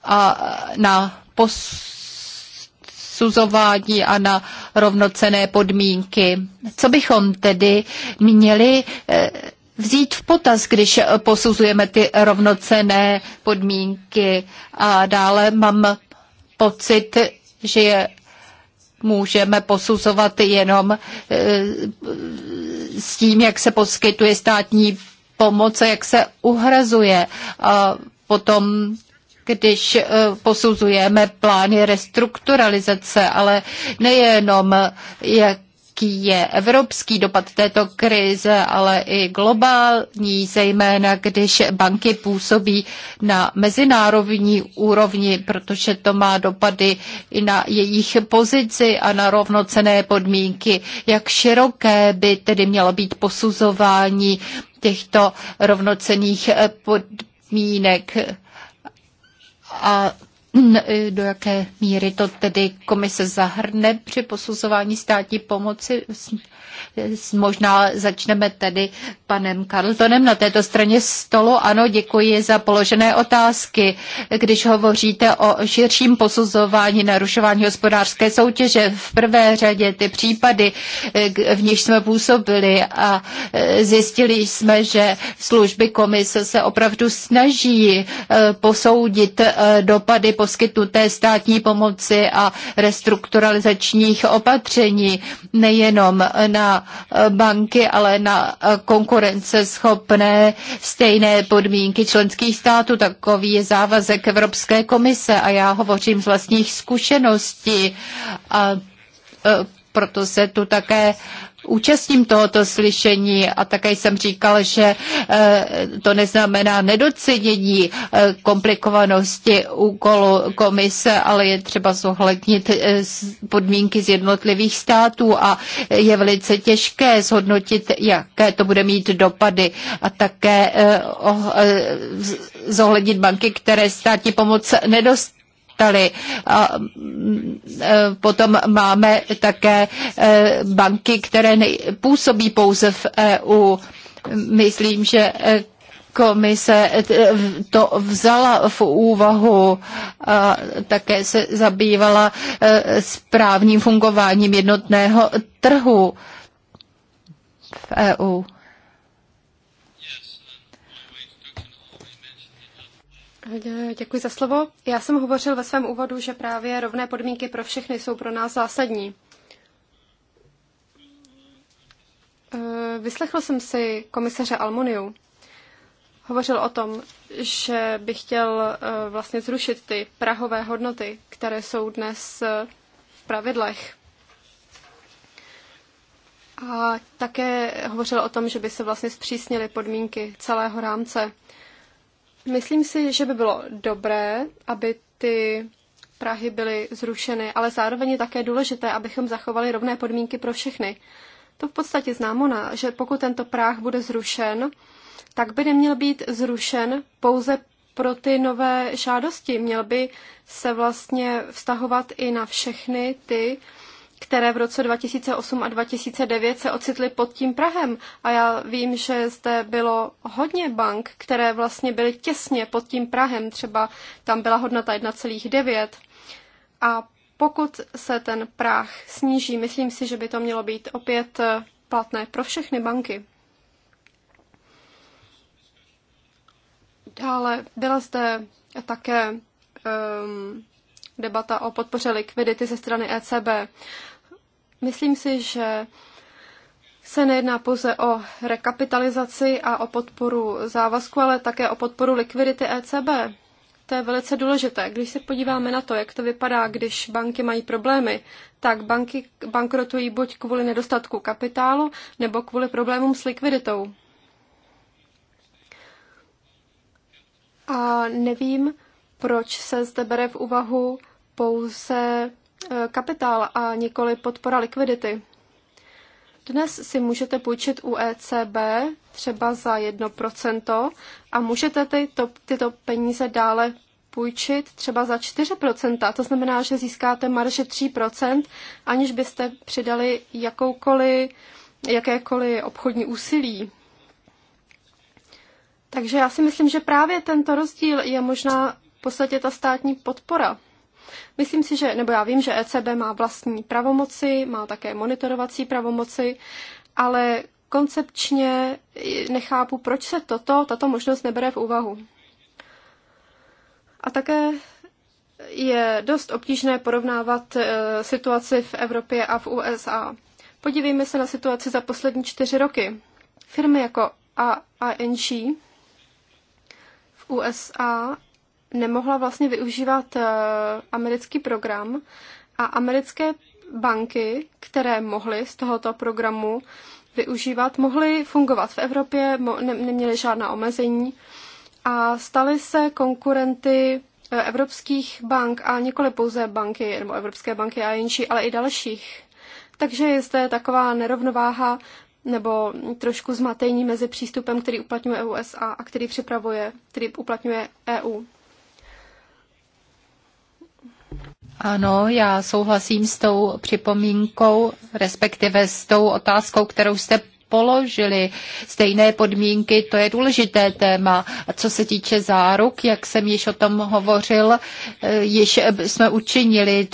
a na posuzování a na rovnocené podmínky. Co bychom tedy měli eh, vzít v potaz, když posuzujeme ty rovnocené podmínky. A dále mám pocit, že je můžeme posuzovat jenom eh, s tím, jak se poskytuje státní pomoc a jak se uhrazuje. A potom když eh, posuzujeme plány restrukturalizace, ale nejenom jak jaký je evropský dopad této krize, ale i globální, zejména když banky působí na mezinárodní úrovni, protože to má dopady i na jejich pozici a na rovnocené podmínky. Jak široké by tedy mělo být posuzování těchto rovnocených podmínek? a do jaké míry to tedy komise zahrne při posuzování státní pomoci Možná začneme tedy panem Carltonem na této straně stolu. Ano, děkuji za položené otázky. Když hovoříte o širším posuzování narušování hospodářské soutěže, v prvé řadě ty případy, eh, v nich jsme působili a eh, zjistili jsme, že služby komise se opravdu snaží eh, posoudit dopady poskytnuté státní pomoci a restrukturalizačních opatření nejenom na na eh, banky, ale na eh, konkurenceschopné stejné podmínky členských států. Takový je závazek Evropské komise a já hovořím z vlastních zkušeností. A eh, proto se tu také účastním tohoto slyšení a také jsem říkal, že eh, to neznamená nedocenění eh, komplikovanosti úkolu komise, ale je třeba zohlednit eh, podmínky z jednotlivých států a je velice těžké zhodnotit, jaké to bude mít dopady a také oh, zohlednit banky, které státní pomoc nedostanou zůstaly. A e, potom máme také e, banky, které působí pouze v EU. Myslím, že e, komise to vzala v úvahu a také se zabývala správním fungováním jednotného trhu v EU. Eh, děkuji za slovo. Já jsem hovořil ve svém úvodu, že právě rovné podmínky pro všechny jsou pro nás zásadní. Eh, vyslechl jsem si komisaře Almuniu. Hovořil o tom, že by chtěl eh, vlastně zrušit ty prahové hodnoty, které jsou dnes v pravidlech. A také hovořil o tom, že by se vlastně zpřísnily podmínky celého rámce. Myslím si, že by bylo dobré, aby ty Prahy byly zrušeny, ale zároveň je také důležité, abychom zachovali rovné podmínky pro všechny. To v podstatě známo, na, že pokud tento práh bude zrušen, tak by neměl být zrušen pouze pro ty nové žádosti. Měl by se vlastně vztahovat i na všechny ty které v roce 2008 a 2009 se ocitly pod tím Prahem. A já vím, že zde bylo hodně bank, které vlastně byly těsně pod tím Prahem, třeba tam byla hodnota 1,9. A pokud se ten práh sníží, myslím si, že by to mělo být opět eh, platné pro všechny banky. Dále byla zde také um, debata o podpoře likvidity ze strany ECB. Myslím si, že se nejedná pouze o rekapitalizaci a o podporu závazku, ale také o podporu likvidity ECB. To je velice důležité. Když se podíváme na to, jak to vypadá, když banky mají problémy, tak banky bankrotují buď kvůli nedostatku kapitálu nebo kvůli problémům s likviditou. A nevím, proč se zde bere v úvahu pouze Eh, kapitál a nikoli podpora likvidity. Dnes si můžete půjčit u ECB třeba za 1% a můžete tyto, tyto peníze dále půjčit třeba za 4%. To znamená, že získáte marže 3%, aniž byste přidali jakoukoliv, jakékoliv obchodní úsilí. Takže já si myslím, že právě tento rozdíl je možná v podstatě ta státní podpora. Myslím si, že, nebo já vím, že ECB má vlastní pravomoci, má také monitorovací pravomoci, ale koncepčně nechápu, proč se toto, tato možnost nebere v úvahu. A také je dost obtížné porovnávat e, situaci v Evropě a v USA. Podívejme se na situaci za poslední čtyři roky. Firmy jako ANG v USA nemohla vlastně využívat eh, americký program a americké banky, které mohly z tohoto programu využívat, mohly fungovat v Evropě, neměly žádná omezení a staly se konkurenty eh, evropských bank a nikoli pouze banky, nebo evropské banky a jinší, ale i dalších. Takže je zde taková nerovnováha nebo trošku zmatení mezi přístupem, který uplatňuje USA a který připravuje, který uplatňuje EU. Ano, já souhlasím s tou připomínkou, respektive s tou otázkou, kterou jste položili. Stejné podmínky, to je důležité téma. A co se týče záruk, jak jsem již o tom hovořil, eh, již jsme učinili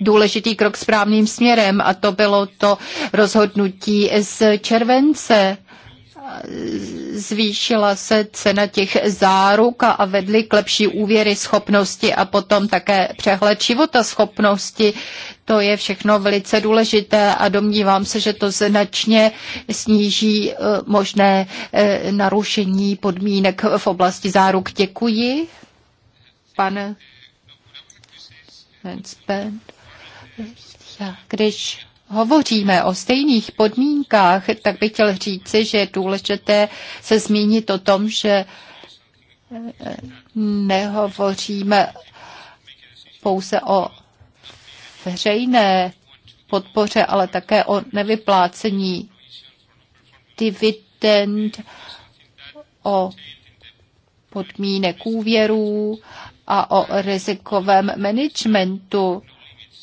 důležitý krok správným směrem a to bylo to rozhodnutí z července zvýšila se cena těch záruk a vedly k lepší úvěry schopnosti a potom také přehled života schopnosti. To je všechno velice důležité a domnívám se, že to značně sníží eh, možné eh, narušení podmínek v oblasti záruk. Děkuji. Pan Spend. Když hovoříme o stejných podmínkách, tak bych chtěl říci, že je důležité se zmínit o tom, že eh, nehovoříme pouze o veřejné podpoře, ale také o nevyplácení dividend, o podmínek úvěrů a o rizikovém managementu.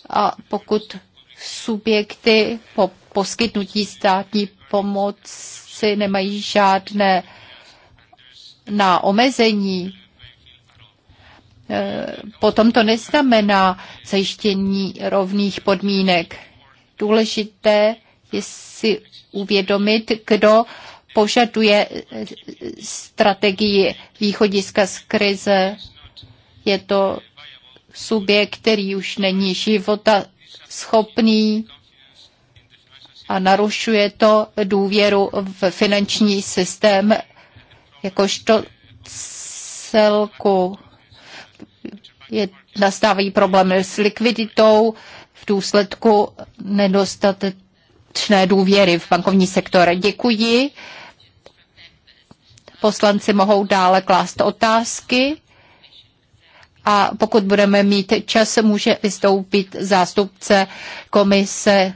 A pokud subjekty po poskytnutí státní pomoci nemají žádné na omezení. E, potom to neznamená zajištění rovných podmínek. Důležité je si uvědomit, kdo požaduje strategii východiska z krize. Je to subjekt, který už není života schopný a narušuje to důvěru v finanční systém jakožto celku. Je, nastávají problémy s likviditou v důsledku nedostatečné důvěry v bankovní sektor. Děkuji. Poslanci mohou dále klást otázky a pokud budeme mít čas, může vystoupit zástupce komise.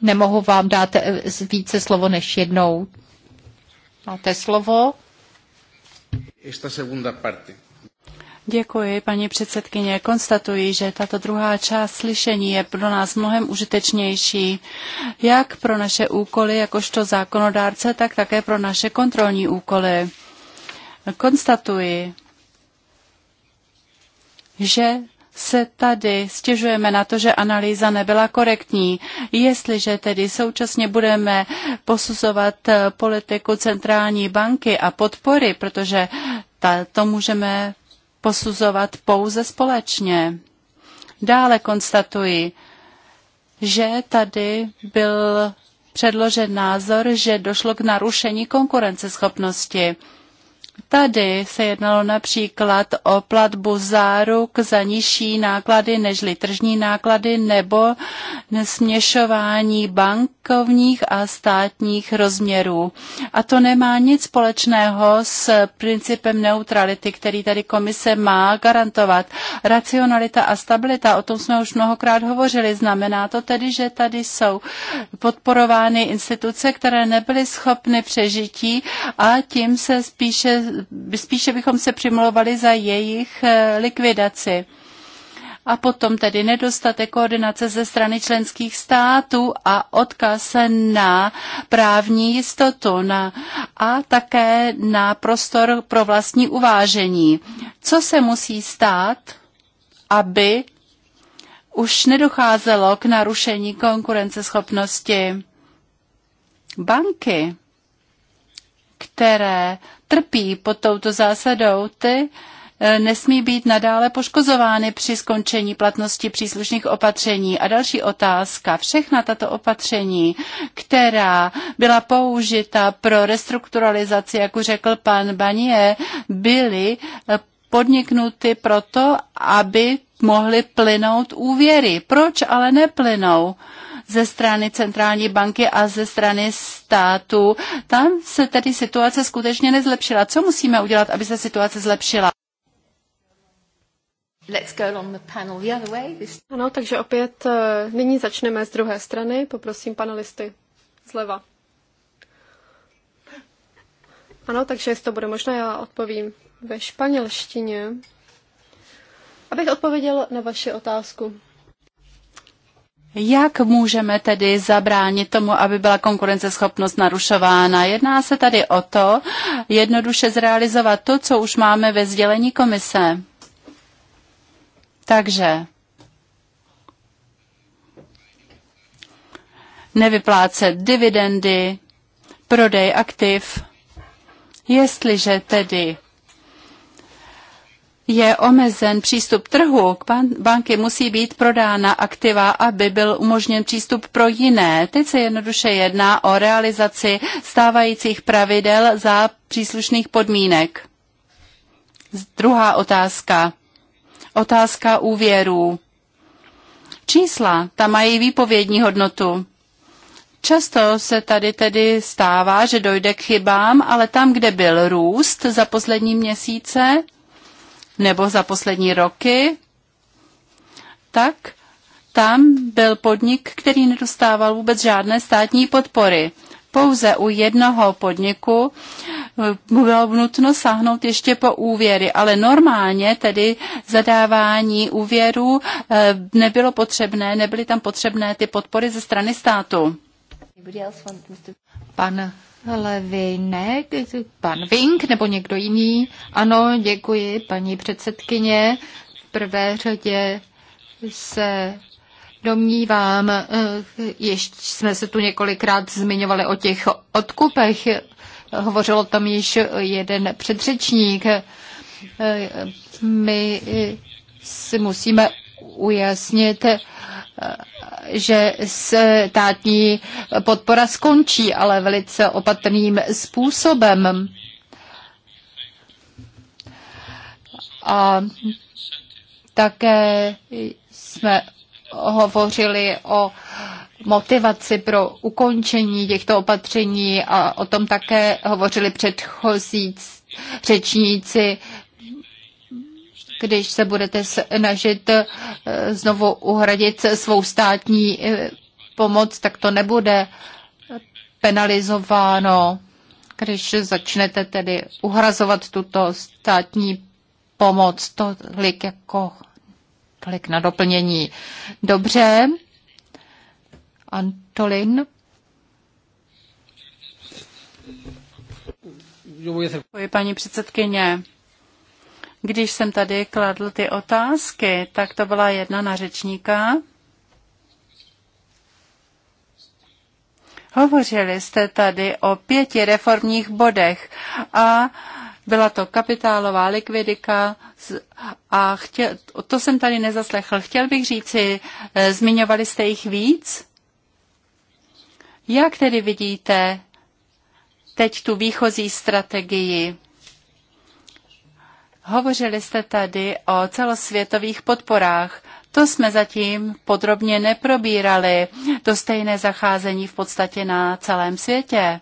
Nemohu vám dát eh, více slovo než jednou. Máte slovo. Esta segunda parte. Děkuji, paní předsedkyně. Konstatuji, že tato druhá část slyšení je pro nás mnohem užitečnější, jak pro naše úkoly jakožto zákonodárce, tak také pro naše kontrolní úkoly. Konstatuji, že se tady stěžujeme na to, že analýza nebyla korektní. Jestliže tedy současně budeme posuzovat eh, politiku centrální banky a podpory, protože ta, to můžeme posuzovat pouze společně. Dále konstatuji, že tady byl předložen názor, že došlo k narušení konkurenceschopnosti. Tady se jednalo například o platbu záruk za nižší náklady nežli tržní náklady nebo směšování bankovních a státních rozměrů. A to nemá nic společného s principem neutrality, který tady komise má garantovat. Racionalita a stabilita, o tom jsme už mnohokrát hovořili, znamená to tedy, že tady jsou podporovány instituce, které nebyly schopny přežití a tím se spíše spíše bychom se přimlouvali za jejich eh, likvidaci a potom tedy nedostatek koordinace ze strany členských států a odkaz na právní jistotu na, a také na prostor pro vlastní uvážení. Co se musí stát, aby už nedocházelo k narušení konkurenceschopnosti? Banky, které trpí pod touto zásadou, ty eh, nesmí být nadále poškozovány při skončení platnosti příslušných opatření. A další otázka. Všechna tato opatření, která byla použita pro restrukturalizaci, jak už řekl pan Banie, byly eh, podniknuty proto, aby mohly plynout úvěry. Proč ale neplynou? ze strany centrální banky a ze strany státu. Tam se tedy situace skutečně nezlepšila. Co musíme udělat, aby se situace zlepšila? Let's go on the panel the other way. This... Ano, takže opět eh, nyní začneme z druhé strany. Poprosím panelisty zleva. Ano, takže jestli to bude možné, já odpovím ve španělštině. Abych odpověděl na vaši otázku. Jak můžeme tedy zabránit tomu, aby byla konkurenceschopnost narušována? Jedná se tady o to, jednoduše zrealizovat to, co už máme ve sdělení komise. Takže nevyplácet dividendy, prodej aktiv, jestliže tedy je omezen přístup trhu, k banky musí být prodána aktiva, aby byl umožněn přístup pro jiné. Teď se jednoduše jedná o realizaci stávajících pravidel za příslušných podmínek. Druhá otázka. Otázka úvěrů. Čísla, ta mají výpovědní hodnotu. Často se tady tedy stává, že dojde k chybám, ale tam, kde byl růst za poslední měsíce, nebo za poslední roky, tak tam byl podnik, který nedostával vůbec žádné státní podpory. Pouze u jednoho podniku eh, bylo nutno sáhnout ještě po úvěry, ale normálně tedy zadávání úvěrů eh, nebylo potřebné, nebyly tam potřebné ty podpory ze strany státu. Pan ale vy ne, pan Vink nebo někdo jiný. Ano, děkuji, paní předsedkyně. V prvé řadě se domnívám, eh, ještě jsme se tu několikrát zmiňovali o těch odkupech, hovořilo tam již jeden předřečník. Eh, my si musíme ujasnit, eh, že státní podpora skončí, ale velice opatrným způsobem. A také jsme hovořili o motivaci pro ukončení těchto opatření a o tom také hovořili předchozí řečníci když se budete snažit eh, znovu uhradit svou státní eh, pomoc, tak to nebude penalizováno, když začnete tedy uhrazovat tuto státní pomoc, tolik jako tolik na doplnění. Dobře, Antolin. Děkuji, paní předsedkyně. Když jsem tady kladl ty otázky, tak to byla jedna na řečníka. Hovořili jste tady o pěti reformních bodech a byla to kapitálová likvidika a chtěl, to jsem tady nezaslechl. Chtěl bych říci, eh, zmiňovali jste jich víc? Jak tedy vidíte teď tu výchozí strategii? Hovořili jste tady o celosvětových podporách. To jsme zatím podrobně neprobírali. To stejné zacházení v podstatě na celém světě.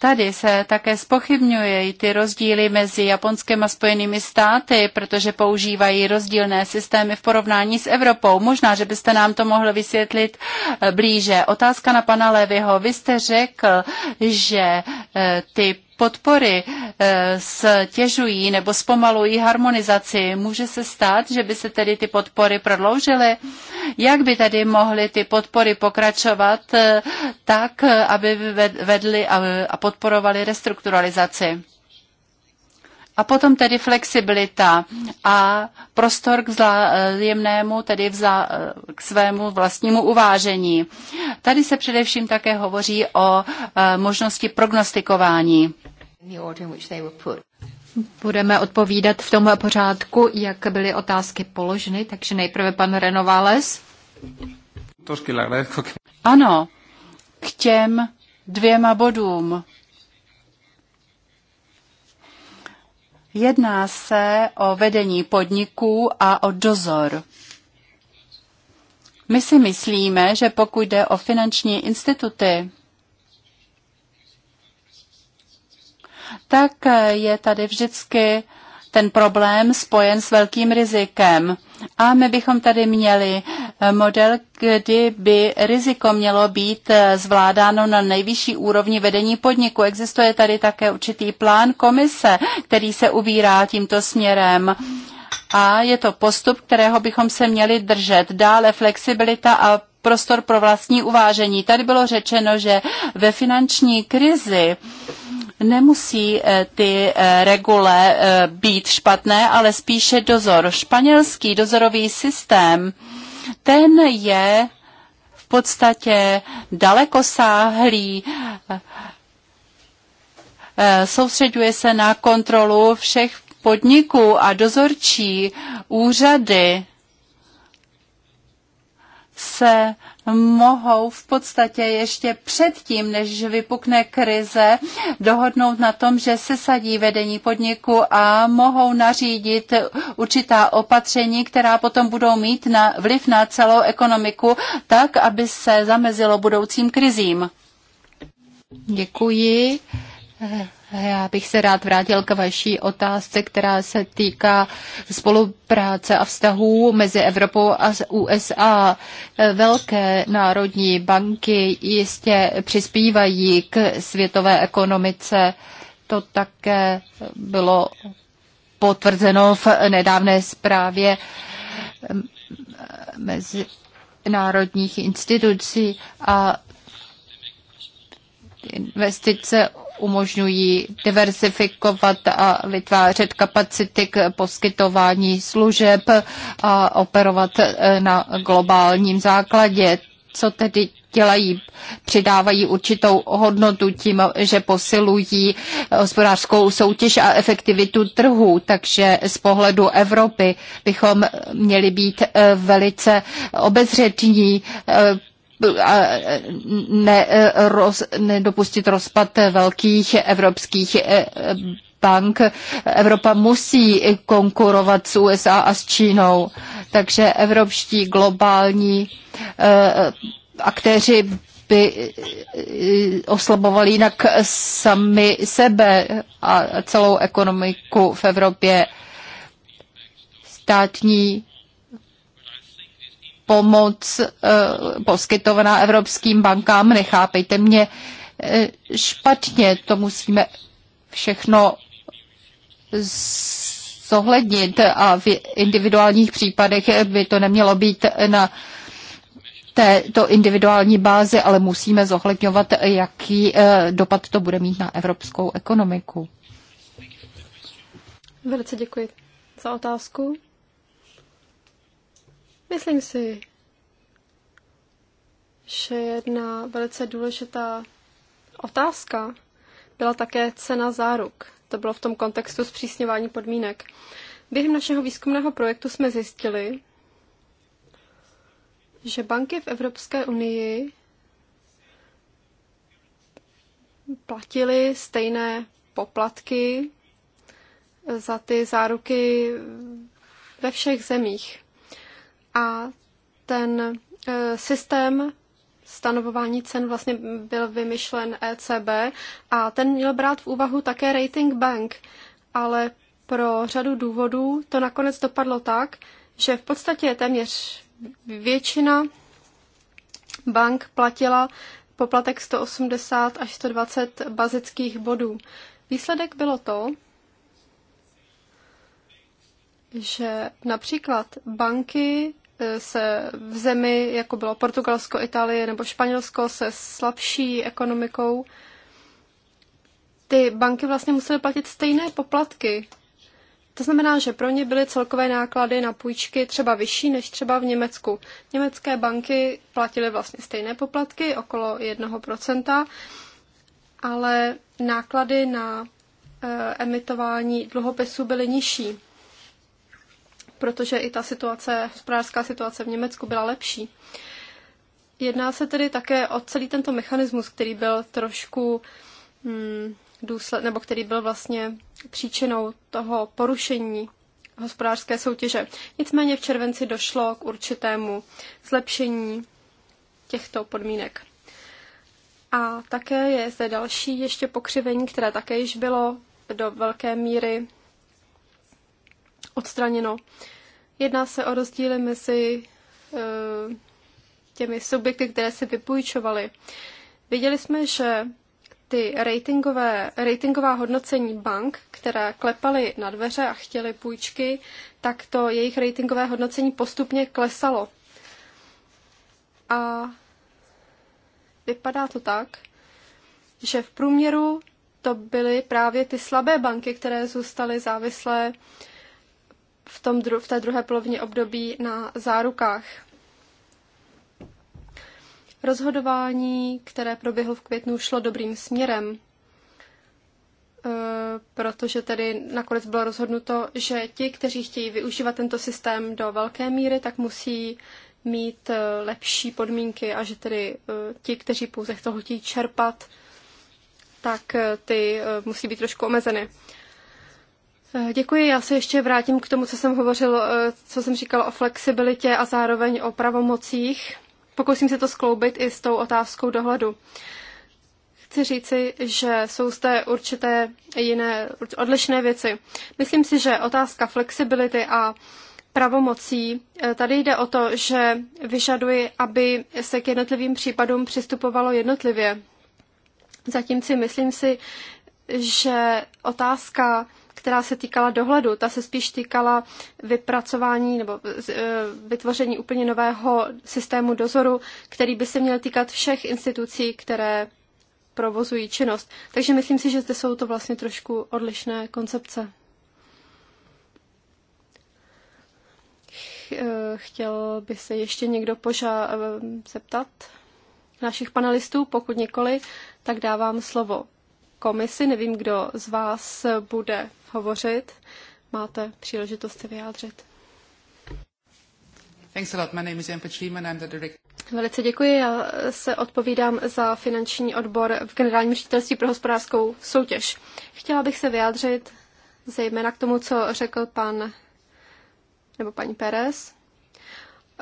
Tady se také spochybňují ty rozdíly mezi Japonskem a Spojenými státy, protože používají rozdílné systémy v porovnání s Evropou. Možná, že byste nám to mohli vysvětlit eh, blíže. Otázka na pana Levyho. Vy jste řekl, že eh, ty podpory eh, stěžují nebo zpomalují harmonizaci. Může se stát, že by se tedy ty podpory prodloužily? Jak by tedy mohly ty podpory pokračovat eh, tak, eh, aby vedly a podporovaly restrukturalizaci? A potom tedy flexibilita a prostor k vzájemnému, tedy vzá, k svému vlastnímu uvážení. Tady se především také hovoří o možnosti prognostikování. Budeme odpovídat v tom pořádku, jak byly otázky položeny, takže nejprve pan Renovales. Ano, k těm dvěma bodům. Jedná se o vedení podniků a o dozor. My si myslíme, že pokud jde o finanční instituty, tak eh, je tady vždycky ten problém spojen s velkým rizikem. A my bychom tady měli eh, model, kdy by riziko mělo být eh, zvládáno na nejvyšší úrovni vedení podniku. Existuje tady také určitý plán komise, který se ubírá tímto směrem a je to postup, kterého bychom se měli držet. Dále flexibilita a prostor pro vlastní uvážení. Tady bylo řečeno, že ve finanční krizi nemusí eh, ty eh, regule eh, být špatné, ale spíše dozor. Španělský dozorový systém, ten je v podstatě dalekosáhlý, soustředuje se na kontrolu všech podniků a dozorčí úřady se mohou v podstatě ještě předtím, než vypukne krize, dohodnout na tom, že se sadí vedení podniku a mohou nařídit určitá opatření, která potom budou mít na, vliv na celou ekonomiku, tak, aby se zamezilo budoucím krizím. Děkuji. Já bych se rád vrátil k vaší otázce, která se týká spolupráce a vztahů mezi Evropou a USA. Velké národní banky jistě přispívají k světové ekonomice. To také bylo potvrzeno v nedávné zprávě mezi národních institucí a investice umožňují diversifikovat a vytvářet kapacity k poskytování služeb a operovat eh, na globálním základě. Co tedy dělají, přidávají určitou hodnotu tím, že posilují eh, hospodářskou soutěž a efektivitu trhu. Takže z pohledu Evropy bychom měli být eh, velice obezřetní a ne, roz, nedopustit rozpad velkých evropských e, bank. Evropa musí konkurovat s USA a s Čínou, takže evropští globální e, aktéři by e, oslabovali jinak sami sebe a celou ekonomiku v Evropě. Státní pomoc eh, poskytovaná evropským bankám. Nechápejte mě eh, špatně, to musíme všechno zohlednit a v individuálních případech by to nemělo být na této individuální bázi, ale musíme zohledňovat, jaký eh, dopad to bude mít na evropskou ekonomiku. Velice děkuji za otázku. Myslím si, že jedna velice důležitá otázka byla také cena záruk. To bylo v tom kontextu zpřísňování podmínek. Během našeho výzkumného projektu jsme zjistili, že banky v Evropské unii platily stejné poplatky za ty záruky ve všech zemích a ten e, systém stanovování cen vlastně byl vymyšlen ECB a ten měl brát v úvahu také rating bank, ale pro řadu důvodů to nakonec dopadlo tak, že v podstatě téměř většina bank platila poplatek 180 až 120 bazických bodů. Výsledek bylo to, že například banky se v zemi, jako bylo Portugalsko, Itálie nebo Španělsko, se slabší ekonomikou, ty banky vlastně musely platit stejné poplatky. To znamená, že pro ně byly celkové náklady na půjčky třeba vyšší než třeba v Německu. Německé banky platily vlastně stejné poplatky, okolo 1%, ale náklady na e, emitování dluhopisů byly nižší protože i ta situace, hospodářská situace v Německu byla lepší. Jedná se tedy také o celý tento mechanismus, který byl trošku hmm, důsled, nebo který byl vlastně příčinou toho porušení hospodářské soutěže. Nicméně v červenci došlo k určitému zlepšení těchto podmínek. A také je zde další ještě pokřivení, které také již bylo do velké míry odstraněno. Jedná se o rozdíly mezi eh, těmi subjekty, které se vypůjčovaly. Viděli jsme, že ty ratingové, ratingová hodnocení bank, které klepaly na dveře a chtěly půjčky, tak to jejich ratingové hodnocení postupně klesalo. A vypadá to tak, že v průměru to byly právě ty slabé banky, které zůstaly závislé v, tom, v té druhé polovině období na zárukách. Rozhodování, které proběhlo v květnu, šlo dobrým směrem, e, protože tedy nakonec bylo rozhodnuto, že ti, kteří chtějí využívat tento systém do velké míry, tak musí mít e, lepší podmínky a že tedy e, ti, kteří pouze toho chtějí čerpat, tak ty musí být trošku omezeny. Eh, děkuji, já se ještě vrátím k tomu, co jsem hovořil, eh, co jsem říkal o flexibilitě a zároveň o pravomocích. Pokusím se to skloubit i s tou otázkou dohledu. Chci říci, že jsou zde určité jiné, odlišné věci. Myslím si, že otázka flexibility a pravomocí. Eh, tady jde o to, že vyžaduji, aby se k jednotlivým případům přistupovalo jednotlivě. Zatímci myslím si, že otázka která se týkala dohledu. Ta se spíš týkala vypracování nebo e, vytvoření úplně nového systému dozoru, který by se měl týkat všech institucí, které provozují činnost. Takže myslím si, že zde jsou to vlastně trošku odlišné koncepce. E, chtěl by se ještě někdo poža- e, zeptat našich panelistů? Pokud nikoli, tak dávám slovo komisi. Nevím, kdo z vás bude hovořit. Máte příležitost se vyjádřit. Thanks a lot. My name is Jan Petříman, I'm the director. Velice děkuji. Já se odpovídám za finanční odbor v Generálním ředitelství pro hospodářskou soutěž. Chtěla bych se vyjádřit zejména k tomu, co řekl pan nebo paní Pérez.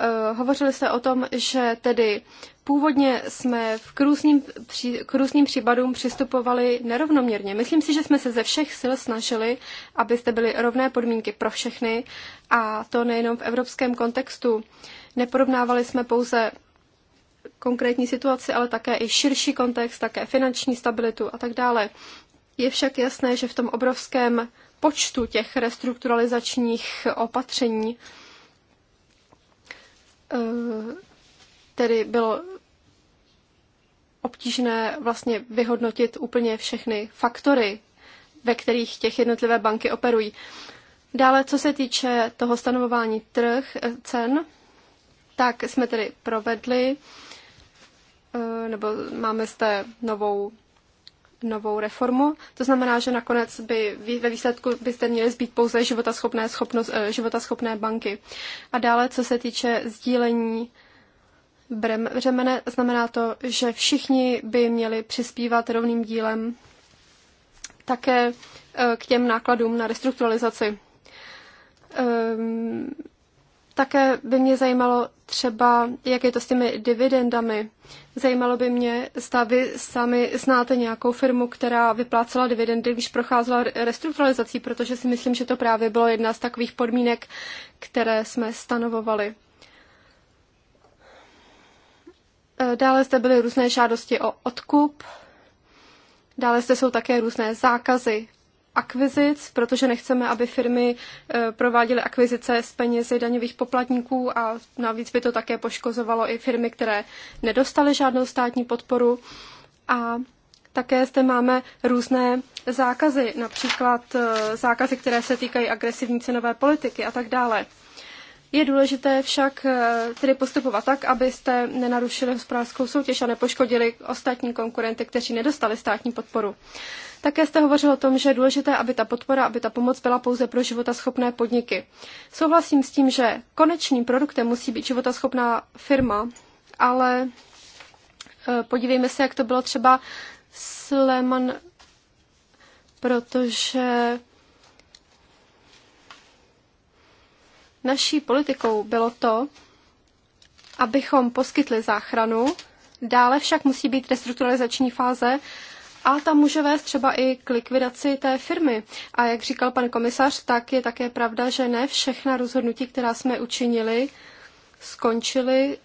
Eh, hovořili jste o tom, že tedy původně jsme v k, různým, při, k různým případům přistupovali nerovnoměrně. Myslím si, že jsme se ze všech sil snažili, abyste byly rovné podmínky pro všechny a to nejenom v evropském kontextu. Neporovnávali jsme pouze konkrétní situaci, ale také i širší kontext, také finanční stabilitu a tak dále. Je však jasné, že v tom obrovském počtu těch restrukturalizačních opatření Eh, tedy bylo obtížné vlastně vyhodnotit úplně všechny faktory, ve kterých těch jednotlivé banky operují. Dále, co se týče toho stanovování trh eh, cen, tak jsme tedy provedli, eh, nebo máme zde novou novou reformu. To znamená, že nakonec by ve výsledku byste měli zbýt pouze životaschopné, schopnost, eh, životaschopné banky. A dále, co se týče sdílení břemene, znamená to, že všichni by měli přispívat rovným dílem také eh, k těm nákladům na restrukturalizaci. Ehm, také by mě zajímalo třeba, jak je to s těmi dividendami. Zajímalo by mě, zda vy sami znáte nějakou firmu, která vyplácela dividendy, když procházela restrukturalizací, protože si myslím, že to právě bylo jedna z takových podmínek, které jsme stanovovali. E, dále zde byly různé žádosti o odkup. Dále zde jsou také různé zákazy akvizic, protože nechceme, aby firmy eh, prováděly akvizice z penězi daňových poplatníků a navíc by to také poškozovalo i firmy, které nedostaly žádnou státní podporu. A také zde máme různé zákazy, například eh, zákazy, které se týkají agresivní cenové politiky a tak dále. Je důležité však eh, tedy postupovat tak, abyste nenarušili hospodářskou soutěž a nepoškodili ostatní konkurenty, kteří nedostali státní podporu. Také jste hovořil o tom, že je důležité, aby ta podpora, aby ta pomoc byla pouze pro životaschopné podniky. Souhlasím s tím, že konečným produktem musí být životaschopná firma, ale e, podívejme se, jak to bylo třeba s Lehman, protože naší politikou bylo to, abychom poskytli záchranu, dále však musí být restrukturalizační fáze, a ta může vést třeba i k likvidaci té firmy. A jak říkal pan komisař, tak je také pravda, že ne všechna rozhodnutí, která jsme učinili, skončily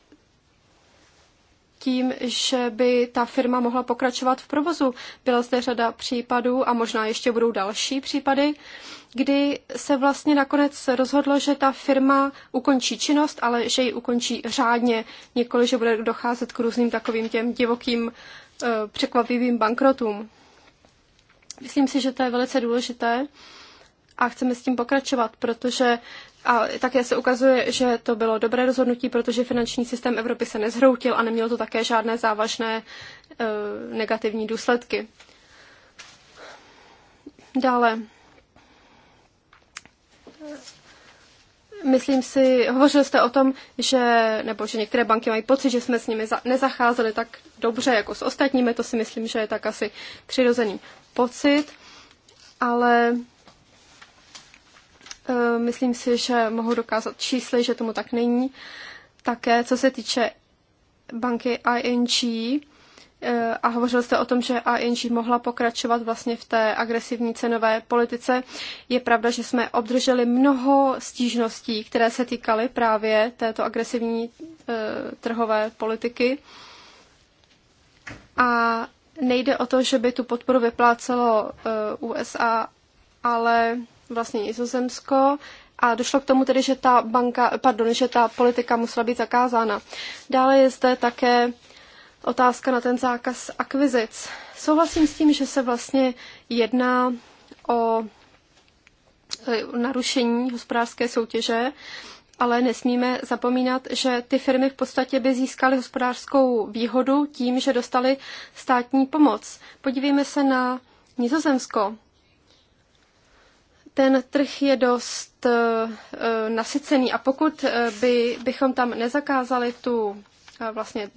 tím, že by ta firma mohla pokračovat v provozu. Byla zde řada případů a možná ještě budou další případy, kdy se vlastně nakonec rozhodlo, že ta firma ukončí činnost, ale že ji ukončí řádně, nikoli, že bude docházet k různým takovým těm divokým Eh, překvapivým bankrotům. Myslím si, že to je velice důležité a chceme s tím pokračovat, protože a také se ukazuje, že to bylo dobré rozhodnutí, protože finanční systém Evropy se nezhroutil a nemělo to také žádné závažné e, negativní důsledky. Dále Myslím si, hovořil jste o tom, že, nebo že některé banky mají pocit, že jsme s nimi za, nezacházeli tak dobře jako s ostatními, to si myslím, že je tak asi přirozený pocit, ale e, myslím si, že mohu dokázat čísly, že tomu tak není. Také, co se týče banky ING, Eh, a hovořil jste o tom, že ING mohla pokračovat vlastně v té agresivní cenové politice. Je pravda, že jsme obdrželi mnoho stížností, které se týkaly právě této agresivní eh, trhové politiky. A nejde o to, že by tu podporu vyplácelo eh, USA, ale vlastně Nizozemsko. A došlo k tomu tedy, že ta banka, pardon, že ta politika musela být zakázána. Dále je zde také otázka na ten zákaz akvizic. Souhlasím s tím, že se vlastně jedná o e, narušení hospodářské soutěže, ale nesmíme zapomínat, že ty firmy v podstatě by získaly hospodářskou výhodu tím, že dostaly státní pomoc. Podívejme se na Nizozemsko. Ten trh je dost uh, nasycený a pokud by, bychom tam nezakázali tu vlastně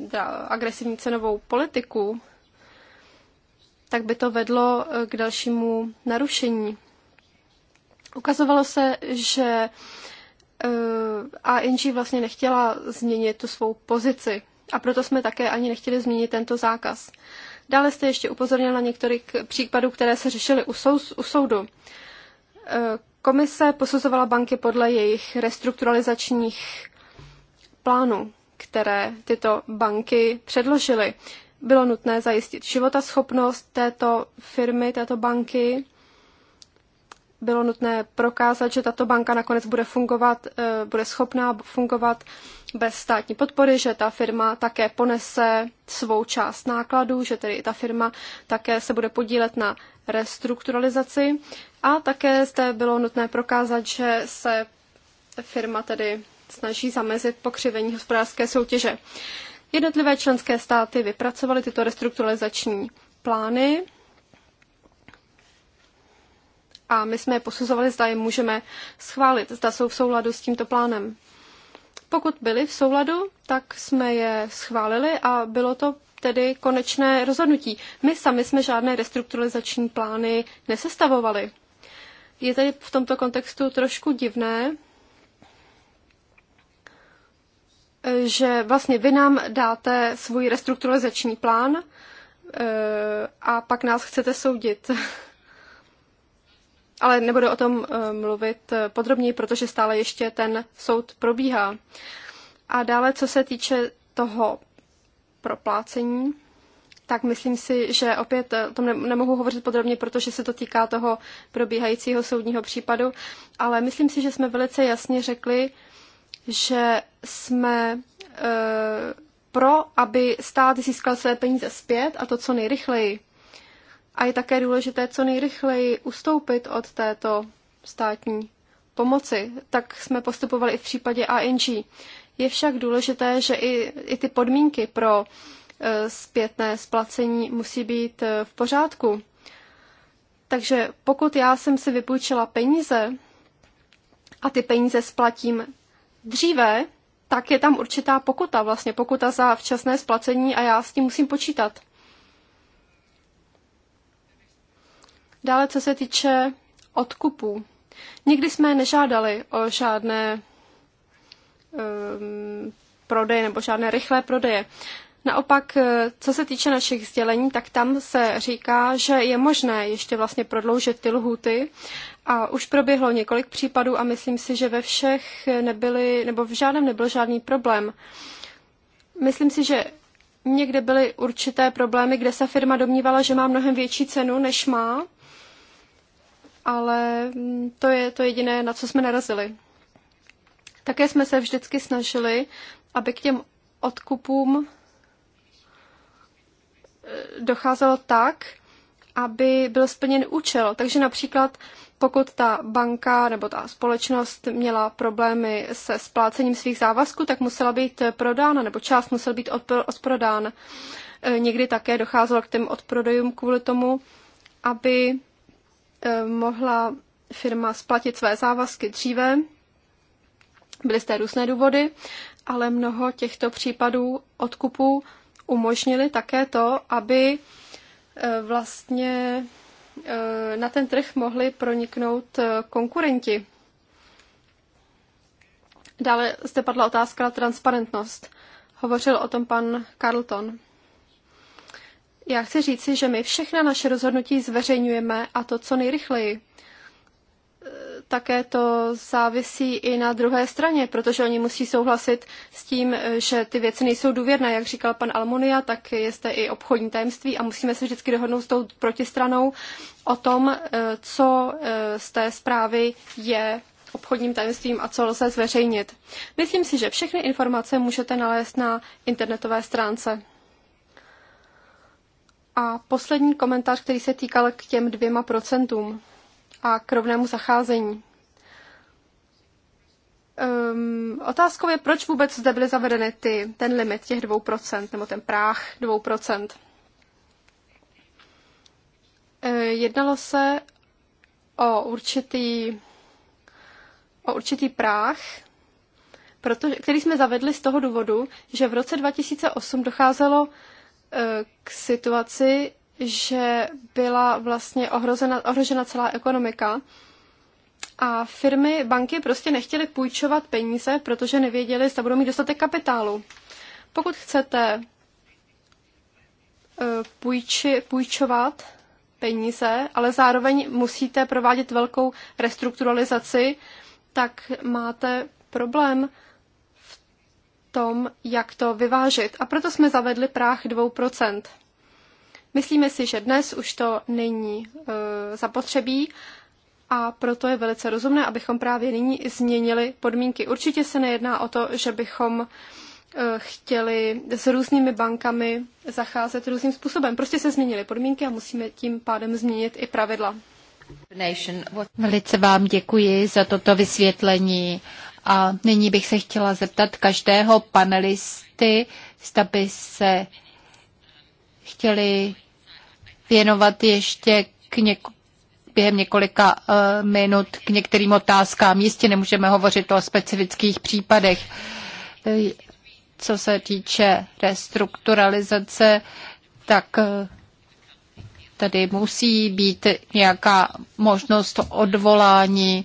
agresivní cenovou politiku, tak by to vedlo eh, k dalšímu narušení. Ukazovalo se, že eh, ANG vlastně nechtěla změnit tu svou pozici a proto jsme také ani nechtěli změnit tento zákaz. Dále jste ještě upozornil na některých případů, které se řešily u, sou, u soudu. Eh, komise posuzovala banky podle jejich restrukturalizačních plánů které tyto banky předložily. Bylo nutné zajistit životaschopnost této firmy, této banky. Bylo nutné prokázat, že tato banka nakonec bude fungovat, eh, bude schopná fungovat bez státní podpory, že ta firma také ponese svou část nákladů, že tedy ta firma také se bude podílet na restrukturalizaci. A také zde bylo nutné prokázat, že se firma tedy snaží zamezit pokřivení hospodářské soutěže. Jednotlivé členské státy vypracovaly tyto restrukturalizační plány a my jsme je posuzovali, zda je můžeme schválit, zda jsou v souladu s tímto plánem. Pokud byly v souladu, tak jsme je schválili a bylo to tedy konečné rozhodnutí. My sami jsme žádné restrukturalizační plány nesestavovali. Je tedy v tomto kontextu trošku divné, že vlastně vy nám dáte svůj restrukturalizační plán eh, a pak nás chcete soudit. Ale nebudu o tom eh, mluvit eh, podrobněji, protože stále ještě ten soud probíhá. A dále, co se týče toho proplácení, tak myslím si, že opět o tom nemohu hovořit podrobně, protože se to týká toho probíhajícího soudního případu, ale myslím si, že jsme velice jasně řekli, že jsme eh, pro, aby stát získal své peníze zpět a to co nejrychleji. A je také důležité co nejrychleji ustoupit od této státní pomoci. Tak jsme postupovali i v případě ANG. Je však důležité, že i, i ty podmínky pro eh, zpětné splacení musí být eh, v pořádku. Takže pokud já jsem si vypůjčila peníze a ty peníze splatím dříve, tak je tam určitá pokuta, vlastně pokuta za včasné splacení a já s tím musím počítat. Dále, co se týče odkupů. Nikdy jsme nežádali o žádné um, ehm, prodeje nebo žádné rychlé prodeje. Naopak, e, co se týče našich sdělení, tak tam se říká, že je možné ještě vlastně prodloužit ty lhuty a už proběhlo několik případů a myslím si, že ve všech nebyly, nebo v žádném nebyl žádný problém. Myslím si, že někde byly určité problémy, kde se firma domnívala, že má mnohem větší cenu, než má, ale mm, to je to jediné, na co jsme narazili. Také jsme se vždycky snažili, aby k těm odkupům e, docházelo tak, aby byl splněn účel. Takže například pokud ta banka nebo ta společnost měla problémy se splácením svých závazků, tak musela být prodána nebo část musel být odprodán. E, někdy také docházelo k těm odprodejům kvůli tomu, aby e, mohla firma splatit své závazky dříve. Byly zde různé důvody, ale mnoho těchto případů odkupů umožnili také to, aby e, vlastně Eh, na ten trh mohli proniknout eh, konkurenti. Dále zde padla otázka na transparentnost. Hovořil o tom pan Carlton. Já chci říci, že my všechna naše rozhodnutí zveřejňujeme a to co nejrychleji také to závisí i na druhé straně, protože oni musí souhlasit s tím, že ty věci nejsou důvěrné. Jak říkal pan Almonia, tak je zde i obchodní tajemství a musíme se vždycky dohodnout s tou protistranou o tom, eh, co eh, z té zprávy je obchodním tajemstvím a co lze zveřejnit. Myslím si, že všechny informace můžete nalézt na internetové stránce. A poslední komentář, který se týkal k těm dvěma procentům a k rovnému zacházení. Um, otázkou je, proč vůbec zde byly zavedeny ty, ten limit těch 2%, nebo ten práh 2%. E, ehm, jednalo se o určitý, o určitý práh, proto, který jsme zavedli z toho důvodu, že v roce 2008 docházelo e, k situaci, že byla vlastně ohrozena, ohrožena celá ekonomika. A firmy, banky prostě nechtěly půjčovat peníze, protože nevěděly, zda budou mít dostatek kapitálu. Pokud chcete eh, půjči, půjčovat peníze, ale zároveň musíte provádět velkou restrukturalizaci, tak máte problém v tom, jak to vyvážit. A proto jsme zavedli práh 2%. Myslíme si, že dnes už to není e, zapotřebí a proto je velice rozumné, abychom právě nyní změnili podmínky. Určitě se nejedná o to, že bychom e, chtěli s různými bankami zacházet různým způsobem. Prostě se změnily podmínky a musíme tím pádem změnit i pravidla. Velice vám děkuji za toto vysvětlení. A nyní bych se chtěla zeptat každého panelisty, zda by se chtěli věnovat ještě k něk- během několika uh, minut k některým otázkám. Jistě nemůžeme hovořit o specifických případech. Eh, co se týče restrukturalizace, tak eh, tady musí být nějaká možnost odvolání.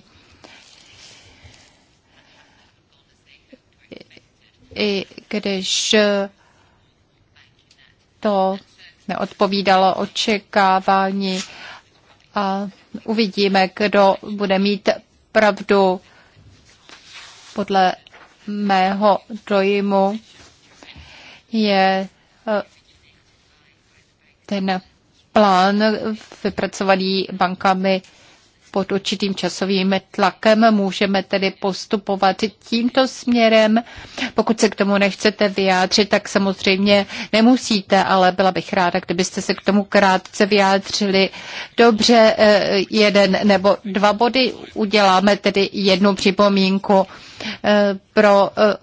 I když to neodpovídalo očekávání a uvidíme, kdo bude mít pravdu podle mého dojmu je eh, ten plán vypracovaný bankami pod určitým časovým tlakem. Můžeme tedy postupovat tímto směrem. Pokud se k tomu nechcete vyjádřit, tak samozřejmě nemusíte, ale byla bych ráda, kdybyste se k tomu krátce vyjádřili. Dobře, eh, jeden nebo dva body. Uděláme tedy jednu připomínku. Eh, pro eh,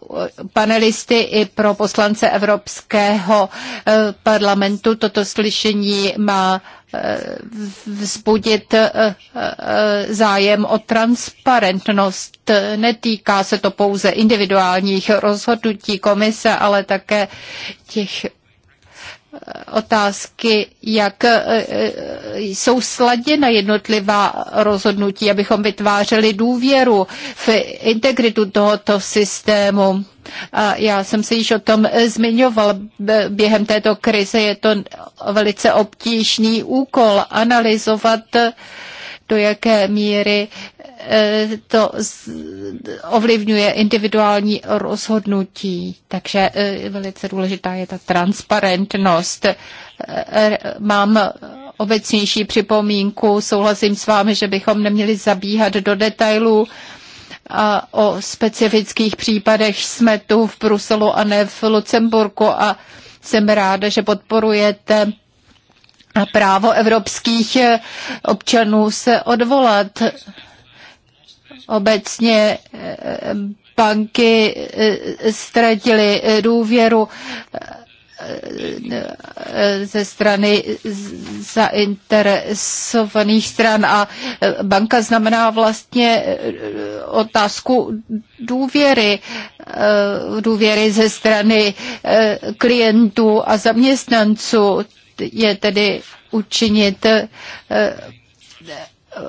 panelisty i pro poslance Evropského eh, parlamentu. Toto slyšení má vzbudit zájem o transparentnost. Netýká se to pouze individuálních rozhodnutí komise, ale také těch otázky, jak e, e, jsou sladěna jednotlivá rozhodnutí, abychom vytvářeli důvěru v integritu tohoto systému. A já jsem se již o tom zmiňoval. Během této krize je to velice obtížný úkol analyzovat, do jaké míry to ovlivňuje individuální rozhodnutí, takže e, velice důležitá je ta transparentnost. E, e, mám obecnější připomínku, souhlasím s vámi, že bychom neměli zabíhat do detailů, a o specifických případech jsme tu v Bruselu a ne v Lucemburku a jsem ráda, že podporujete právo evropských občanů se odvolat. Obecně eh, banky eh, ztratily eh, důvěru ze strany zainteresovaných stran a banka znamená vlastně otázku důvěry, důvěry ze strany klientů a zaměstnanců je tedy učinit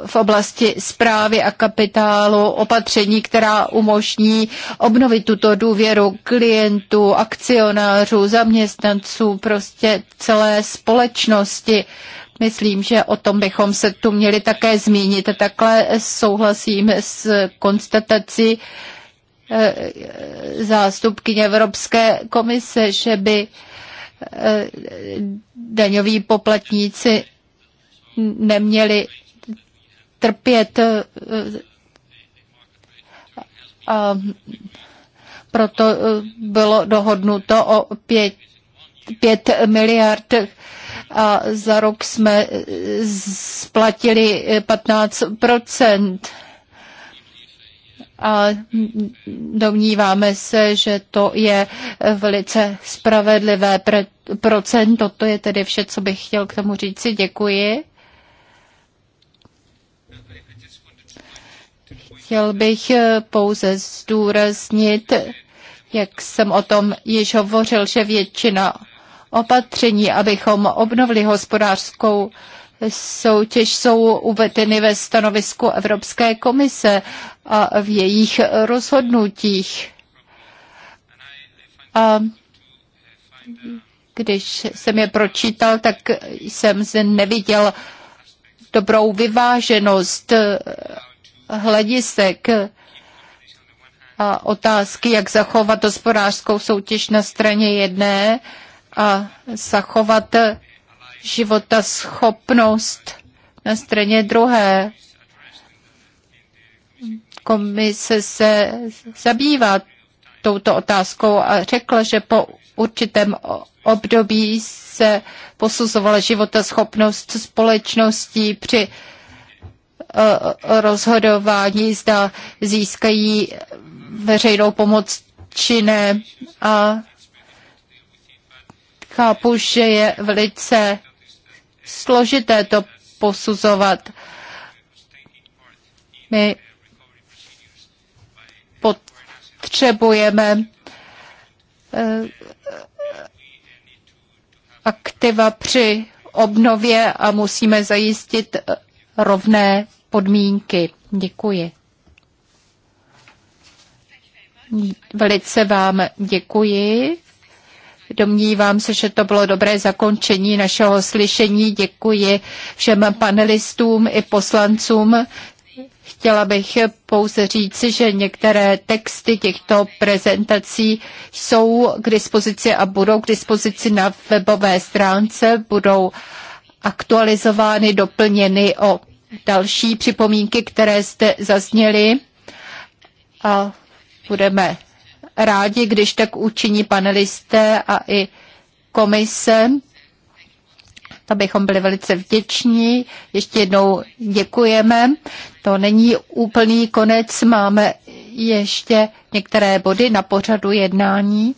v oblasti zprávy a kapitálu opatření, která umožní obnovit tuto důvěru klientů, akcionářů, zaměstnanců, prostě celé společnosti. Myslím, že o tom bychom se tu měli také zmínit. Takhle souhlasím s konstatací eh, zástupky Evropské komise, že by eh, daňoví poplatníci neměli trpět. A eh, eh, eh, proto bylo dohodnuto o 5, miliard a za rok jsme splatili 15 a domníváme se, že to je velice spravedlivé procento. To je tedy vše, co bych chtěl k tomu říci. Děkuji. Chtěl bych eh, pouze zdůraznit, jak jsem o tom již hovořil, že většina opatření, abychom obnovili hospodářskou soutěž, jsou uvedeny ve stanovisku Evropské komise a v jejich rozhodnutích. A když jsem je pročítal, tak jsem zde neviděl dobrou vyváženost hledisek a otázky, jak zachovat hospodářskou soutěž na straně jedné a zachovat života schopnost na straně druhé. Komise se zabývá touto otázkou a řekla, že po určitém období se posuzovala života schopnost společností při Eh, rozhodování, zda získají veřejnou pomoc či ne. A chápu, že je velice složité to posuzovat. My potřebujeme eh, aktiva při obnově a musíme zajistit rovné podmínky. Děkuji. Velice vám děkuji. Domnívám se, že to bylo dobré zakončení našeho slyšení. Děkuji všem panelistům i poslancům. Chtěla bych pouze říci, že některé texty těchto prezentací jsou k dispozici a budou k dispozici na webové stránce, budou aktualizovány, doplněny o další připomínky, které jste zazněly a budeme rádi, když tak učiní panelisté a i komise, abychom byli velice vděční. Ještě jednou děkujeme. To není úplný konec, máme ještě některé body na pořadu jednání.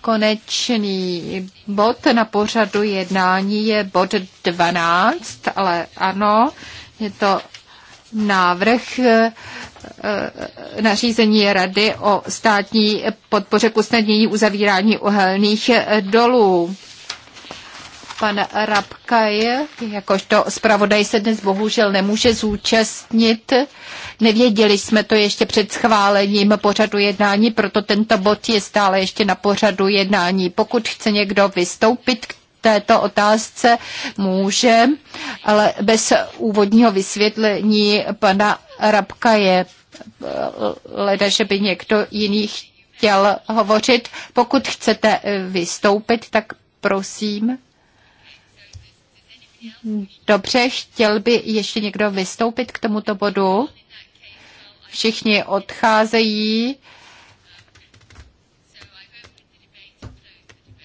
Konečný bod na pořadu jednání je bod 12, ale ano, je to návrh eh, eh, nařízení Rady o státní podpoře k usnadnění uzavírání uhelných eh, dolů. Pan Rabkaj, jakožto zpravodaj se dnes bohužel nemůže zúčastnit Nevěděli jsme to ještě před schválením pořadu jednání, proto tento bod je stále ještě na pořadu jednání. Pokud chce někdo vystoupit k této otázce, může, ale bez úvodního vysvětlení pana Rabka je eh, leda, že by někdo jiný chtěl hovořit. Pokud chcete eh, vystoupit, tak prosím. Dobře, chtěl by ještě někdo vystoupit k tomuto bodu? všichni odcházejí.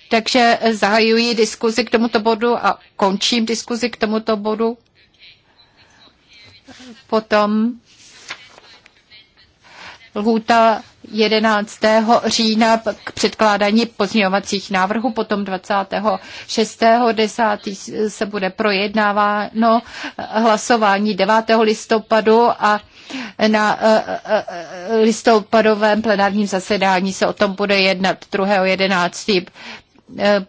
Takže zahajuji diskuzi k tomuto bodu a končím diskuzi k tomuto bodu. Potom lhůta 11. října k předkládání pozměňovacích návrhů, potom 26. 10. se bude projednáváno hlasování 9. listopadu a na eh, eh, eh, listopadovém plenárním zasedání se o tom bude jednat 2.11.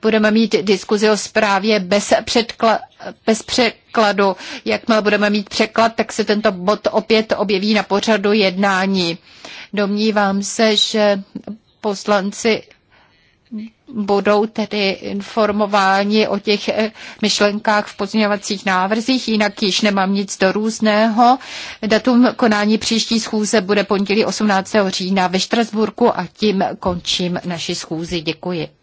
Budeme mít diskuzi o zprávě bez, předkla, bez překladu. Jakmile budeme mít překlad, tak se tento bod opět objeví na pořadu jednání. Domnívám se, že poslanci budou tedy informováni o těch eh, myšlenkách v pozměňovacích návrzích, jinak již nemám nic do různého. Datum konání příští schůze bude pondělí 18. října ve Štrasburku a tím končím naši schůzi. Děkuji.